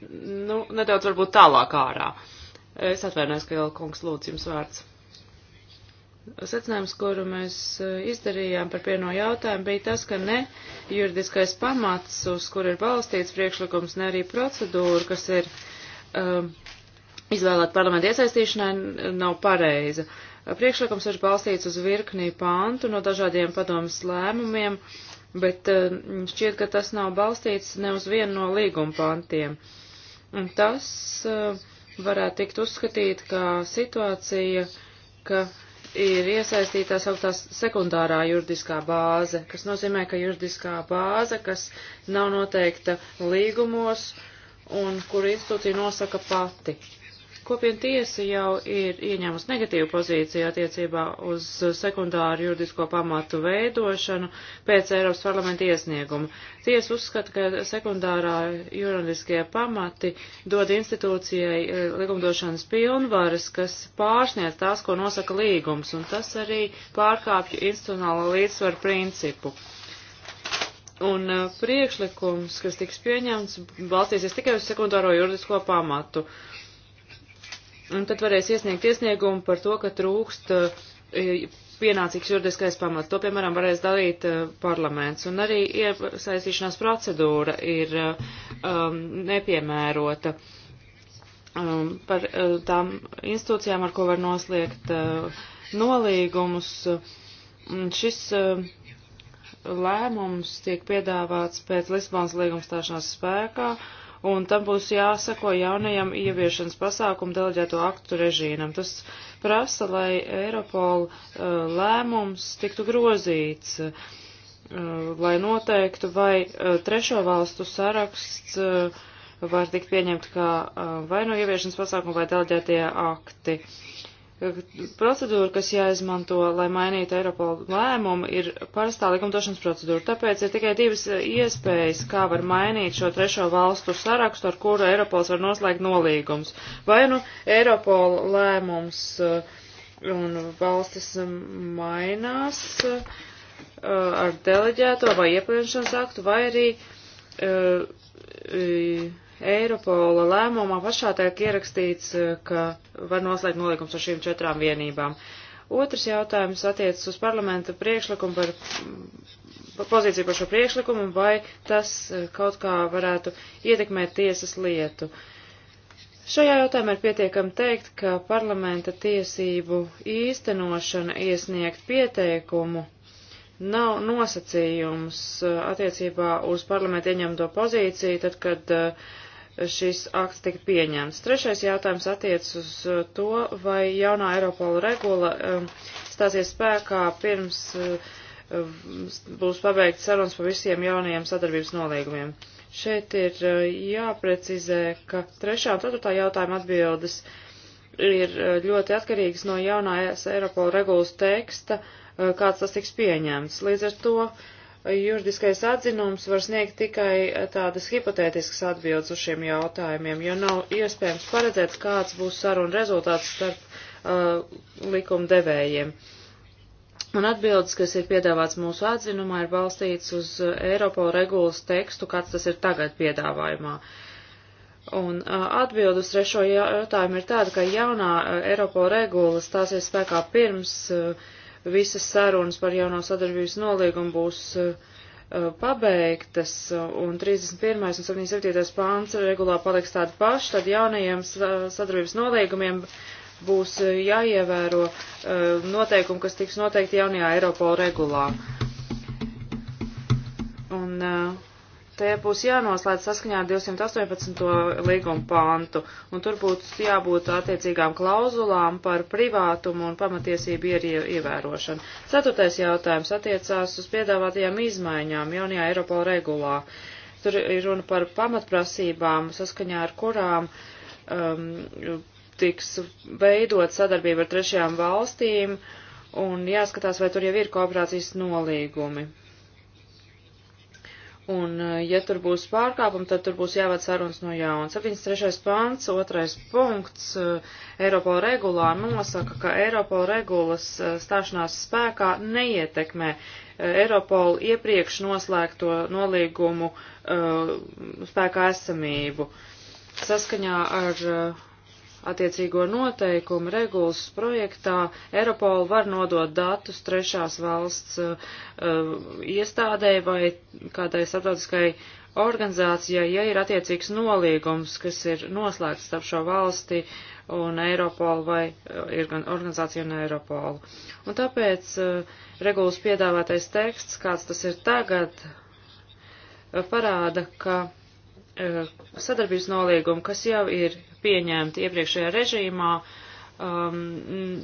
[SPEAKER 2] Nu, nedaudz varbūt tālāk ārā. Uh, Es atvainojos, ka jau kungs lūdz jums vārds. Secinājums, kuru mēs eh, izdarījām par pieno jautājumu, bija tas, ka ne juridiskais pamats, uz kur ir balstīts priekšlikums, ne arī procedūra, kas ir um, izvēlēta parlamenta iesaistīšanai, nav pareiza. Priekšlikums ir balstīts uz virknī pāntu no dažādiem padomas lēmumiem, bet um, šķiet, ka tas nav balstīts ne uz vienu no līguma pāntiem. Un tas uh, varētu tikt uzskatīt kā situācija, ka ir iesaistītā sauktās sekundārā juridiskā bāze, kas nozīmē, ka juridiskā bāze, kas nav noteikta līgumos un kuru institūcija nosaka pati. Kopiena tiesa jau ir ieņēmusi negatīvu pozīciju attiecībā uz sekundāru juridisko pamatu veidošanu pēc Eiropas parlamenta iesnieguma. Tiesa uzskata, ka sekundārā juridiskie pamati dod institūcijai e, likumdošanas pilnvaras, kas pārsniedz tās, ko nosaka līgums, un tas arī pārkāpja institucionālo līdzsvaru principu. Un e, priekšlikums, kas tiks pieņemts, balstīsies tikai uz sekundāro juridisko pamatu. Uh, un tad varēs iesniegt iesniegumu par to, ka trūkst e, pienācīgs juridiskais pamats. To, piemēram, varēs darīt e, parlaments. Un arī iesaistīšanās procedūra ir e, um, nepiemērota um, par tām institūcijām, ar ko var noslēgt uh, nolīgumus. Un šis uh, lēmums tiek piedāvāts pēc Lisbonas līguma stāšanās spēkā. Uh, un tam būs jāsako jaunajam ieviešanas pasākumu deleģēto aktu režīnam. Tas prasa, lai Eiropola uh, lēmums tiktu grozīts, uh, lai noteiktu, vai uh, trešo valstu saraksts uh, var tikt pieņemt kā uh, vai no ieviešanas pasākumu vai deleģētie akti. Uh, procedūra, kas jāizmanto, lai mainītu Eiropola lēmumu, ir parastā likumdošanas procedūra. Tāpēc ir tikai divas eh, iespējas, kā var mainīt šo trešo valstu sarakstu, ar kuru Eiropols var noslēgt nolīgums. Vai nu Eiropola lēmums eh, un valstis mainās eh, ar deleģēto vai iepriekšanas aktu, vai arī Eiropola lēmumā pašā tiek ierakstīts, eh, ka var noslēgt nolīgums ar šīm četrām vienībām. Otrs jautājums attiecas uz parlamenta priekšlikumu par, par mm, pozīciju par šo priekšlikumu, vai tas eh, kaut kā varētu ietekmēt tiesas lietu. Šajā jautājumā ir pietiekami teikt, ka parlamenta tiesību īstenošana iesniegt pieteikumu nav nosacījums eh, attiecībā uz parlamentu ieņemto pozīciju, tad, kad uh, šis akts tika pieņemts. Trešais jautājums attiecas uz uh, to, vai jaunā Eiropola regula um, stāsies spēkā pirms uh, um, būs pabeigts sarunas par visiem jaunajiem sadarbības nolīgumiem. Šeit ir uh, jāprecizē, ka trešā un ceturtā jautājuma atbildes ir ļoti atkarīgas no jaunā Eiropola regulas teksta, kāds tas tiks pieņemts. Līdz ar to uh, juridiskais atzinums var sniegt tikai eh, tādas hipotētiskas atbildes uz šiem jautājumiem, jo nav iespējams paredzēt, kāds būs saruna rezultāts starp uh, likumdevējiem. Un atbildes, kas ir piedāvāts mūsu atzinumā, ir balstīts uz eh, Eiropola regulas tekstu, kāds tas ir tagad piedāvājumā. Uh, Un atbild uz trešo jautājumu ir tāda, ka jaunā Eiropo regula stāsies spēkā pirms uh, visas sarunas par jauno sadarbības nolīgumu būs eh, pabeigtas, un 31. un 77. pāns regulā paliks tādi paši, tad jaunajiem sadarbības nolīgumiem būs eh, jāievēro eh, noteikumi, kas tiks noteikti jaunajā Eiropola regulā. Un uh, Te būs jānoslēdz saskaņā ar 218. līguma pantu, un tur būs jābūt attiecīgām klauzulām par privātumu un pamatiesību ievērošanu. Ceturtais jautājums attiecās uz piedāvātajām izmaiņām jaunajā Eiropola regulā. Tur ir runa par pamatprasībām, saskaņā ar kurām um, tiks veidot sadarbība ar trešajām valstīm, un jāskatās, vai tur jau ir kooperācijas nolīgumi Un, eh, ja tur būs pārkāpumi, tad tur būs jāved sarunas no jauna. 73. pants, otrais punkts, eh, Eiropo regulā nosaka, ka Eiropo regulas eh, stāšanās spēkā neietekmē Eiropolu iepriekš noslēgto nolīgumu uh, spēkā esamību. Saskaņā ar uh, attiecīgo noteikumu regulas projektā Eiropola var nodot datus trešās valsts uh, uh, iestādē vai kādai starptautiskai organizācijai, ja ir attiecīgs nolīgums, kas ir noslēgts starp šo valsti un Eiropolu vai uh, organizāciju un Eiropolu. Un tāpēc uh, regulas piedāvātais teksts, kāds tas ir tagad, uh, parāda, ka Eh, sadarbības nolīgumu, kas jau ir pieņemti iepriekšējā režīmā, um,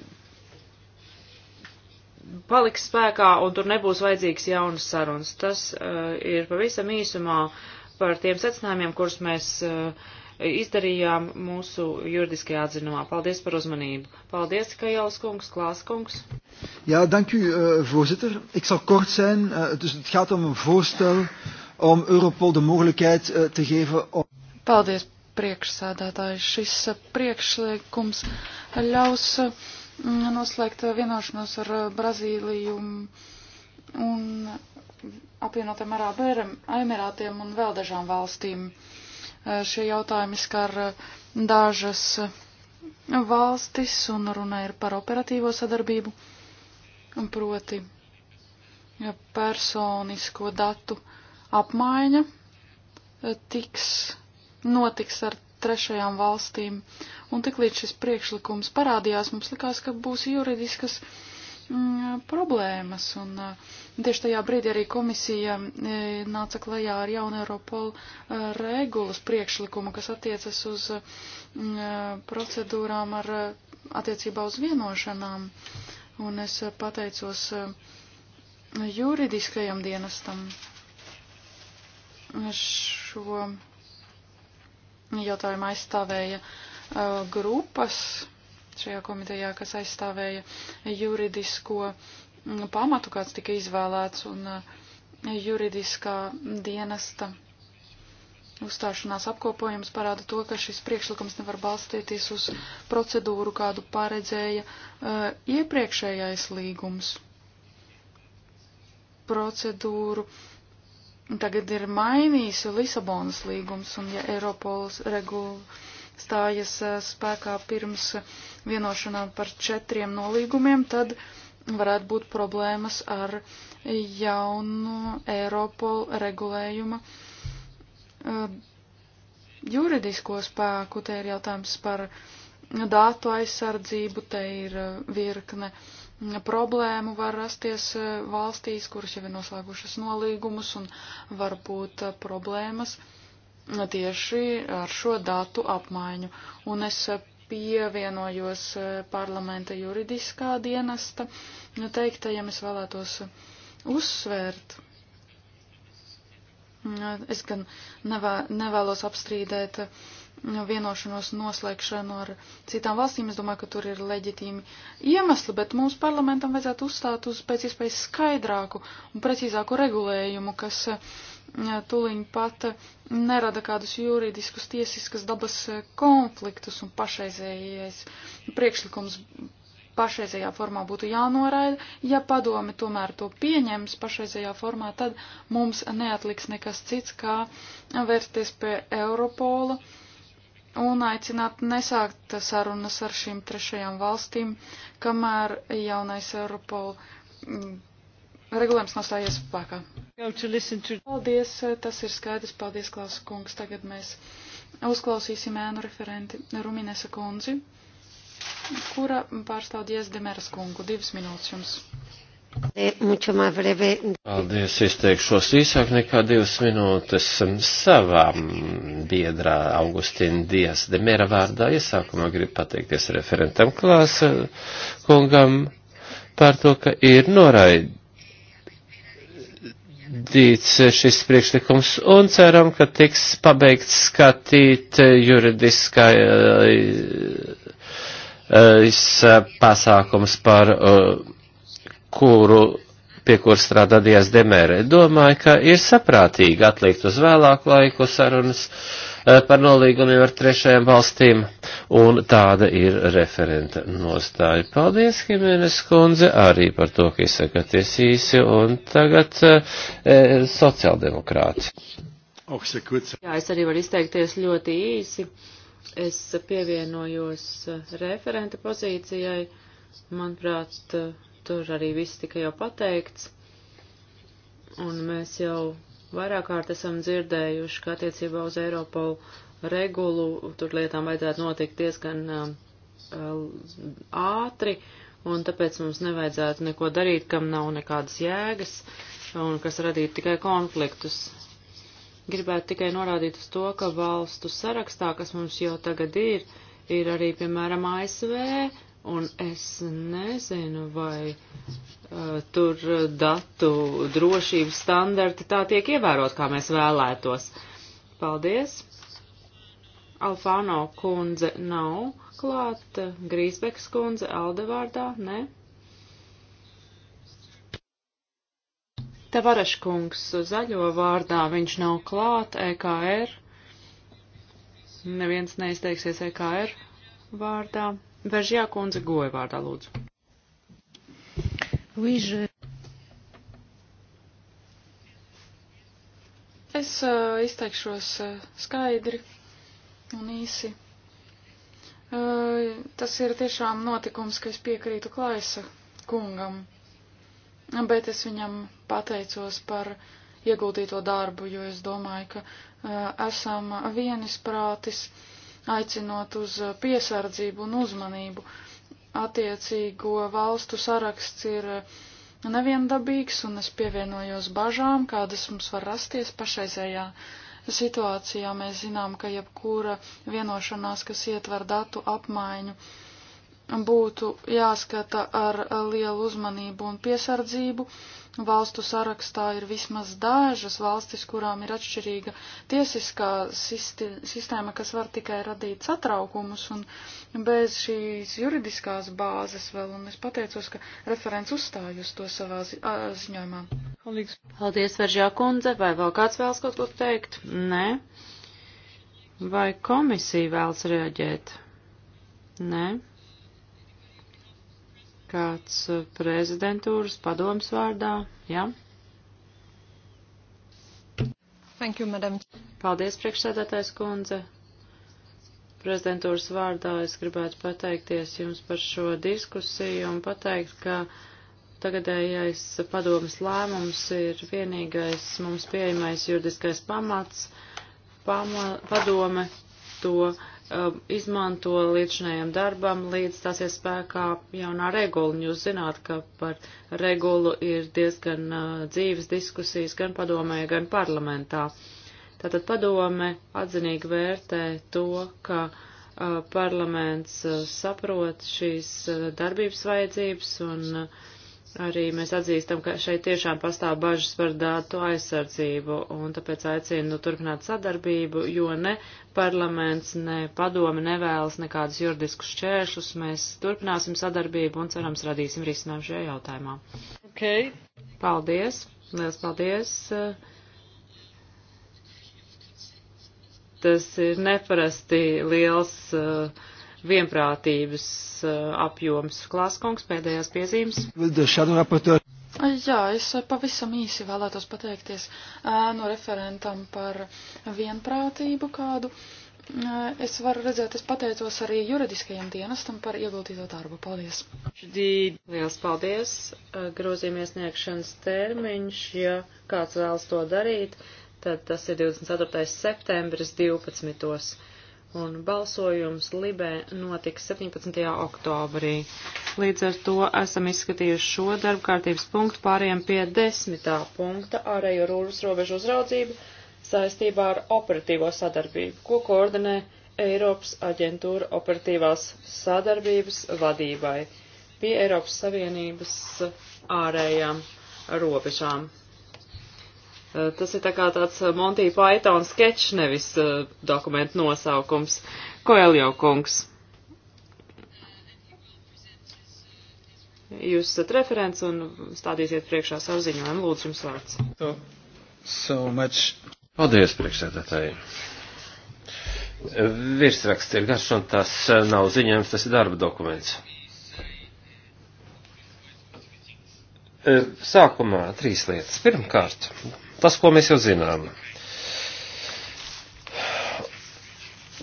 [SPEAKER 2] paliks spēkā un tur nebūs vajadzīgs jaunas sarunas. Tas uh, ir pavisam īsumā par tiem secinājumiem, kurus mēs uh, izdarījām mūsu juridiskajā atzinumā. Paldies par uzmanību. Paldies, Kajals kungs, Klās kungs.
[SPEAKER 1] Jā, dank u, uh, voorzitter. Ik zal kort zijn, uh, dus het gaat om een voorstel.
[SPEAKER 3] Uh, om Europol de mogelijkheid eh, te geven om.
[SPEAKER 4] Paldies, priekšsēdētāji. Šis eh, priekšliekums ļaus eh, noslēgt vienošanos ar Brazīliju un apvienotiem Arābu Emirātiem un vēl dažām valstīm. Šie jautājumi skar dažas valstis un runa ir par operatīvo sadarbību, proti personisko datu apmaiņa eh, tiks notiks ar trešajām valstīm. Un tik līdz šis priekšlikums parādījās, mums likās, ka būs juridiskas mm, problēmas. Un uh, tieši tajā brīdī arī komisija e, nāca klajā ar jaunu Europolu uh, regulas priekšlikumu, kas attiecas uz mm, procedūrām ar attiecībā uz vienošanām. Un es pateicos uh, juridiskajam dienestam šo jautājumu aizstāvēja grupas šajā komitejā, kas aizstāvēja juridisko pamatu, kāds tika izvēlēts, un juridiskā dienesta uzstāšanās apkopojums parāda to, ka šis priekšlikums nevar balstīties uz procedūru, kādu paredzēja uh, iepriekšējais līgums. Procedūru uh, tagad ir mainījis Lisabonas līgums, un ja Eiropols regula stājas eh, spēkā pirms vienošanām par četriem nolīgumiem, tad varētu būt problēmas ar jaunu Eiropola regulējuma eh, juridisko spēku. Te ir jautājums par dātu aizsardzību, te ir eh, virkne uh, problēmu var rasties e, valstīs, kuras jau ir noslēgušas nolīgumus un varbūt e, problēmas tieši ar šo datu apmaiņu. Un es e, pievienojos parlamenta juridiskā dienesta teiktajiem, es vēlētos uzsvērt. Es gan nevēlos apstrīdēt Nu, vienošanos noslēgšanu ar citām valstīm. Es domāju, ka tur ir leģitīmi iemesli, bet mums parlamentam vajadzētu uzstāt uz pēc iespējas skaidrāku un precīzāku regulējumu, kas eh, tuliņ pat eh, nerada kādus juridiskus tiesiskas dabas eh, konfliktus un pašreizējais priekšlikums pašreizējā formā būtu jānoraida. Ja padome tomēr to pieņems pašreizējā formā, tad mums neatliks nekas cits, kā vērsties pie Europola. Uh, un aicināt nesākt sarunas ar šīm trešajām valstīm, kamēr jaunais Europol mm, regulējums nav stājies spēkā. Paldies, tas ir skaidrs. Paldies, Klausa kungs. Tagad mēs uzklausīsim ēnu referenti Ruminesa kundzi, kura pārstāv Diezdemeras kungu. Divas
[SPEAKER 3] minūtes jums. Paldies, izteikšos īsāk nekā divas minūtes savām biedrā Augustīna Dias Demēra vārdā. Iesākumā gribu pateikties referentam klāsa kungam par to, ka ir noraidīts šis priekšlikums un ceram, ka tiks pabeigts skatīt juridiskā. Uh, eh, pasākums par uh, kuru pie kur strādā Dijas Demērē, domāju, ka ir saprātīgi atlikt uz vēlāku laiku sarunas eh, par nolīgumiem ar trešajām valstīm, un tāda ir referenta nostāja. Paldies, Himēnes kundze, arī par to, ka izsakaties īsi, un tagad e, sociāldemokrāti.
[SPEAKER 1] Jā,
[SPEAKER 2] es arī varu izteikties ļoti īsi. Es pievienojos eh, referenta pozīcijai. Manuprāt, tur arī viss tika jau pateikts, un mēs jau vairāk kārt esam dzirdējuši, ka attiecībā uz Eiropolu regulu tur lietām vajadzētu notikt diezgan uh, ātri, un tāpēc mums nevajadzētu neko darīt, kam nav nekādas jēgas un kas radītu tikai konfliktus. Gribētu tikai norādīt uz to, ka valstu sarakstā, kas mums jau tagad ir, ir arī, piemēram, ASV, un es nezinu, vai uh, tur datu drošības standarti tā tiek ievērot, kā mēs vēlētos. Paldies! Alfāno kundze nav klāt, Grīsbekas kundze Aldevārdā, ne? Tavareškungs zaļo vārdā, viņš nav klāt, EKR. Neviens neizteiksies EKR vārdā. Veržjā kundze goja vārdā lūdzu. Oui, je...
[SPEAKER 4] Es uh, izteikšos uh, skaidri un īsi. Uh, tas ir tiešām notikums, ka es piekrītu Klaisa kungam, bet es viņam pateicos par ieguldīto darbu, jo es domāju, ka uh, esam vienisprātis. Uh, aicinot uz piesardzību un uzmanību. Attiecīgo valstu saraksts ir neviendabīgs, un es pievienojos bažām, kādas mums var rasties pašreizējā situācijā. Mēs zinām, ka jebkura vienošanās, kas ietver datu apmaiņu, uh, būtu jāskata ar lielu uzmanību un piesardzību. Valstu sarakstā ir vismaz dažas valstis, kurām ir atšķirīga tiesiskā sistēma, kas var tikai radīt satraukumus un bez šīs juridiskās bāzes vēl. Un es pateicos, ka referents uzstājus to savā zi ziņojumā.
[SPEAKER 2] Paldies, Veržā kundze. Vai vēl kāds vēlas kaut ko teikt? Nē. Vai komisija vēlas reaģēt? Nē. Kāds uh, prezidentūras padoms vārdā? Jā. Ja? Thank you, madam. Paldies, priekšsēdētājs kundze. Prezidentūras vārdā es gribētu pateikties jums par šo diskusiju un pateikt, ka tagadējais padomas lēmums ir vienīgais mums pieejamais juridiskais pamats. Pama, padome to Um, izmanto līdzinējiem darbam, līdz stāsies spēkā jaunā regula. Jūs zināt, ka par regulu ir diezgan uh, dzīves diskusijas gan padomē, gan parlamentā. Tātad padome atzinīgi vērtē to, ka uh, parlaments uh, saprot šīs darbības vajadzības un uh, arī mēs atzīstam, ka šeit tiešām pastāv bažas par datu aizsardzību, un tāpēc aicinu turpināt sadarbību, jo ne parlaments, ne padome nevēlas nekādus juridiskus šķēršus. Mēs turpināsim sadarbību un cerams radīsim risinājumu šajā jautājumā. Okay. Paldies! Liels paldies! Tas ir neparasti liels. Uh, vienprātības eh, apjoms. Klāskungs, pēdējās piezīmes.
[SPEAKER 4] Jā, es eh, pavisam īsi vēlētos pateikties eh, no referentam par vienprātību kādu. Es varu redzēt, es pateicos arī juridiskajam dienestam par ieguldīto darbu. Paldies!
[SPEAKER 2] Liels paldies! Grozījuma iesniegšanas termiņš, ja kāds vēlas to darīt, tad tas ir 24. septembris 12 un balsojums Libē notiks 17. oktobrī. Līdz ar to esam izskatījuši šo darba kārtības punktu pāriem pie 10. punkta ārējo rūras robežu uzraudzību saistībā ar operatīvo sadarbību, ko koordinē Eiropas aģentūra operatīvās sadarbības vadībai pie Eiropas Savienības ārējām robežām. Eh, tas ir tā kā tāds eh, Monty Python sketch, nevis uh, dokumentu nosaukums. Koeljo kungs. Jūs esat referents un stādīsiet priekšā savu ziņojumu. Lūdzu, jums vārds. So,
[SPEAKER 3] so much. Paldies, priekšsēdētāji. Virsraksts ir garš un tas nav ziņojums, tas ir darba dokuments. Sākumā trīs lietas. Pirmkārt, tas, ko mēs jau zinām.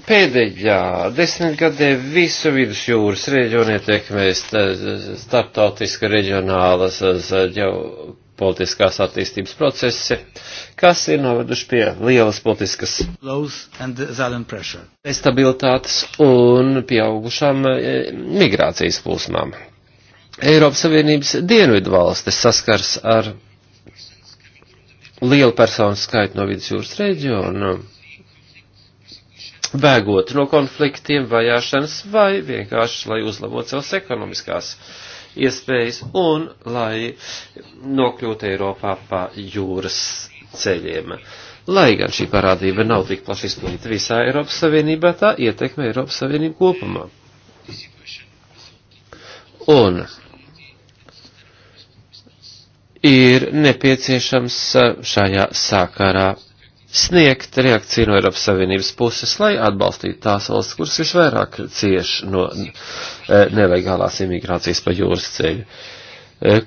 [SPEAKER 3] Pēdējā desmitgadē visu vidusjūras reģionu ietekmēs starptautiska reģionālas ģeopolitiskās attīstības procesi, kas ir noveduši pie lielas politiskas nestabilitātes un pieaugušām e, migrācijas plūsmām. Eiropas Savienības dienvidu valstis saskars ar lielu personu skaitu no vidusjūras reģiona, bēgot no konfliktiem, vajāšanas vai vienkārši, lai uzlabotu savas ekonomiskās iespējas un lai nokļūtu Eiropā pa jūras ceļiem. Lai gan šī parādība nav tik plaši izplatīta visā Eiropas Savienībā, tā ietekmē Eiropas Savienību kopumā. Un ir nepieciešams eh, šajā sakarā sniegt reakciju no Eiropas Savienības puses, lai atbalstītu tās valsts, kuras visvairāk cieš no eh, nelegālās imigrācijas pa jūras ceļu. Eh,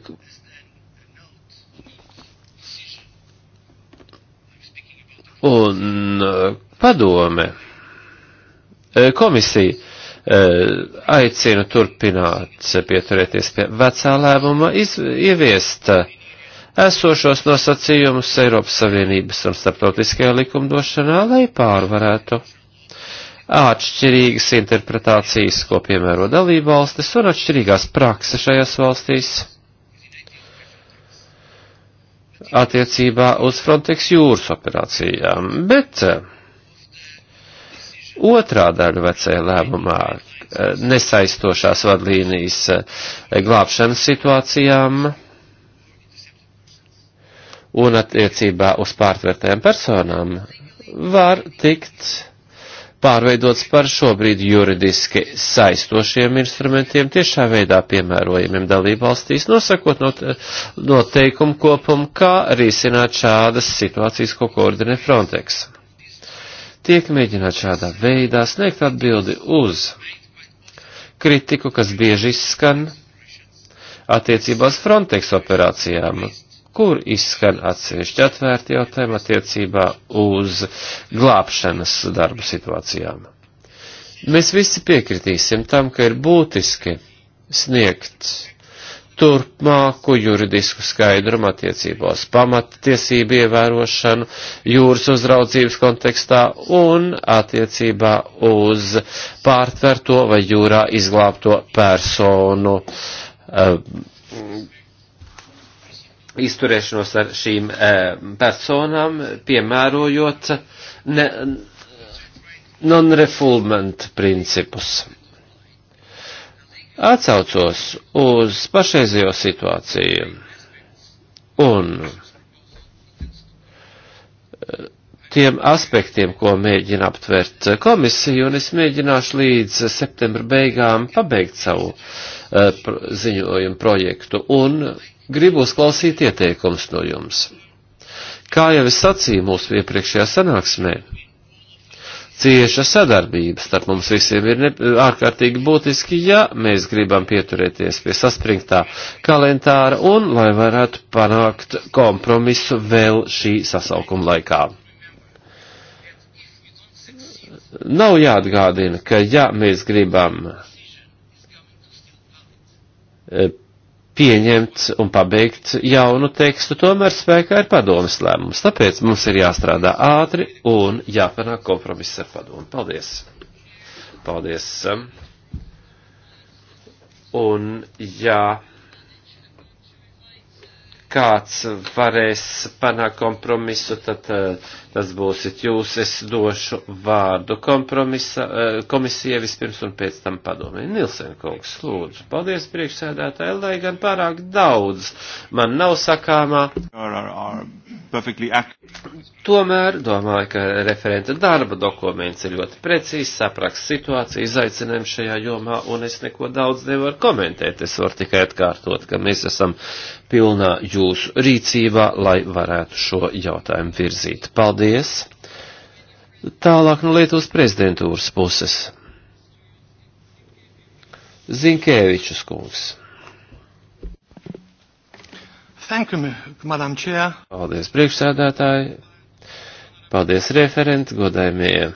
[SPEAKER 3] un padome, komisija aicina turpināt pieturēties pie vecā lēmuma, iz, ieviest uh, esošos nosacījumus Eiropas Savienības un starptautiskajā likumdošanā, lai pārvarētu atšķirīgas interpretācijas, ko piemēro dalību valstis un atšķirīgās prakses šajās valstīs attiecībā uz Frontex jūras operācijām. Bet eh, otrā daļa vecajā lēmumā eh, nesaistošās vadlīnijas eh, glābšanas situācijām un attiecībā uz pārtvērtējām personām var tikt pārveidots par šobrīd juridiski saistošiem instrumentiem, tiešā veidā piemērojumiem dalībvalstīs, nosakot not, noteikumu kopumu, kā risināt šādas situācijas, ko koordinē Frontex. Tiek mēģināt šādā veidā sniegt atbildi uz kritiku, kas bieži izskan attiecībās Frontex operācijām, kur izskan atsevišķi atvērti jautājumi attiecībā uz glābšanas darbu situācijām. Mēs visi piekritīsim tam, ka ir būtiski sniegt turpmāku juridisku skaidrumu attiecībos pamattiesību ievērošanu jūras uzraudzības kontekstā un attiecībā uz pārtverto vai jūrā izglābto personu. Uh, izturēšanos ar šīm e, personām, piemērojot ne, non-refulment principus. Atcaucos uz pašreizējo situāciju un eh, tiem aspektiem, ko mēģina aptvert komisija, un es mēģināšu līdz septembra beigām pabeigt savu uh, ziņojumu projektu un uh, gribu uzklausīt ieteikums no jums. Kā jau es sacīju mūsu iepriekšējā sanāksmē, cieša sadarbība starp mums visiem ir ne, ārkārtīgi būtiski, ja mēs gribam pieturēties pie saspringtā kalendāra un lai varētu panākt kompromisu vēl šī sasaukuma laikā. Nav jāatgādina, ka ja mēs gribam eh, pieņemt un pabeigt jaunu tekstu, tomēr spēkā ir padomas lēmums. Tāpēc mums ir jāstrādā ātri un jāpanāk kompromiss ar padomu. Paldies! Paldies! Un jā, kāds varēs panākt kompromisu, tad uh, tas būsit jūs. Es došu vārdu kompromisa, eh, komisijai vispirms un pēc tam padomē. Nilsen kungs, lūdzu. Paldies priekšsēdētāji, lai gan pārāk daudz man nav sakāmā. Tomēr domāju, ka referenta darba dokuments ir ļoti precīzi, saprakst situāciju, izaicinājumu šajā jomā, un es neko daudz nevaru komentēt. Es varu tikai atkārtot, ka mēs esam pilnā jūsu rīcībā, lai varētu šo jautājumu virzīt. Paldies! Tālāk no Lietuvas prezidentūras puses. Zinkēvičus kungs.
[SPEAKER 1] Thank you, Madam Chair.
[SPEAKER 3] Paldies, priekšsēdētāji. Paldies, referenti, godājumie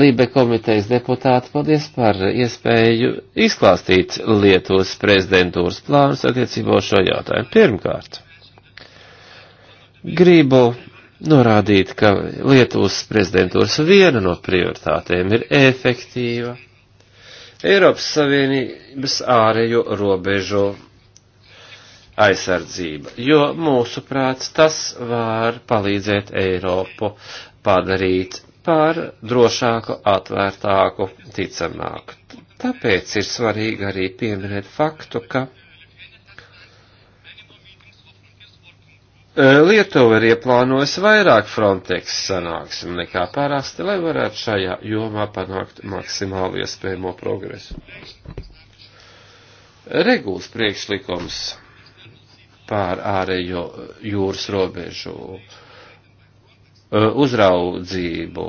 [SPEAKER 3] Lībe komitejas deputāti, paldies par iespēju izklāstīt Lietuvas prezidentūras plānus attiecībā uz šo jautājumu. Pirmkārt, gribu norādīt, ka Lietuvas prezidentūras viena no prioritātēm ir efektīva Eiropas Savienības ārējo robežu aizsardzība, jo mūsuprāt tas var palīdzēt Eiropu padarīt par drošāku, atvērtāku, ticamāku. Tāpēc ir svarīgi arī pieminēt faktu, ka e, Lietuva ir ieplānojusi vairāk Frontex sanāksmu nekā parasti, lai varētu šajā jomā panākt maksimālu iespējamo progresu. Regulas priekšlikums pār ārējo jūras robežu uh, Uh, uzraudzību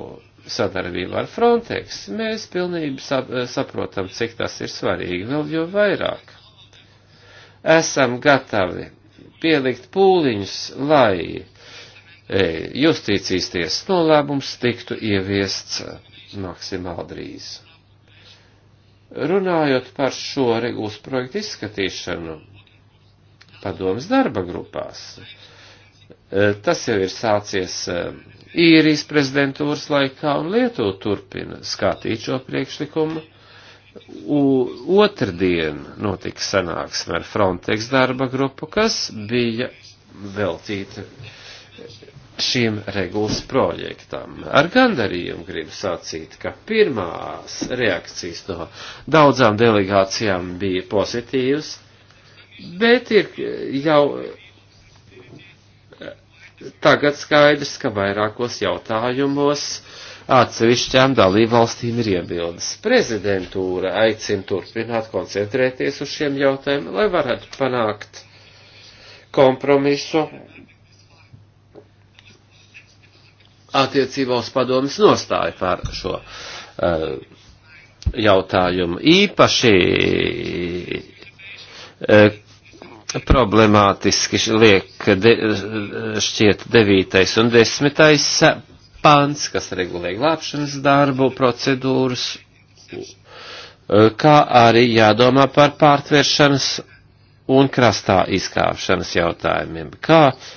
[SPEAKER 3] sadarbību ar Frontex, mēs pilnībā uh, saprotam, cik tas ir svarīgi, vēl jo vairāk. Esam gatavi pielikt pūliņus, lai e, justīcijas tiesas nolēmums tiktu ieviests uh, maksimāli drīz. Runājot par šo regulas projektu izskatīšanu padomas darba grupās, Eh, tas jau ir sācies eh, īrijas prezidentūras laikā, un Lietuva turpina skatīt šo priekšlikumu. U otrdien notika sanāksme ar Frontex darba grupu, kas bija veltīta šīm regulas projektam. Ar gandarījumu gribu sacīt, ka pirmās reakcijas no daudzām delegācijām bija pozitīvas, bet ir jau tagad skaidrs, ka vairākos jautājumos atsevišķām dalībvalstīm ir iebildes. Prezidentūra aicina turpināt koncentrēties uz šiem jautājumiem, lai varētu panākt kompromisu attiecībā uz padomas nostāju par šo uh, jautājumu. Īpaši uh, problemātiski liek de, šķiet devītais un desmitais pants, kas regulē glābšanas darbu, procedūras, kā arī jādomā par pārtvēršanas un krastā izkāpšanas jautājumiem. Kā uh,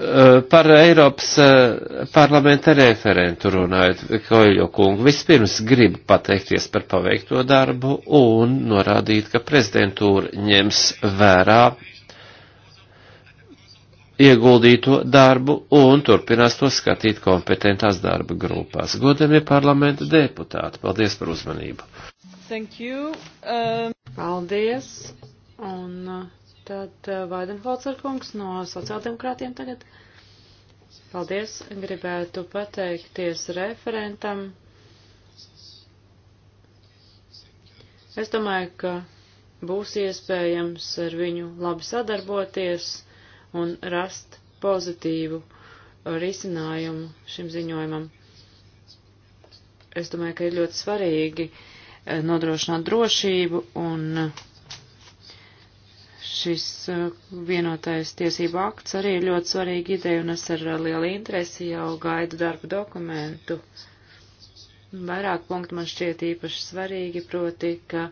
[SPEAKER 3] Eh, par Eiropas eh, parlamenta referentu runājot, Koļo kungu, vispirms gribu pateikties par paveikto darbu un norādīt, ka prezidentūra ņems vērā ieguldīto darbu un turpinās to skatīt kompetentās darba grupās. Godamie parlamenta deputāti, paldies par uzmanību.
[SPEAKER 2] Thank you. Um... Paldies. Un, uh... Tad Vaidenholzer eh, kungs no sociāldemokrātiem tagad. Paldies, gribētu pateikties referentam. Es domāju, ka būs iespējams ar viņu labi sadarboties un rast pozitīvu risinājumu šim ziņojumam. Es domāju, ka ir ļoti svarīgi eh, nodrošināt drošību un uh, šis uh, vienotais tiesību akts arī ir ļoti svarīga ideja, un es ar uh, lielu interesi jau gaidu darbu dokumentu. Vairāk punkti man šķiet īpaši svarīgi, proti, ka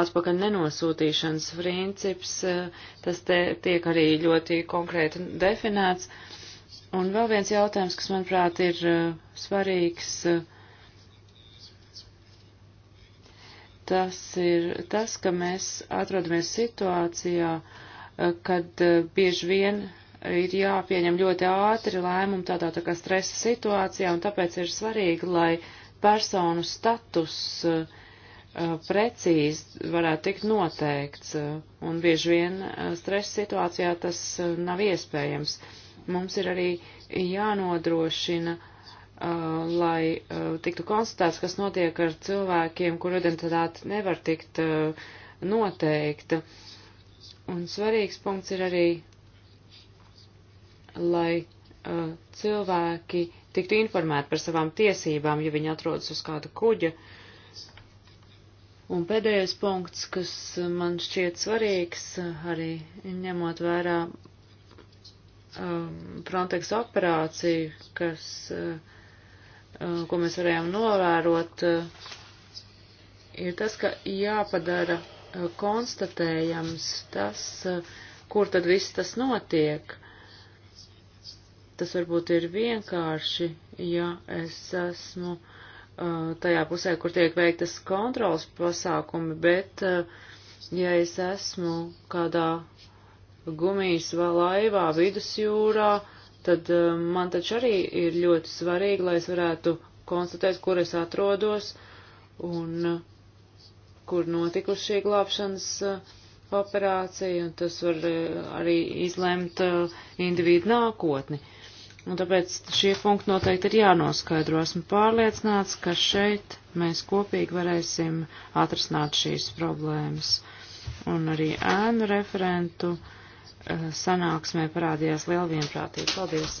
[SPEAKER 2] atpakaļ nenosūtīšanas princips, uh, tas te tiek arī ļoti konkrēti definēts. Un vēl viens jautājums, kas, manuprāt, ir svarīgs tas ir tas, ka mēs atrodamies situācijā, eh, kad eh, bieži vien ir jāpieņem ļoti ātri lēmumi tādā tā kā stresa situācijā, un tāpēc ir svarīgi, lai personu status uh, precīzi varētu tikt noteikts, un bieži vien stresa situācijā tas nav iespējams. Mums ir arī jānodrošina uh, Uh, lai uh, tiktu konstatēts, kas notiek ar cilvēkiem, kuru identitāte nevar tikt uh, noteikta. Un svarīgs punkts ir arī, lai cilvēki tiktu informēti par savām tiesībām, ja viņi atrodas uz kāda kuģa. Un pēdējais punkts, kas man šķiet svarīgs, arī ņemot vērā um, Frontex operāciju, kas uh, Eh, ko mēs varējām novērot, eh, ir tas, ka jāpadara eh, konstatējams tas, kur tad viss tas notiek. Tas varbūt ir vienkārši, ja es esmu tajā pusē, kur tiek veiktas kontrols pasākumi, bet ja es esmu kādā gumijas laivā vidusjūrā, tad eh, man taču arī ir ļoti svarīgi, lai es varētu konstatēt, kur es atrodos un eh, kur notikusi šī glābšanas eh, operācija, un tas var arī izlemt individu nākotni. Un tāpēc šie punkti noteikti ir jānoskaidro. Esmu pārliecināts, ka šeit mēs kopīgi varēsim atrasināt šīs problēmas. Un arī ēnu referentu uh, Eh, sanāksmē parādījās liela vienprātība. Paldies!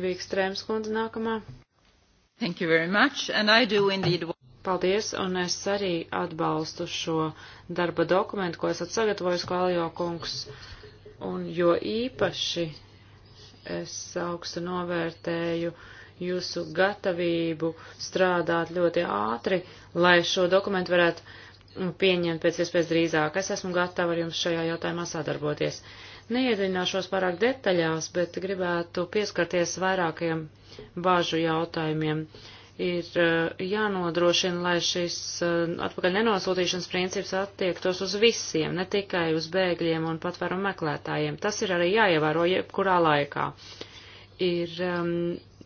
[SPEAKER 2] Vīkstrēms kundze nākamā. Thank you very much, and I do indeed. Paldies, un es arī atbalstu šo darba dokumentu, ko esat sagatavojis, Kaljo kungs, un jo īpaši es augstu novērtēju jūsu gatavību strādāt ļoti ātri, lai šo dokumentu varētu Nu, pieņemt pēc iespējas drīzāk. Es esmu gatava ar jums šajā jautājumā sadarboties. Neiedzināšos pārāk detaļās, bet gribētu pieskarties vairākiem bāžu jautājumiem. Ir eh, jānodrošina, lai šis eh, atpakaļ nenosūtīšanas princips attiektos uz visiem, ne tikai uz bēgļiem un patvērumu meklētājiem. Tas ir arī jāievēro jebkurā laikā. Ir um,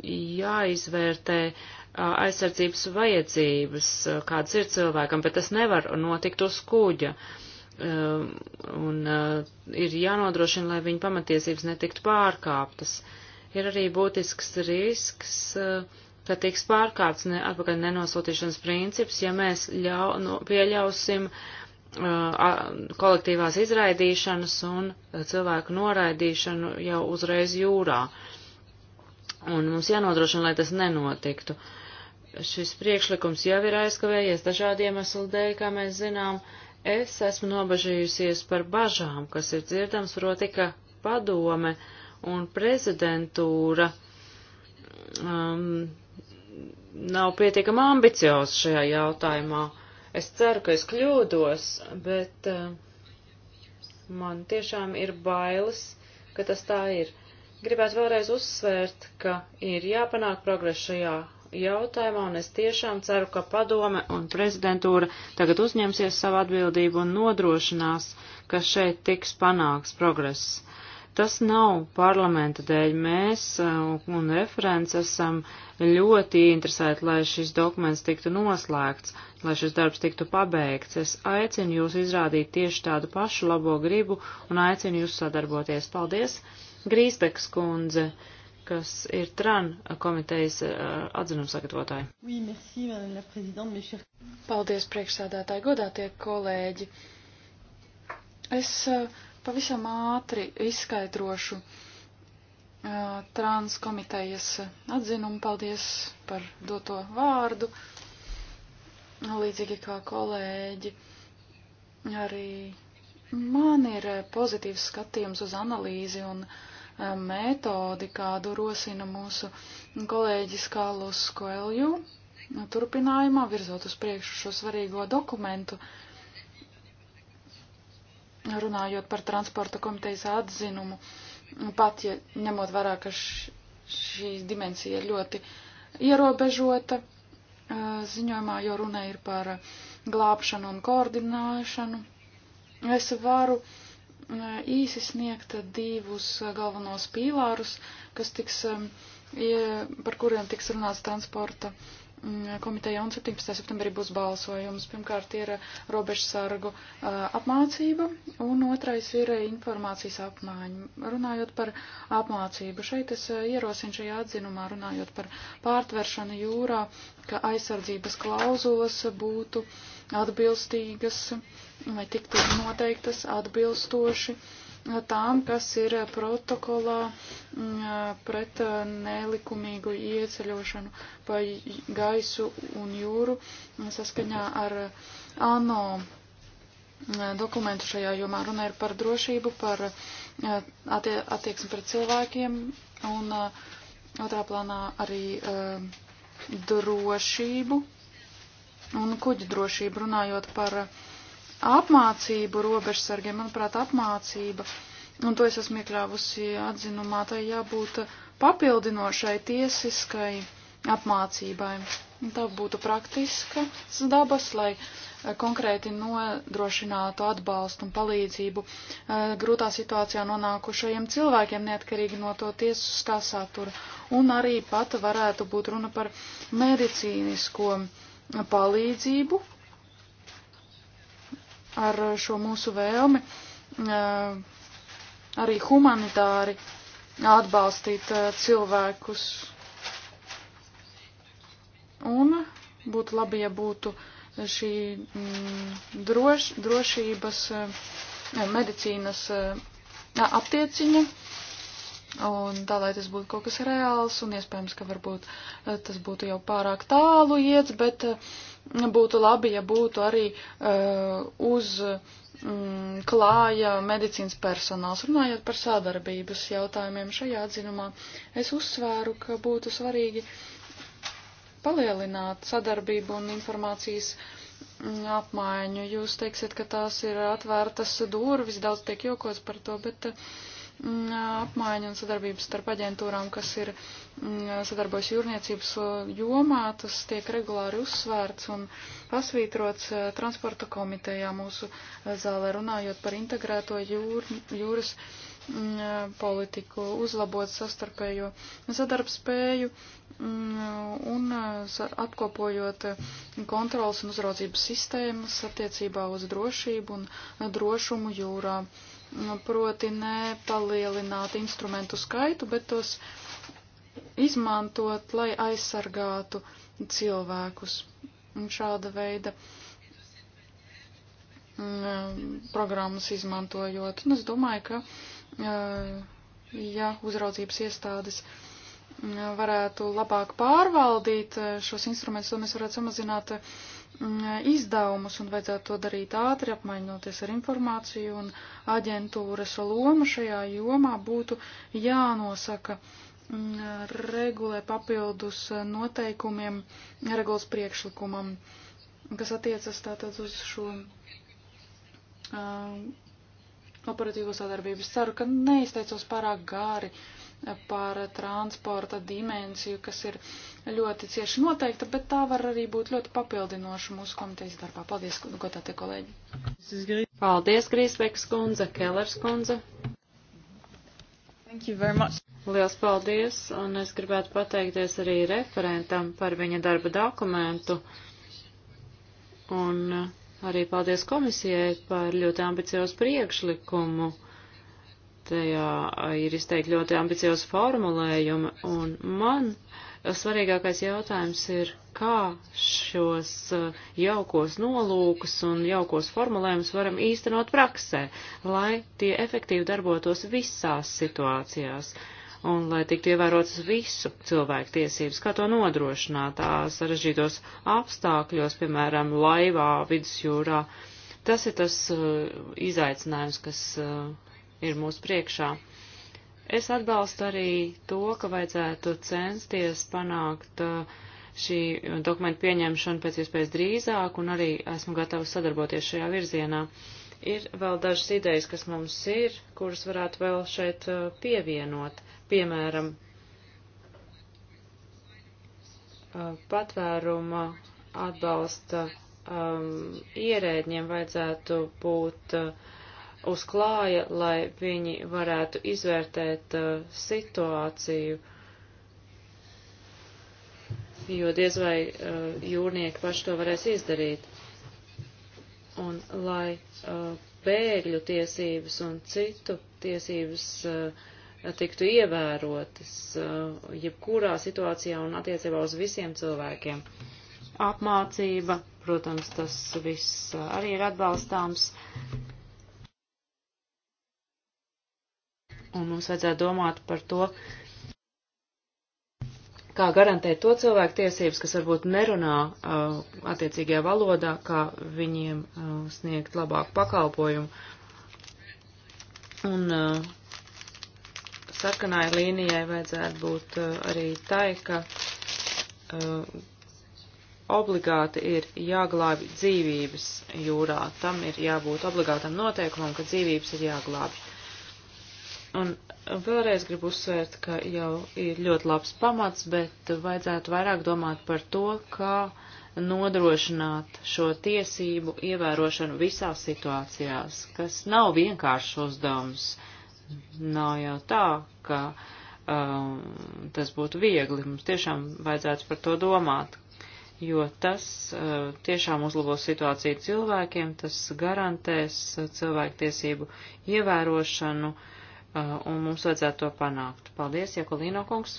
[SPEAKER 2] jāizvērtē uh, aizsardzības vajadzības, kādas ir cilvēkam, bet tas nevar notikt uz kuģa. Un ir jānodrošina, lai viņa pamatiesības netiktu pārkāptas. Ir arī būtisks risks, ka tiks pārkāpts ne, atpakaļ nenosūtīšanas princips, ja mēs ļau, no, nu, pieļausim kolektīvās izraidīšanas un cilvēku noraidīšanu jau uzreiz jūrā. Un mums jānodrošina, lai tas nenotiktu. Uh, šis priekšlikums jau ir aizkavējies dažādiem eslu dēļ, kā mēs zinām. Es esmu nobažījusies par bažām, kas ir dzirdams, proti, ka padome un prezidentūra um, nav pietiekama ambiciozi šajā jautājumā. Es ceru, ka es kļūdos, bet uh, man tiešām ir bailes, ka tas tā ir. Gribētu vēlreiz uzsvērt, ka ir jāpanāk progress šajā jautājumā, un es tiešām ceru, ka padome un prezidentūra tagad uzņemsies savu atbildību un nodrošinās, ka šeit tiks panāks progress. Tas nav parlamenta dēļ. Mēs uh, un referents esam ļoti interesēti, lai šis dokuments tiktu noslēgts, lai šis darbs tiktu pabeigts. Es aicinu jūs izrādīt tieši tādu pašu labo gribu un aicinu jūs sadarboties. Paldies, Grīsbeks kundze! kas ir TRAN komitejas eh, atzinums sagatavotāji.
[SPEAKER 4] Oui, merci, mes Paldies, priekšsēdētāji, godātie kolēģi. Es eh, pavisam ātri izskaidrošu eh, TRANS komitejas atzinumu. Paldies par doto vārdu. Līdzīgi kā kolēģi, arī man ir pozitīvs skatījums uz analīzi un uh, metodi, kādu rosina mūsu kolēģis Kālus Koelju, turpinājumā virzot uz priekšu šo svarīgo dokumentu, runājot par transporta komitejas atzinumu, pat ja ņemot vērā, ka š, šī dimensija ir ļoti ierobežota ziņojumā, jo runa ir par glābšanu un koordinēšanu. Es varu uh, Eh, īsi sniegt divus eh, galvenos pīlārus, kas tiks, eh, par kuriem tiks runāts transporta mm, komiteja un 17. septembrī būs balsojums. Pirmkārt ir robežsargu apmācība un otrais ir informācijas apmaiņa. Runājot par apmācību, šeit es ierosinu šajā atzinumā, runājot par pārtveršanu jūrā, ka aizsardzības klauzulas būtu atbilstīgas lai tiktu noteiktas atbilstoši tām, kas ir protokolā mm, pret eh, nelikumīgu ieceļošanu pa gaisu un jūru saskaņā ar ANO mm, dokumentu šajā jomā. Runa ir par drošību, par eh, attie attieksmi pret cilvēkiem un eh, otrā plānā arī drošību un kuģu drošību runājot par uh, apmācību robežsargiem. Manuprāt, apmācība, un to es esmu iekļāvusi atzinumā, tai jābūt papildinošai tiesiskai apmācībai. Tā būtu praktiskas dabas, lai eh, konkrēti nodrošinātu atbalstu un palīdzību eh, grūtā situācijā nonākušajiem cilvēkiem, neatkarīgi no to tiesiskā satura. Un arī pat varētu būt runa par medicīnisko palīdzību, ar šo mūsu vēlmi eh, arī humanitāri atbalstīt eh, cilvēkus. Un būtu labi, ja būtu šī mm, droš, drošības eh, medicīnas aptieciņa, un tā, lai tas būtu kaut kas reāls, un iespējams, ka varbūt tas būtu jau pārāk tālu iets, bet uh, būtu labi, ja būtu arī uh, uz um, klāja medicīnas personāls. Runājot par sadarbības jautājumiem šajā atzinumā, es uzsvēru, ka būtu svarīgi palielināt sadarbību un informācijas mm, apmaiņu. Jūs teiksiet, ka tās ir atvērtas durvis, daudz tiek jokots par to, bet uh, Mm, apmaiņa un sadarbības starp aģentūrām, kas ir mm, sadarbojas jūrniecības uh, jomā, tas tiek regulāri uzsvērts un pasvītrots uh, transporta komitejā mūsu uh, zālē runājot par integrēto jūr, jūras mm, politiku, uzlabot sastarpējo sadarbspēju un apkopojot kontrolas un uzraudzības sistēmas attiecībā uz drošību un drošumu jūrā. Uh, Nu, proti nepalielināt instrumentu skaitu, bet tos izmantot, lai aizsargātu cilvēkus. Un šāda veida mm, programmas izmantojot. Un es domāju, ka, eh, ja uzraudzības iestādes mm, varētu labāk pārvaldīt eh, šos instrumentus, tad mēs varētu samazināt uh, Mm, izdevumus un vajadzētu to darīt ātri, apmainoties ar informāciju un aģentūras loma šajā jomā būtu jānosaka mm, regulē papildus noteikumiem, regulas priekšlikumam, kas attiecas tātad uz šo uh, operatīvo sadarbības. Ceru, ka neizteicos pārāk gāri. Uh, par transporta dimensiju, kas ir ļoti cieši noteikta, bet tā var arī būt ļoti papildinoša mūsu komitejas darbā. Paldies,
[SPEAKER 2] godātie kolēģi! Paldies, Grīsbeks kundze, Kellers kundze! Thank you very much. Liels paldies, un es gribētu pateikties arī referentam par viņa darba dokumentu. Un arī paldies komisijai par ļoti ambiciozu priekšlikumu Tajā ir izteikti ļoti ambiciozi formulējumi, un man svarīgākais jautājums ir, kā šos uh, jaukos nolūkus un jaukos formulējumus varam īstenot praksē, lai tie efektīvi darbotos visās situācijās un lai tiktu ievērotas visu cilvēku tiesības, kā to nodrošināt tā sarežģītos apstākļos, piemēram, laivā, vidusjūrā. Tas ir tas uh, izaicinājums, kas uh, ir mūsu priekšā. Es atbalstu arī to, ka vajadzētu censties panākt uh, šī dokumenta pieņemšanu pēc iespējas drīzāk, un arī esmu gatavs sadarboties šajā virzienā. Ir vēl dažas idejas, kas mums ir, kuras varētu vēl šeit uh, pievienot. Piemēram, uh, patvēruma atbalsta um, ierēdņiem vajadzētu būt uh, uzklāja, lai viņi varētu izvērtēt uh, situāciju, jo diez vai uh, jūrnieki paši to varēs izdarīt. Un lai uh, bēgļu tiesības un citu tiesības uh, tiktu ievērotas uh, jebkurā situācijā un attiecībā uz visiem cilvēkiem. Apmācība, protams, tas viss uh, arī ir atbalstāms. Uh, un mums vajadzētu domāt par to, kā garantēt to cilvēku tiesības, kas varbūt nerunā uh, attiecīgajā valodā, kā viņiem uh, sniegt labāku pakalpojumu. Un uh, sarkanai līnijai vajadzētu būt uh, arī tai, ka uh, obligāti ir jāglābi dzīvības jūrā. Tam ir jābūt obligātam noteikumam, ka dzīvības ir jāglābi. Un vēlreiz gribu uzsvērt, ka jau ir ļoti labs pamats, bet vajadzētu vairāk domāt par to, kā nodrošināt šo tiesību ievērošanu visās situācijās, kas nav vienkāršs uzdevums. Nav jau tā, ka um, tas būtu viegli. Mums tiešām vajadzētu par to domāt, jo tas uh, tiešām uzlabos situāciju cilvēkiem, tas garantēs cilvēktiesību ievērošanu. Uh, Uh, un mums vajadzētu to panākt. Paldies, Jakolīno kungs.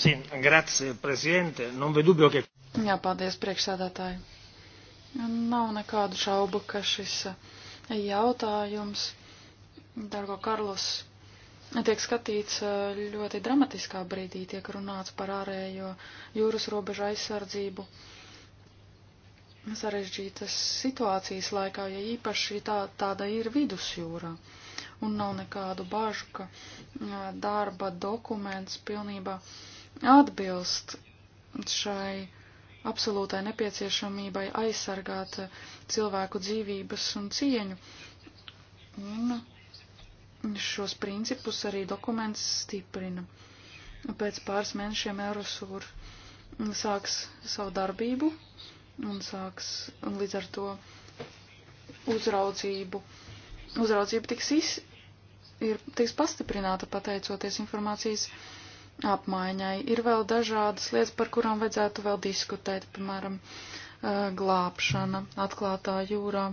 [SPEAKER 3] Sì, grazie, Presidente. Non vedo dubbio che...
[SPEAKER 4] Jā, paldies, priekšsādātāji. Nav nekādu šaubu, ka šis uh, jautājums, Dargo Karlos, tiek skatīts uh, ļoti dramatiskā brīdī, tiek runāts par ārējo jūras robežu aizsardzību sarežģītas situācijas laikā, ja īpaši tā, tāda ir vidusjūrā un nav nekādu bažu, ka darba dokuments pilnībā atbilst šai absolūtai nepieciešamībai aizsargāt cilvēku dzīvības un cieņu. Un šos principus arī dokuments stiprina. Pēc pāris mēnešiem Eurosur sāks savu darbību un sāks un līdz ar to uzraudzību uzraudzība tiks, iz, ir, tiks pastiprināta pateicoties informācijas apmaiņai. Ir vēl dažādas lietas, par kurām vajadzētu vēl diskutēt, piemēram, glābšana atklātā jūrā.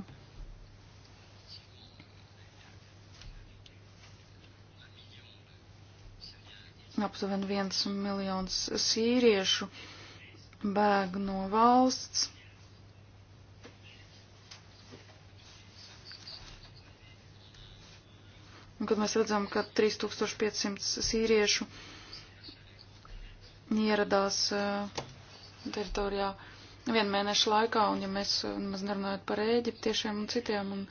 [SPEAKER 4] Aptuveni viens miljons sīriešu bēg no valsts. Un kad mēs redzam, ka 3500 sīriešu ieradās eh, teritorijā vienu mēnešu laikā, un ja mēs eh, maz nerunājot par ēģiptiešiem un citiem, un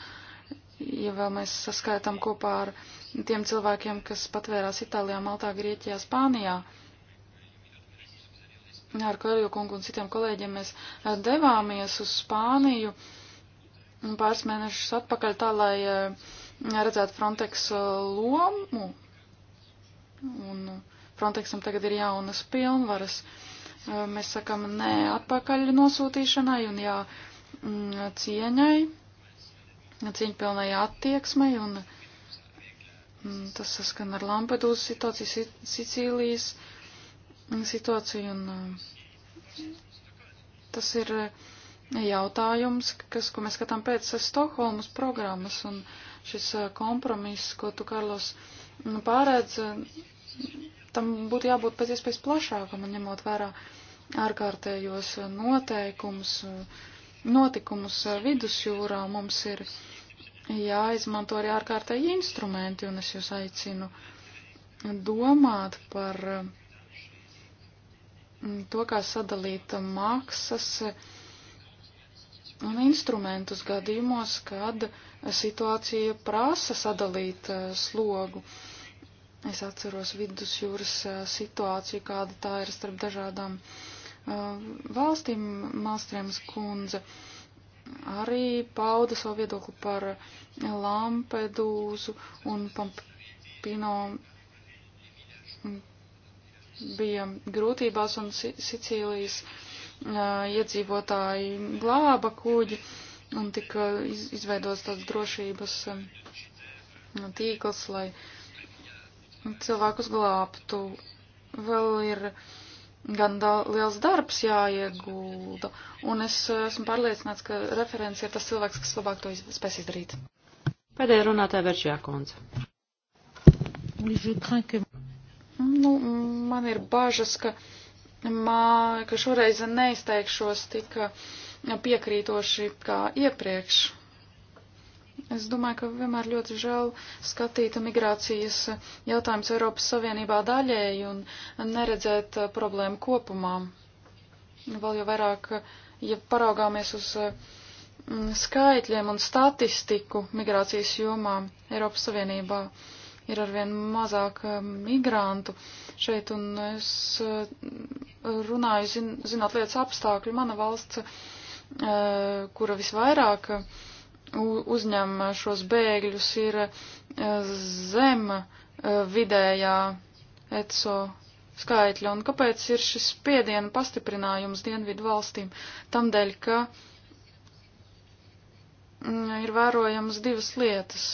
[SPEAKER 4] ja vēl mēs saskaitām kopā ar tiem cilvēkiem, kas patvērās Itālijā, Maltā, Grieķijā, Spānijā, ar Kalju kungu un citiem kolēģiem mēs eh, devāmies uz Spāniju pāris mēnešus atpakaļ tā, lai uh, redzētu Frontex uh, lomu. Un uh, Frontexam tagad ir jaunas pilnvaras. Uh, mēs sakam nē atpakaļ nosūtīšanai un jā mm, cieņai, cieņpilnai attieksmai un mm, tas saskan ar Lampedūzas situāciju, Sicīlijas mm, situāciju un tas ir jautājums, kas, ko mēs skatām pēc Stokholmas programmas un uh, šis kompromiss, ko tu, Karlos, nu, pārēdz, tam būtu jābūt pēc iespējas plašākam un ņemot vērā ārkārtējos noteikumus, notikumus vidusjūrā. Mums ir jāizmanto arī ārkārtēji instrumenti, un es jūs aicinu domāt par to, kā sadalīt maksas un instrumentus gadījumos, kad situācija prasa sadalīt eh, slogu. Es atceros vidusjūras eh, situāciju, kāda tā ir starp dažādām eh, valstīm. Malstrēmas kundze arī pauda savu viedokli par Lampedūzu un Pampino bija grūtībās un Sicīlijas. Si iedzīvotāji glāba kuģi un tika izveidots tāds drošības tīkls, lai cilvēkus glābtu. Vēl ir gan da liels darbs jāiegulda, un es esmu pārliecināts, ka referents ir tas cilvēks, kas labāk to iz spēs izdarīt.
[SPEAKER 2] Pēdējā runātāja Verčijā Konca.
[SPEAKER 4] Nu, man ir bažas, ka mā, ka šoreiz neizteikšos tik eh, piekrītoši kā iepriekš. Es domāju, ka vienmēr ļoti žēl skatīt migrācijas jautājumus Eiropas Savienībā daļēji un neredzēt eh, problēmu kopumā. Vēl jau vairāk, ja paraugāmies uz mm, skaitļiem un statistiku migrācijas jomā Eiropas Savienībā, uh, ir arvien mazāk eh, migrantu šeit, un es eh, runāju, zin, zinot lietas apstākļu, mana valsts, eh, kura visvairāk uzņem šos bēgļus, ir zem vidējā ECO skaitļa, un kāpēc ir šis spiediena pastiprinājums dienvidu valstīm? Tamdēļ, ka mm, ir vērojams divas lietas.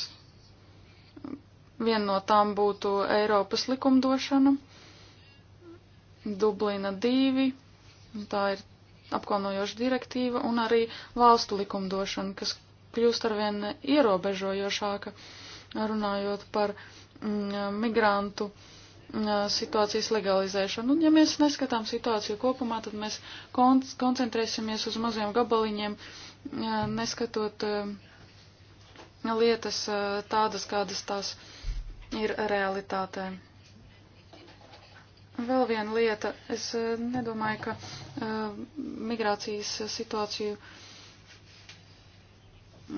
[SPEAKER 4] Viena no tām būtu Eiropas likumdošana, Dublina 2, tā ir apkaunojoša direktīva, un arī valstu likumdošana, kas kļūst arvien ierobežojošāka, runājot par mm, migrantu mm, situācijas legalizēšanu. Un, ja mēs neskatām situāciju kopumā, tad mēs koncentrēsimies uz maziem gabaliņiem, mm, neskatot mm, lietas tādas, kādas tās ir ir realitātē. Vēl viena lieta. Es eh, nedomāju, ka uh, migrācijas situāciju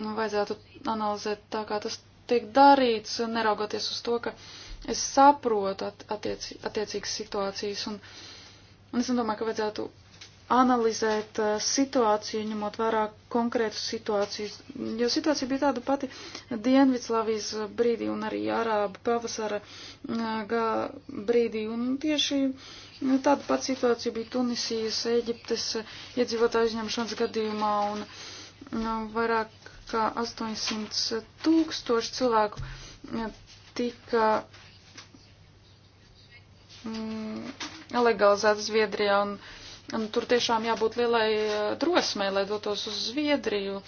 [SPEAKER 4] nu, vajadzētu analizēt tā, kā tas tiek darīts, neraugoties uz to, ka es saprotu at, attiec, attiecīgas situācijas. Un, un es nedomāju, ka vajadzētu analizēt eh, situāciju, ņemot vērā konkrētu situāciju, jo situācija bija tāda pati Dienvidslāvijas brīdī un arī Arāba pavasara eh, brīdī, un tieši nu, tāda pati situācija bija Tunisijas, Eģiptes eh, iedzīvotāju uzņemšanas gadījumā, un nu, vairāk kā 800 tūkstoši cilvēku tika mm, legalizēta Zviedrijā, un Un tur tiešām jābūt lielai eh, drosmei, lai dotos uz Zviedriju.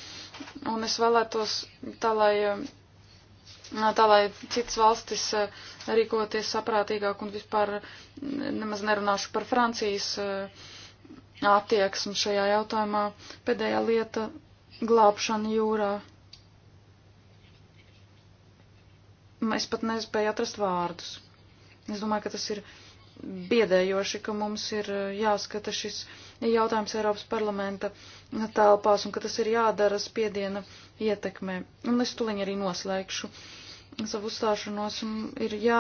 [SPEAKER 4] Un es vēlētos tā, lai, eh, tā, lai citas valstis eh, rīkoties saprātīgāk un vispār mm, nemaz nerunāšu par Francijas attieksmi šajā jautājumā. Pēdējā lieta - glābšana jūrā. Es pat nespēju atrast vārdus. Es domāju, ka tas ir biedējoši, ka mums ir eh, jāskata šis jautājums Eiropas parlamenta telpās un ka tas ir jādara spiediena ietekmē. Un es tuliņ arī noslēgšu savu uzstāšanos un ir jā,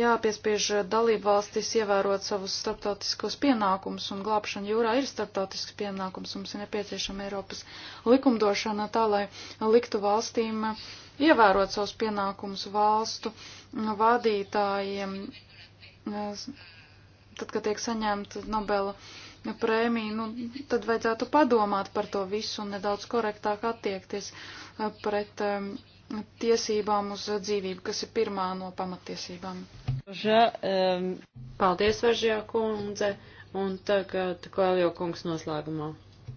[SPEAKER 4] jāpiespiež dalību valstis ievērot savus starptautiskos pienākumus un glābšana jūrā ir starptautisks pienākums. Mums ir nepieciešama Eiropas likumdošana tā, lai liktu valstīm ievērot savus pienākumus valstu vadītājiem tad, kad tiek saņemta Nobela prēmija, nu, tad vajadzētu padomāt par to visu un nedaudz korektāk attiekties eh, pret um, tiesībām uz dzīvību, kas ir pirmā no pamatiesībām.
[SPEAKER 2] Ja, um, paldies, Varžijā kundze, un tagad Kvēljo kungs noslēgumā.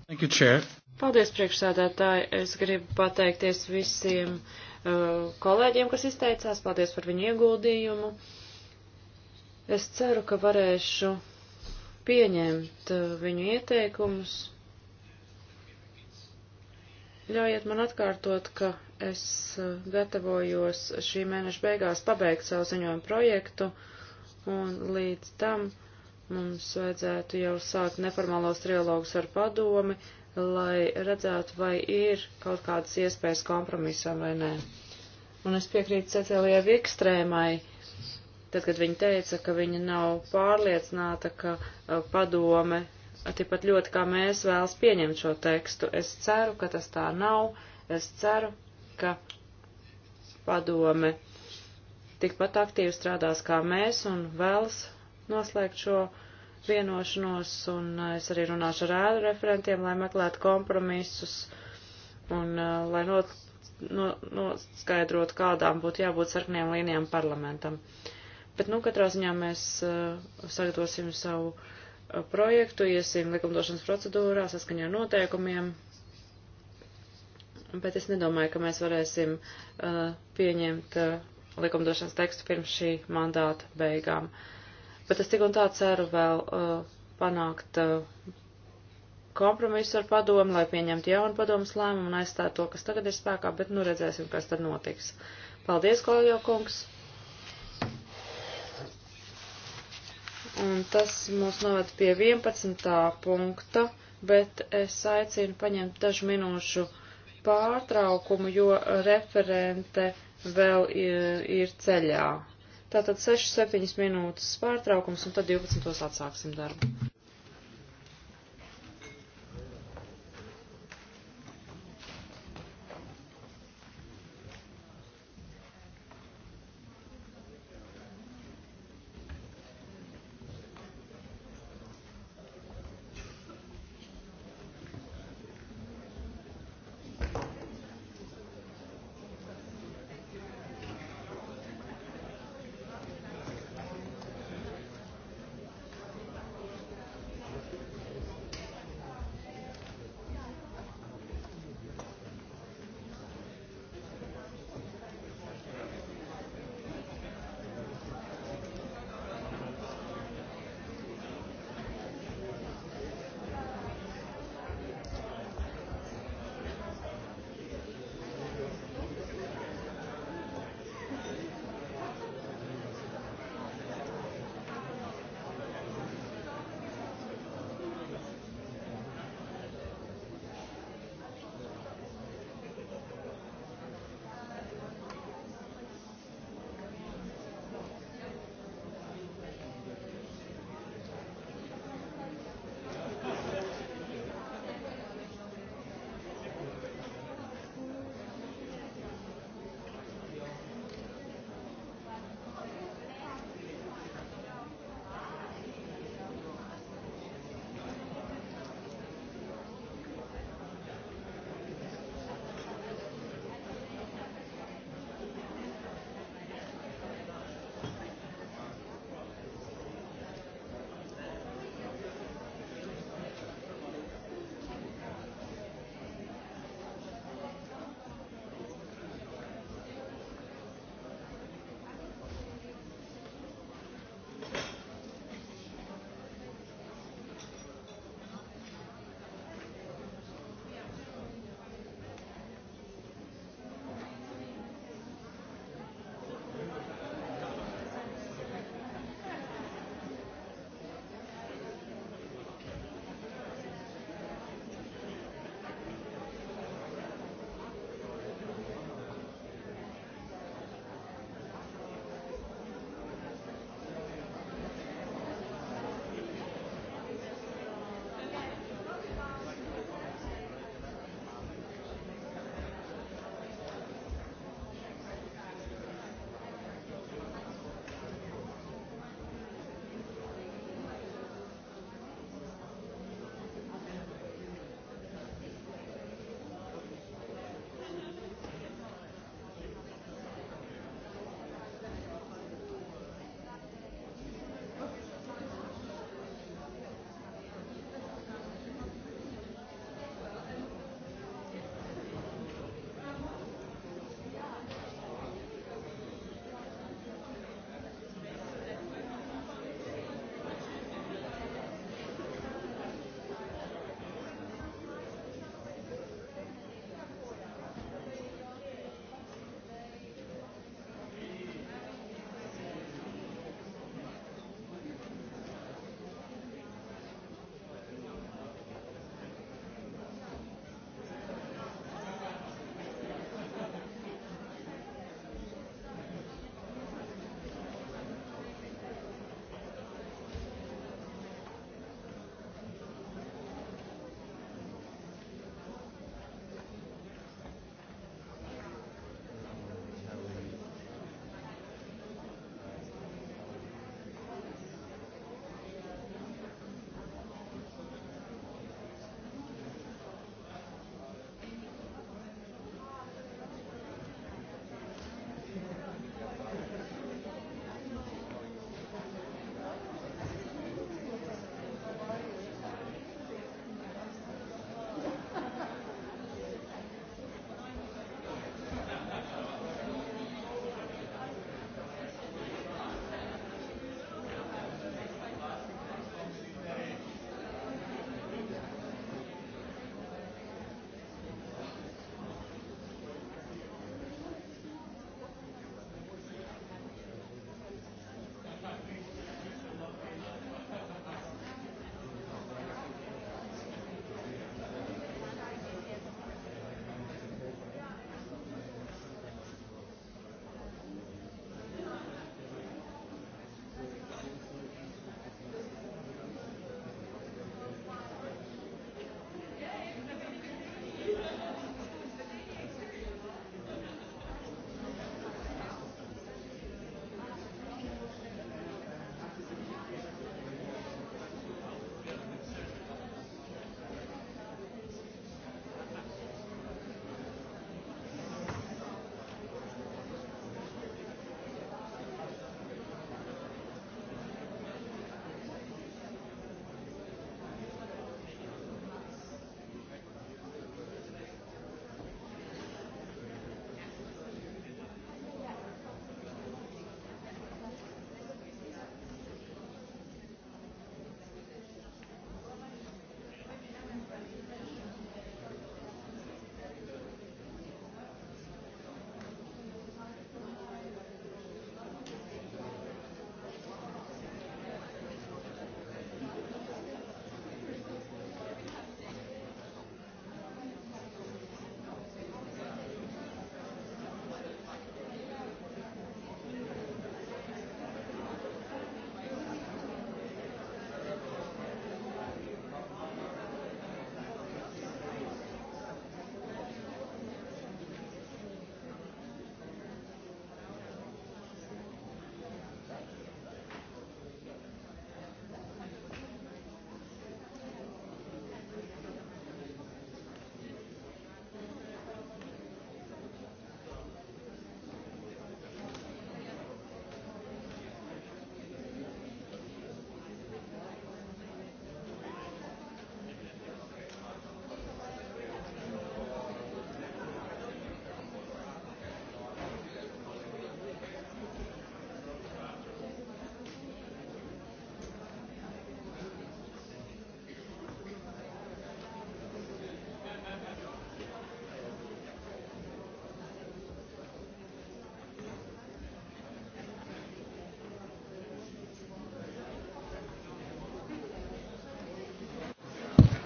[SPEAKER 2] Thank you, Chair. Paldies, priekšsēdētāji. Es gribu pateikties visiem uh, kolēģiem, kas izteicās. Paldies par viņu ieguldījumu. Uh, Es ceru, ka varēšu pieņemt uh, viņu ieteikumus. Ļaujiet man atkārtot, ka es uh, gatavojos šī mēneša beigās pabeigt savu ziņojumu projektu, un līdz tam mums vajadzētu jau sākt neformālos trialogus ar padomi, lai redzētu, vai ir kaut kādas iespējas kompromisam vai nē. Un es piekrītu Cecilijai Vikstrēmai tad, kad viņa teica, ka viņa nav pārliecināta, ka uh, padome tikpat ļoti kā mēs vēlas pieņemt šo tekstu. Es ceru, ka tas tā nav. Es ceru, ka padome tikpat aktīvi strādās kā mēs un vēlas noslēgt šo vienošanos, un es arī runāšu ar ēdu referentiem, lai meklētu kompromisus un uh, lai not, no, noskaidrotu, kādām būtu jābūt sarkniem līnijām parlamentam. Uh, Bet, nu, katrā ziņā mēs eh, sagatavosim savu eh, projektu, iesim likumdošanas procedūrā saskaņā ar noteikumiem. Bet es nedomāju, ka mēs varēsim eh, pieņemt likumdošanas tekstu pirms šī mandāta beigām. Bet es tik un tā ceru vēl panākt kompromisu ar padomu, lai pieņemtu jaunu padomas lēmumu un aizstātu to, kas tagad ir spēkā, bet nu redzēsim, kas tad notiks. Paldies, Koljo kungs! Un tas mūs noved pie 11. punkta, bet es aicinu paņemt dažu minūšu pārtraukumu, jo referente vēl ir, ir ceļā. Tātad 6-7 minūtes pārtraukums, un tad 12. atsāksim darbu.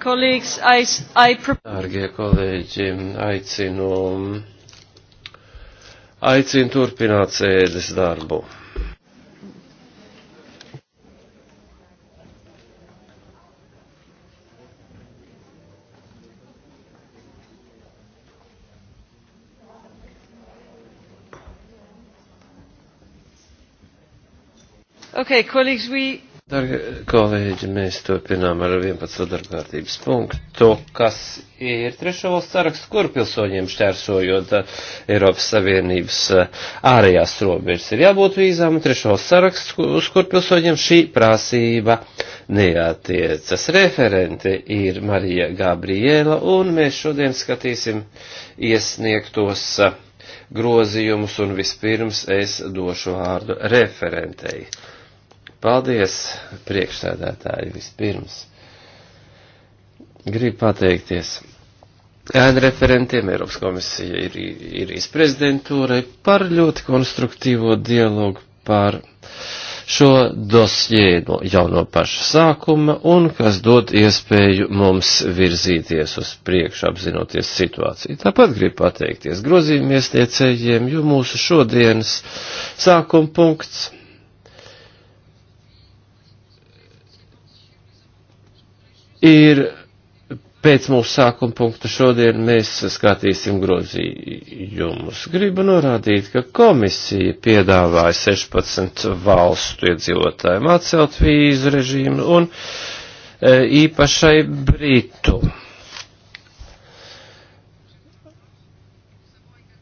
[SPEAKER 4] Dārgie
[SPEAKER 3] kolēģi, aicinu, aicinu turpināt sēdes darbu.
[SPEAKER 1] Okay, colleagues, we Dargie
[SPEAKER 3] kolēģi, mēs turpinām ar 11. darbkārtības punktu, kas ir trešo valsts saraksts, kur pilsoņiem šķērsojot eh, Eiropas Savienības eh, ārējās robežas ir jābūt vīzām, un trešo valsts saraksts, uz kur pilsoņiem šī prasība neatiecas. Referente ir Marija Gabriela, un mēs šodien skatīsim iesniegtos eh, grozījumus, un vispirms es došu vārdu referentei. Paldies, priekšsēdētāji, vispirms. Gribu pateikties ēnu referentiem, Eiropas komisija ir, ir izprezidentūrai par ļoti konstruktīvo dialogu par šo dosjēnu jau no paša sākuma un kas dod iespēju mums virzīties uz priekšu apzinoties situāciju. Tāpat gribu pateikties grozījumiesniecējiem, jo mūsu šodienas sākuma punkts ir pēc mūsu sākuma punkta šodien mēs skatīsim grozījumus. Gribu norādīt, ka komisija piedāvāja 16 valstu iedzīvotājiem atcelt vīzu režīmu un e, īpašai Britu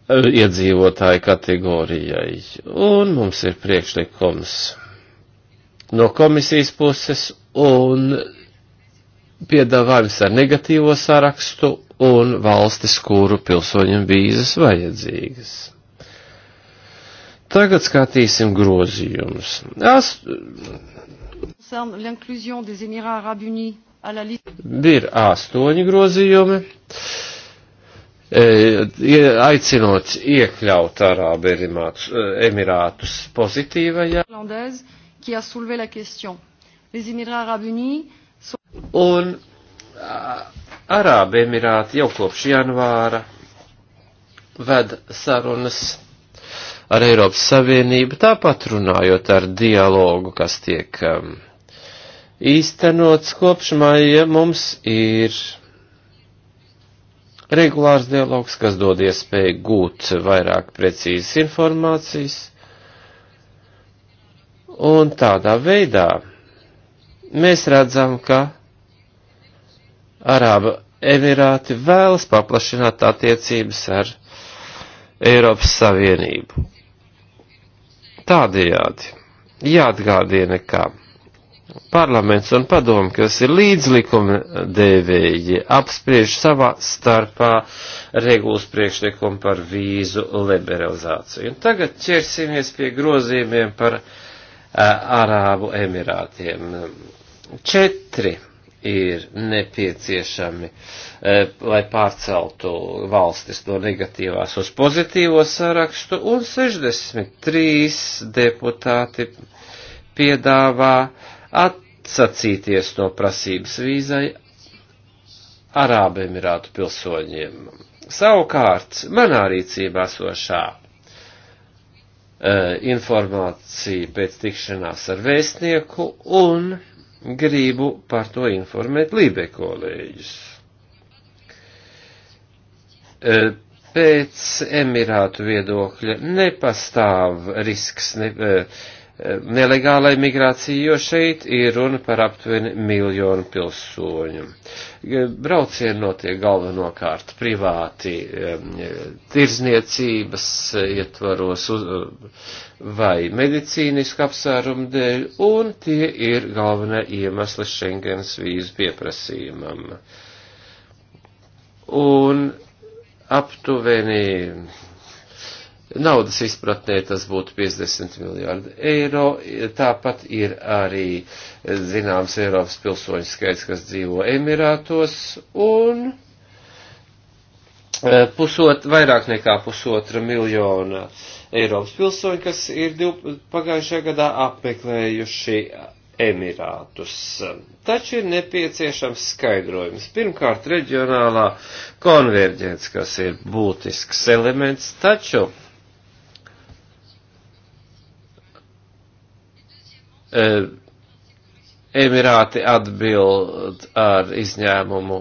[SPEAKER 3] e, iedzīvotāju kategorijai. Un mums ir priekšlikums no komisijas puses un piedāvājums ar negatīvo sarakstu un valstis, kuru pilsoņiem vīzas vajadzīgas. Tagad skatīsim grozījumus. Es... Ir astoņi grozījumi, e, aicinot iekļaut Arābu e, Emirātus pozitīvajā.
[SPEAKER 4] Qui a soulevé la question. Les Émirats arabes unis
[SPEAKER 3] Un Arābu Emirāti jau kopš janvāra ved sarunas ar Eiropas Savienību, tāpat runājot ar dialogu, kas tiek um, īstenots kopš maija, mums ir regulārs dialogs, kas dod iespēju gūt vairāk precīzas informācijas, un tādā veidā mēs redzam, ka Arāba Emirāti vēlas paplašināt attiecības ar Eiropas Savienību. Tādējādi jāatgādina, ka parlaments un padomu, kas ir līdzlikuma devēji, apspriež savā starpā regulas priekšlikumu par vīzu liberalizāciju. Un tagad ķersimies pie grozījumiem par uh, Arābu Emirātiem. Uh, Četri ir nepieciešami, eh, lai pārceltu valstis no negatīvās uz pozitīvo sarakstu, un 63 deputāti piedāvā atsacīties no prasības vīzai Arābu Emirātu pilsoņiem. Savukārt, manā rīcībā sošā eh, informācija pēc tikšanās ar vēstnieku un gribu par to informēt Lībe kolēģis. E, pēc Emirātu viedokļa nepastāv risks ne, e, nelegālai migrācijai, jo šeit ir runa par aptuveni miljonu pilsoņu. Braucieni notiek galvenokārt privāti, tirzniecības ietvaros vai medicīnisku apsvērumu dēļ, un tie ir galvenie iemesli Schengens vīzu pieprasījumam. Un aptuveni Naudas izpratnē tas būtu 50 miljārdi eiro, tāpat ir arī eh, zināms Eiropas pilsoņu skaits, kas dzīvo Emirātos, un eh, pusot, vairāk nekā pusotra miljona Eiropas pilsoņu, kas ir div, pagājušajā gadā apmeklējuši Emirātus. Taču ir nepieciešams skaidrojums. Pirmkārt, reģionālā konverģence, kas ir būtisks elements, taču E, Emirāti atbild ar izņēmumu,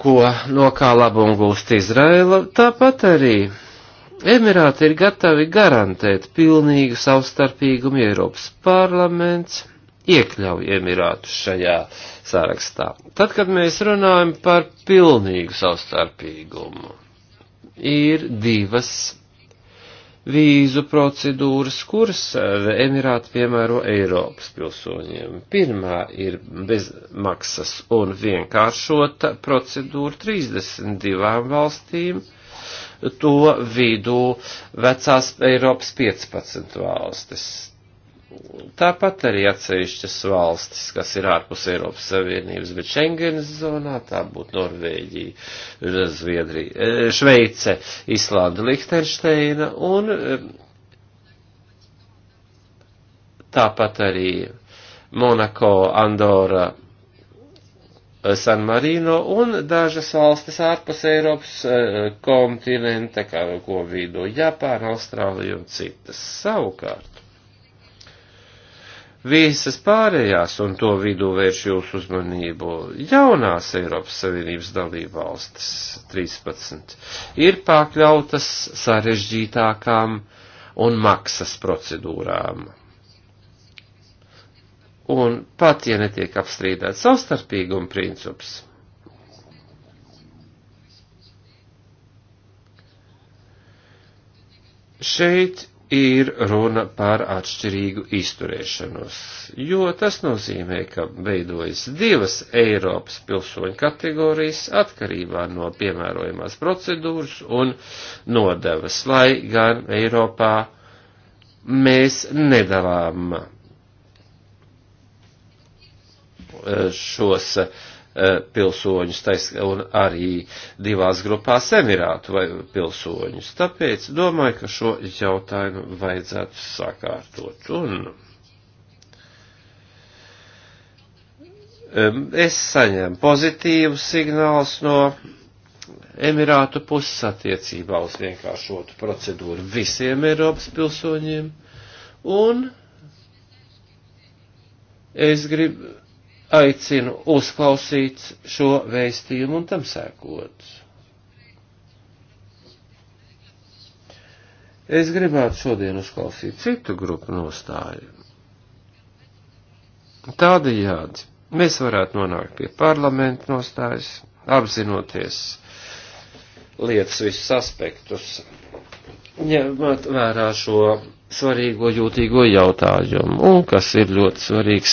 [SPEAKER 3] ko no kā labumu gūst Izraela, tāpat arī Emirāti ir gatavi garantēt pilnīgu savstarpīgumu Eiropas parlaments iekļauj Emirātus šajā sarakstā. Tad, kad mēs runājam par pilnīgu savstarpīgumu, ir divas vīzu procedūras, kuras eh, Emirāti piemēro Eiropas pilsoņiem. Pirmā ir bezmaksas un vienkāršota procedūra 32 valstīm, to vidū vecās Eiropas 15 valstis. Tāpat arī atsevišķas valstis, kas ir ārpus Eiropas Savienības, bet Schengenas zonā tā būtu Norvēģija, Zviedrija, eh, Šveice, Islanda, Lichtensteina un eh, tāpat arī Monako, Andora, eh, San Marino un dažas valstis ārpus Eiropas kontinente, kā ko vīdo Japāna, Austrālija un citas savukārt visas pārējās un to vidū vērš jūsu uzmanību jaunās Eiropas Savienības dalībvalstis 13 ir pakļautas sarežģītākām un maksas procedūrām. Un pat, ja netiek apstrīdēts savstarpīguma princips, šeit ir runa par atšķirīgu izturēšanos, jo tas nozīmē, ka veidojas divas Eiropas pilsoņu kategorijas atkarībā no piemērojumās procedūras un nodevas, lai gan Eiropā mēs nedalām eh, šos uh, Eh, pilsoņus, tais, un arī divās grupās Emirātu vai pilsoņus. Tāpēc domāju, ka šo jautājumu vajadzētu sakārtot. Un es saņēmu pozitīvus signālus no Emirātu puses attiecībā uz vienkāršotu procedūru visiem Eiropas pilsoņiem, un es gribu aicinu uzklausīt šo vēstījumu un tam sēkot. Es gribētu šodien uzklausīt citu grupu nostāju. Tādējādi mēs varētu nonākt pie parlamenta nostājas, apzinoties lietas visus aspektus, ņemot vērā šo svarīgo jūtīgo jautājumu, un kas ir ļoti svarīgs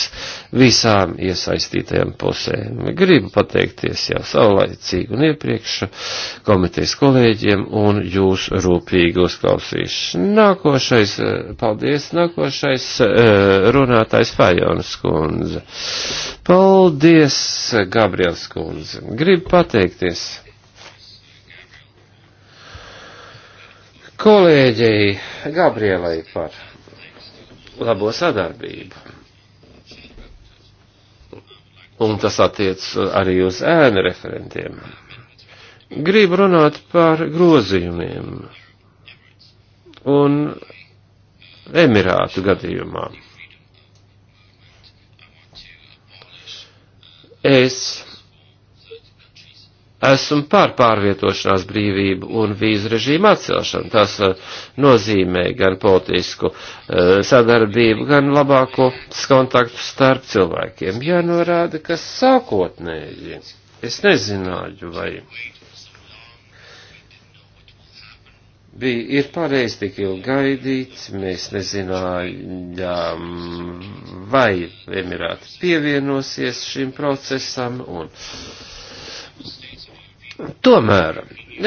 [SPEAKER 3] visām iesaistītajām pusēm. Gribu pateikties jau saulaicīgi un iepriekš komitejas kolēģiem un jūs rūpīgi uzklausīšu. Nākošais, paldies, nākošais eh, runātājs Fajons kundze. Paldies, Gabriels kundze. Gribu pateikties kolēģei Gabrielai par labo sadarbību. Un tas attiec arī uz ēnu referentiem. Gribu runāt par grozījumiem un Emirātu gadījumā. Es esmu pār pārvietošanās brīvību un vīzu režīmu atcelšanu. Tas eh, nozīmē gan politisku eh, sadarbību, gan labāko kontaktu starp cilvēkiem. Jānorāda, ka sākotnēji es nezināju, vai bija, ir pareizi tik ilgi gaidīt, mēs nezinājām, vai Emirāti pievienosies šim procesam un. Uh, Tomēr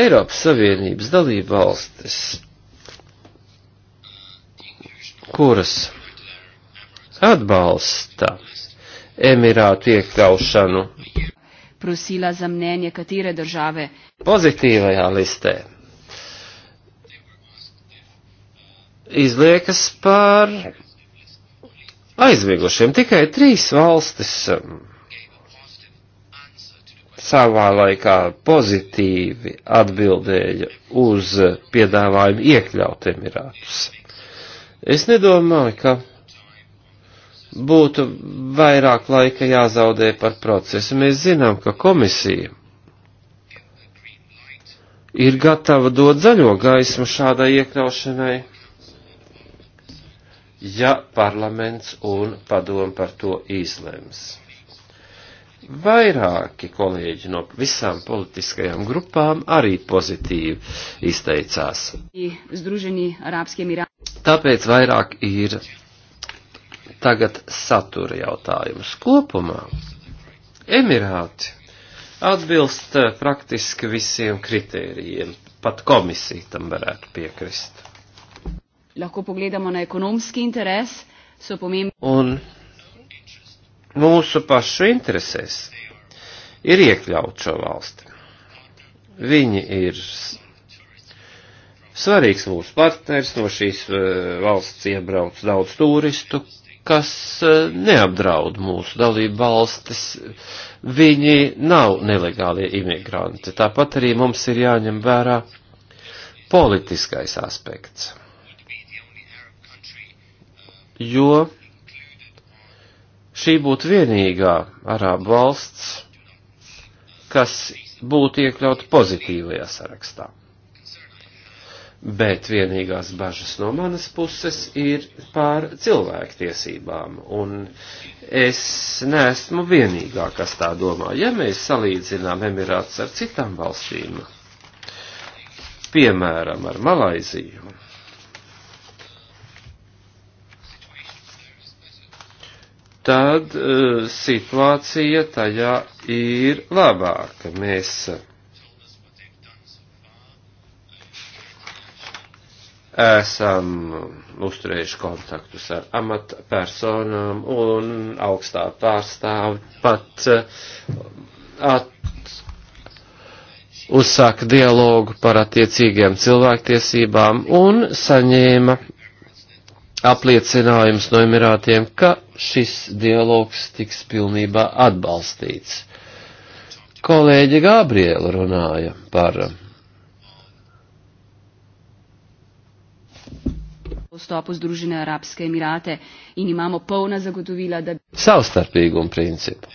[SPEAKER 3] Eiropas Savienības dalība valstis, kuras atbalsta Emirātu iekļaušanu prosila za mnenje katere države. Pozitīvajā listē. Izliekas par aizviegušiem tikai trīs valstis um, savā laikā pozitīvi atbildēja uz piedāvājumu iekļaut Emirātus. Es nedomāju, ka būtu vairāk laika jāzaudē par procesu. Mēs zinām, ka komisija ir gatava dot zaļo gaismu šādai iekļaušanai, ja parlaments un padomu par to izlems vairāki kolēģi no visām politiskajām grupām arī pozitīvi izteicās. Tāpēc vairāk ir tagad satura jautājums. Kopumā Emirāti atbilst eh, praktiski visiem kritērijiem, pat komisija tam varētu piekrist.
[SPEAKER 4] Lahko pogledamo na ekonomski interes, so pomembni.
[SPEAKER 3] Un mūsu pašu interesēs ir iekļaut šo valsti. Viņi ir svarīgs mūsu partners, no šīs e, valsts iebrauc daudz turistu, kas e, neapdraud mūsu dalību valstis. Viņi nav nelegālie imigranti. Tāpat arī mums ir jāņem vērā politiskais aspekts. Jo šī būtu vienīgā arābu valsts, kas būtu iekļauta pozitīvajā sarakstā. Bet vienīgās bažas no manas puses ir pār cilvēktiesībām, un es neesmu vienīgā, kas tā domā. Ja mēs salīdzinām Emirātus ar citām valstīm, piemēram, ar Malaiziju, tad uh, situācija tajā ir labāka. Mēs eh, esam uzturējuši kontaktus ar amatpersonām un augstā pārstāvi pat eh, at, uzsāka dialogu par attiecīgiem cilvēktiesībām un saņēma apliecinājums no Emirātiem, ka šis dialogs tiks pilnībā atbalstīts. Kolēģi Gabriela runāja par
[SPEAKER 2] vstopu Združene Arabske Emirate in imamo polna zagotovila, da.
[SPEAKER 3] Savstarpīguma principu.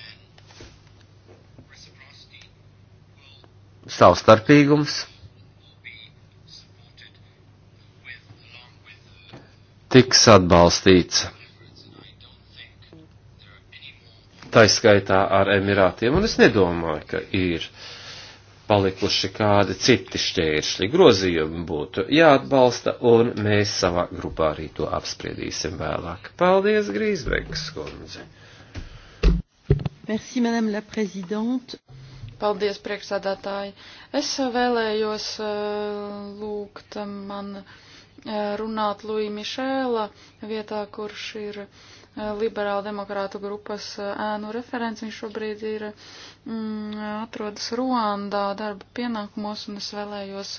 [SPEAKER 3] Savstarpīgums tiks atbalstīts. Taiskaitā ar Emirātiem, un es nedomāju, ka ir palikuši kādi citi šķēršļi. Grozījumi būtu jāatbalsta, un mēs savā grupā arī to apspriedīsim vēlāk. Paldies, Grīsbekas kundze!
[SPEAKER 4] Merci, Madame la Présidente. Paldies, priekšsādātāji. Es vēlējos uh, lūgt eh, man. Uh, Eh, runāt Lui Mišēla vietā, kurš ir eh, liberāla demokrātu grupas eh, ēnu referents. Viņš šobrīd ir mm, atrodas Ruandā darba pienākumos, un es vēlējos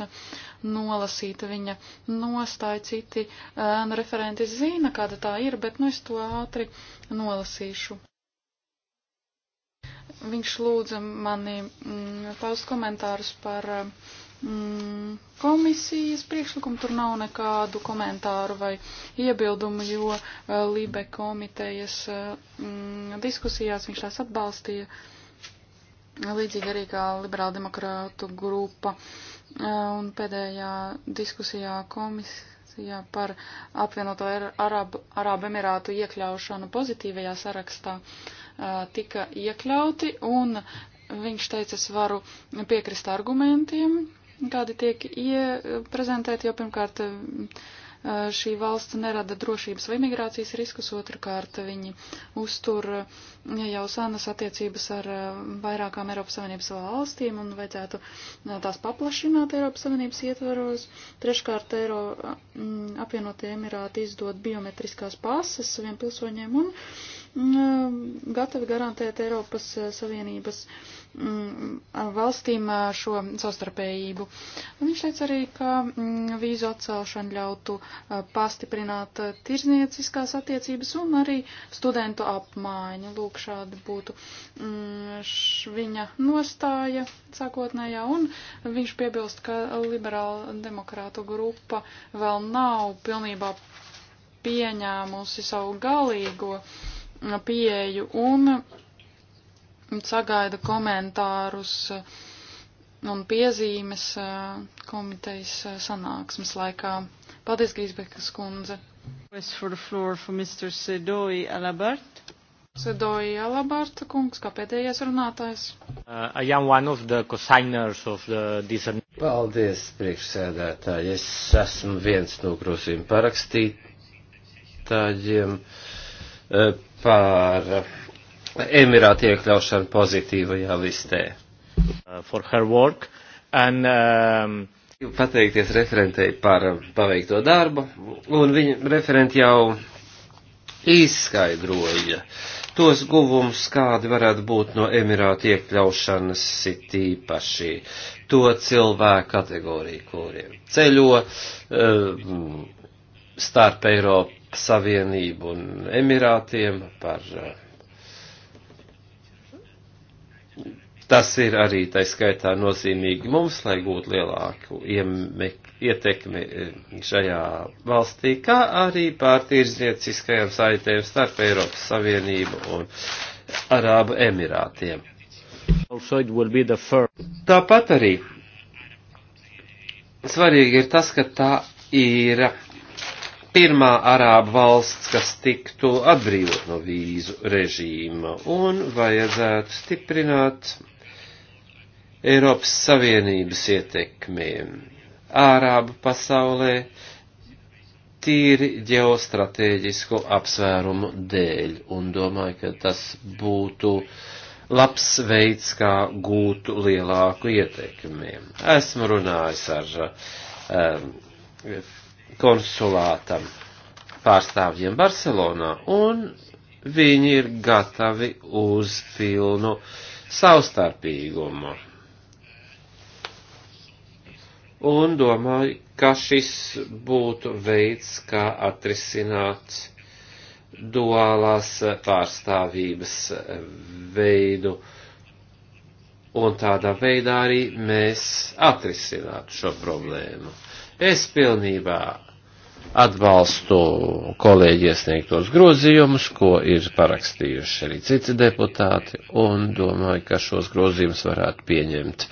[SPEAKER 4] nolasīt viņa nostāju. Citi ēnu referenti zina, kāda tā ir, bet nu es to ātri nolasīšu. Viņš lūdza mani mm, paust komentārus par uh, mm, komisijas priekšlikumu, tur nav nekādu komentāru vai iebildumu, jo uh, Libe komitejas uh, mm, diskusijās viņš tās atbalstīja, līdzīgi arī kā liberāla demokrātu grupa. Uh, un pēdējā diskusijā komisijā par apvienoto Arabu, Arabu Emirātu iekļaušanu pozitīvajā sarakstā tika iekļauti, un viņš teica, es varu piekrist argumentiem, kādi tiek ieprezentēti, jo pirmkārt šī valsts nerada drošības vai migrācijas riskus, otrkārt viņi uztur jau sanas attiecības ar vairākām Eiropas Savienības valstīm un vajadzētu tās paplašināt Eiropas Savienības ietvaros. Treškārt Eiro apvienotie Emirāti izdod biometriskās pases saviem pilsoņiem un Mm, eh, gatavi garantēt Eiropas eh, Savienības mm, eh, valstīm šo savstarpējību. Viņš teica arī, ka mm, vīzu atcelšana ļautu pastiprināt tirznieciskās attiecības un arī studentu apmaiņu. Lūk, šāda būtu viņa nostāja sākotnējā, un viņš piebilst, ka liberāla demokrātu grupa vēl nav pilnībā pieņēmusi savu galīgo uh, pieeju un sagaida komentārus un piezīmes uh, komitejas uh, sanāksmes laikā. Paldies, Grīsbekas kundze. Sedoji Alabarta kungs, kā pēdējais runātājs.
[SPEAKER 3] Uh, Paldies, priekšsēdētāji. Es esmu viens no grozījuma parakstītājiem. Uh, par Emirātu iekļaušanu pozitīvajā listē. Uh, for her work and um, pateikties referentei par paveikto darbu, un viņa referenti jau izskaidroja tos guvums, kādi varētu būt no Emirātu iekļaušanas it īpaši to cilvēku kategoriju, kuriem ceļo um, starp Eiropu Savienību un Emirātiem, par eh, Tas ir arī tā skaitā nozīmīgi mums, lai gūtu lielāku iemek, ietekmi eh, šajā valstī, kā arī pār tirzniecīskajām saitēm starp Eiropas Savienību un Arābu Emirātiem. Tāpat arī svarīgi ir tas, ka tā ir pirmā arābu valsts, kas tiktu atbrīvot no vīzu režīma, un vajadzētu stiprināt Eiropas Savienības ietekmēm ārābu pasaulē tīri ģeostrateģisku apsvērumu dēļ, un domāju, ka tas būtu labs veids, kā gūt lielāku ietekmi. Esmu runājis ar um, konsulātam pārstāvjiem Barcelonā, un viņi ir gatavi uz pilnu savstarpīgumu. Un domāju, ka šis būtu veids, kā atrisināt duālās pārstāvības veidu, un tādā veidā arī mēs atrisinātu šo problēmu. Es pilnībā atbalstu kolēģi iesniegtos grozījumus, ko ir parakstījuši arī citi deputāti, un domāju, ka šos grozījumus varētu pieņemt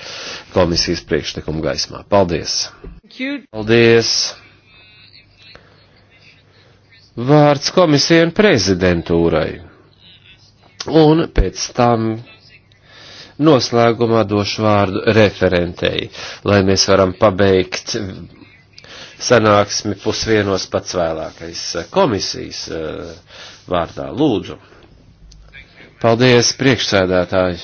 [SPEAKER 3] komisijas priekšlikumu gaismā. Paldies! Paldies! Vārds komisijai un prezidentūrai. Un pēc tam noslēgumā došu vārdu referentei, lai mēs varam pabeigt sanāksmi pusvienos pats vēlākais komisijas eh, vārdā. Lūdzu. Paldies, priekšsēdētāji.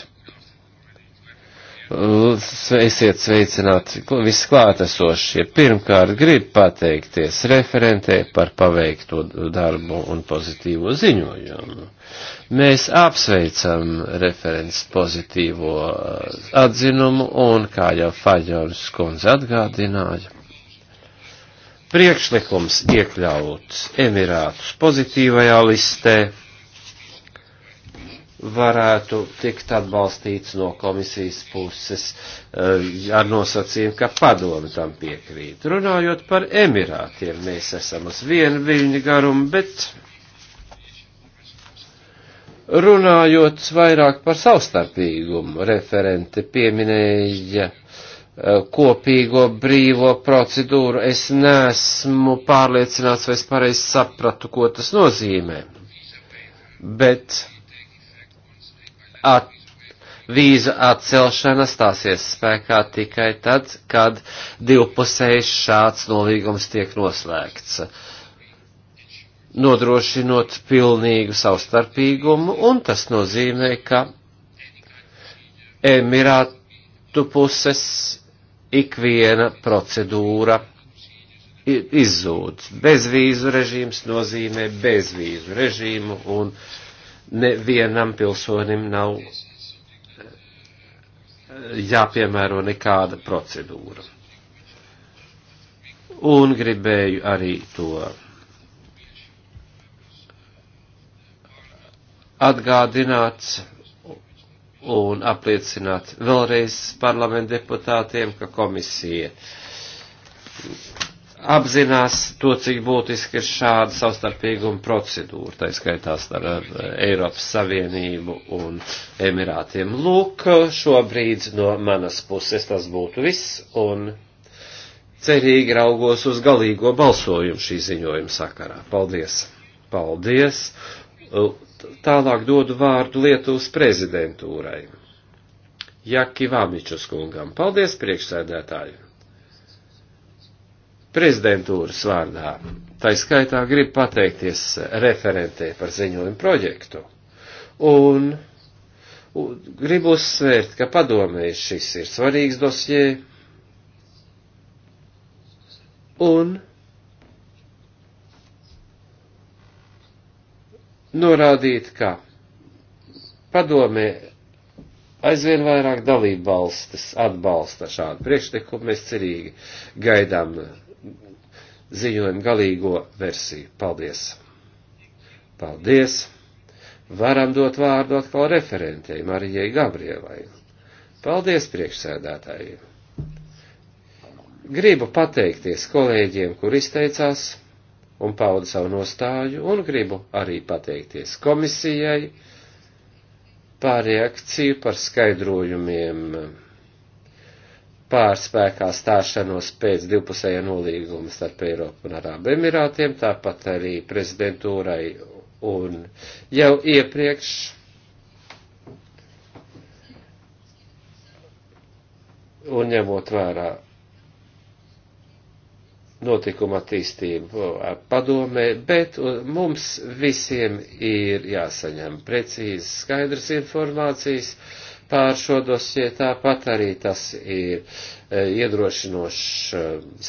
[SPEAKER 3] Esiet sveicināti visi klātesošie. Pirmkārt, gribu pateikties referentē par paveikto darbu un pozitīvo ziņojumu. Mēs apsveicam referents pozitīvo eh, atzinumu un, kā jau Faģons kundze atgādināja, priekšlikums iekļaut Emirātus pozitīvajā listē varētu tikt atbalstīts no komisijas puses eh, ar nosacījumu, ka padomi tam piekrīt. Runājot par Emirātiem, mēs esam uz vienu viļņu garumu, bet runājot vairāk par savstarpīgumu, referente pieminēja Eh, kopīgo brīvo procedūru. Es nesmu pārliecināts, vai es pareizi sapratu, ko tas nozīmē. Bet at, vīza atcelšana stāsies spēkā tikai tad, kad divpusējs šāds nolīgums tiek noslēgts, nodrošinot pilnīgu savstarpīgumu, un tas nozīmē, ka Emirātu puses ikviena procedūra izzūd. Bezvīzu režīms nozīmē bezvīzu režīmu un nevienam pilsonim nav eh, jāpiemēro nekāda procedūra. Un gribēju arī to atgādināt un apliecināt vēlreiz parlamentu deputātiem, ka komisija apzinās to, cik būtiski ir šāda savstarpīguma procedūra, tā skaitā starp Eiropas Savienību un Emirātiem. Lūk, šobrīd no manas puses tas būtu viss, un cerīgi raugos uz galīgo balsojumu šī ziņojuma sakarā. Paldies! Paldies! tālāk dodu vārdu Lietuvas prezidentūrai. Jaki Vāmičus kungam. Paldies, priekšsēdētāji! Prezidentūras vārdā. Tā skaitā grib pateikties referentē par ziņojumu projektu. Un, un gribu uzsvērt, ka padomēji šis ir svarīgs dosie. Un norādīt, ka padomē aizvien vairāk dalību valstis atbalsta šādu priekšlikumu. Mēs cerīgi gaidām ziņojumu galīgo versiju. Paldies! Paldies! Varam dot vārdu atkal referentei Marijai Gabrielai. Paldies priekšsēdētājiem! Gribu pateikties kolēģiem, kur izteicās un pauda savu nostāju, un gribu arī pateikties komisijai par reakciju, par skaidrojumiem, pārspēkā stāšanos pēc divpusējā nolīguma starp Eiropu un Arābu Emirātiem, tāpat arī prezidentūrai un jau iepriekš un ņemot vērā notikuma attīstību padomē, bet mums visiem ir jāsaņem precīzi skaidrs informācijas pār šo dosie, tāpat arī tas ir e, iedrošinošs, e,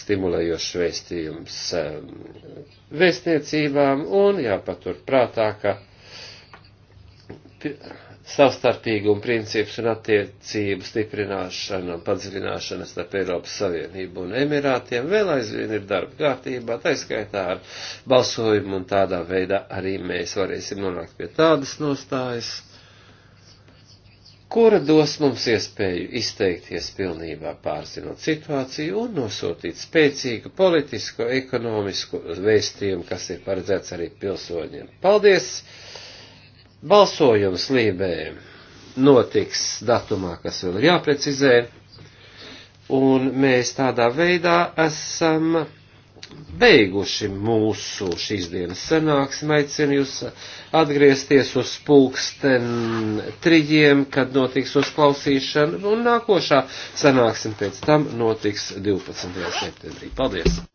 [SPEAKER 3] stimulējošs vēstījums e, vēstniecībām un jāpatur prātā, ka savstarpīguma princips un attiecību stiprināšana un padziļināšana starp Eiropas Savienību un Emirātiem vēl aizvien ir darba kārtībā, taiskaitā ar balsojumu un tādā veidā arī mēs varēsim nonākt pie tādas nostājas, kura dos mums iespēju izteikties pilnībā pārzinot situāciju un nosūtīt spēcīgu politisko, ekonomisku vēstījumu, kas ir paredzēts arī pilsoņiem. Paldies! Balsojums Lībē notiks datumā, kas vēl ir jāprecizē, un mēs tādā veidā esam beiguši mūsu šīs dienas sanāksmi, aicinu jūs atgriezties uz pulksten trijiem, kad notiks uzklausīšana, un nākošā sanāksme pēc tam notiks 12. septembrī. Paldies!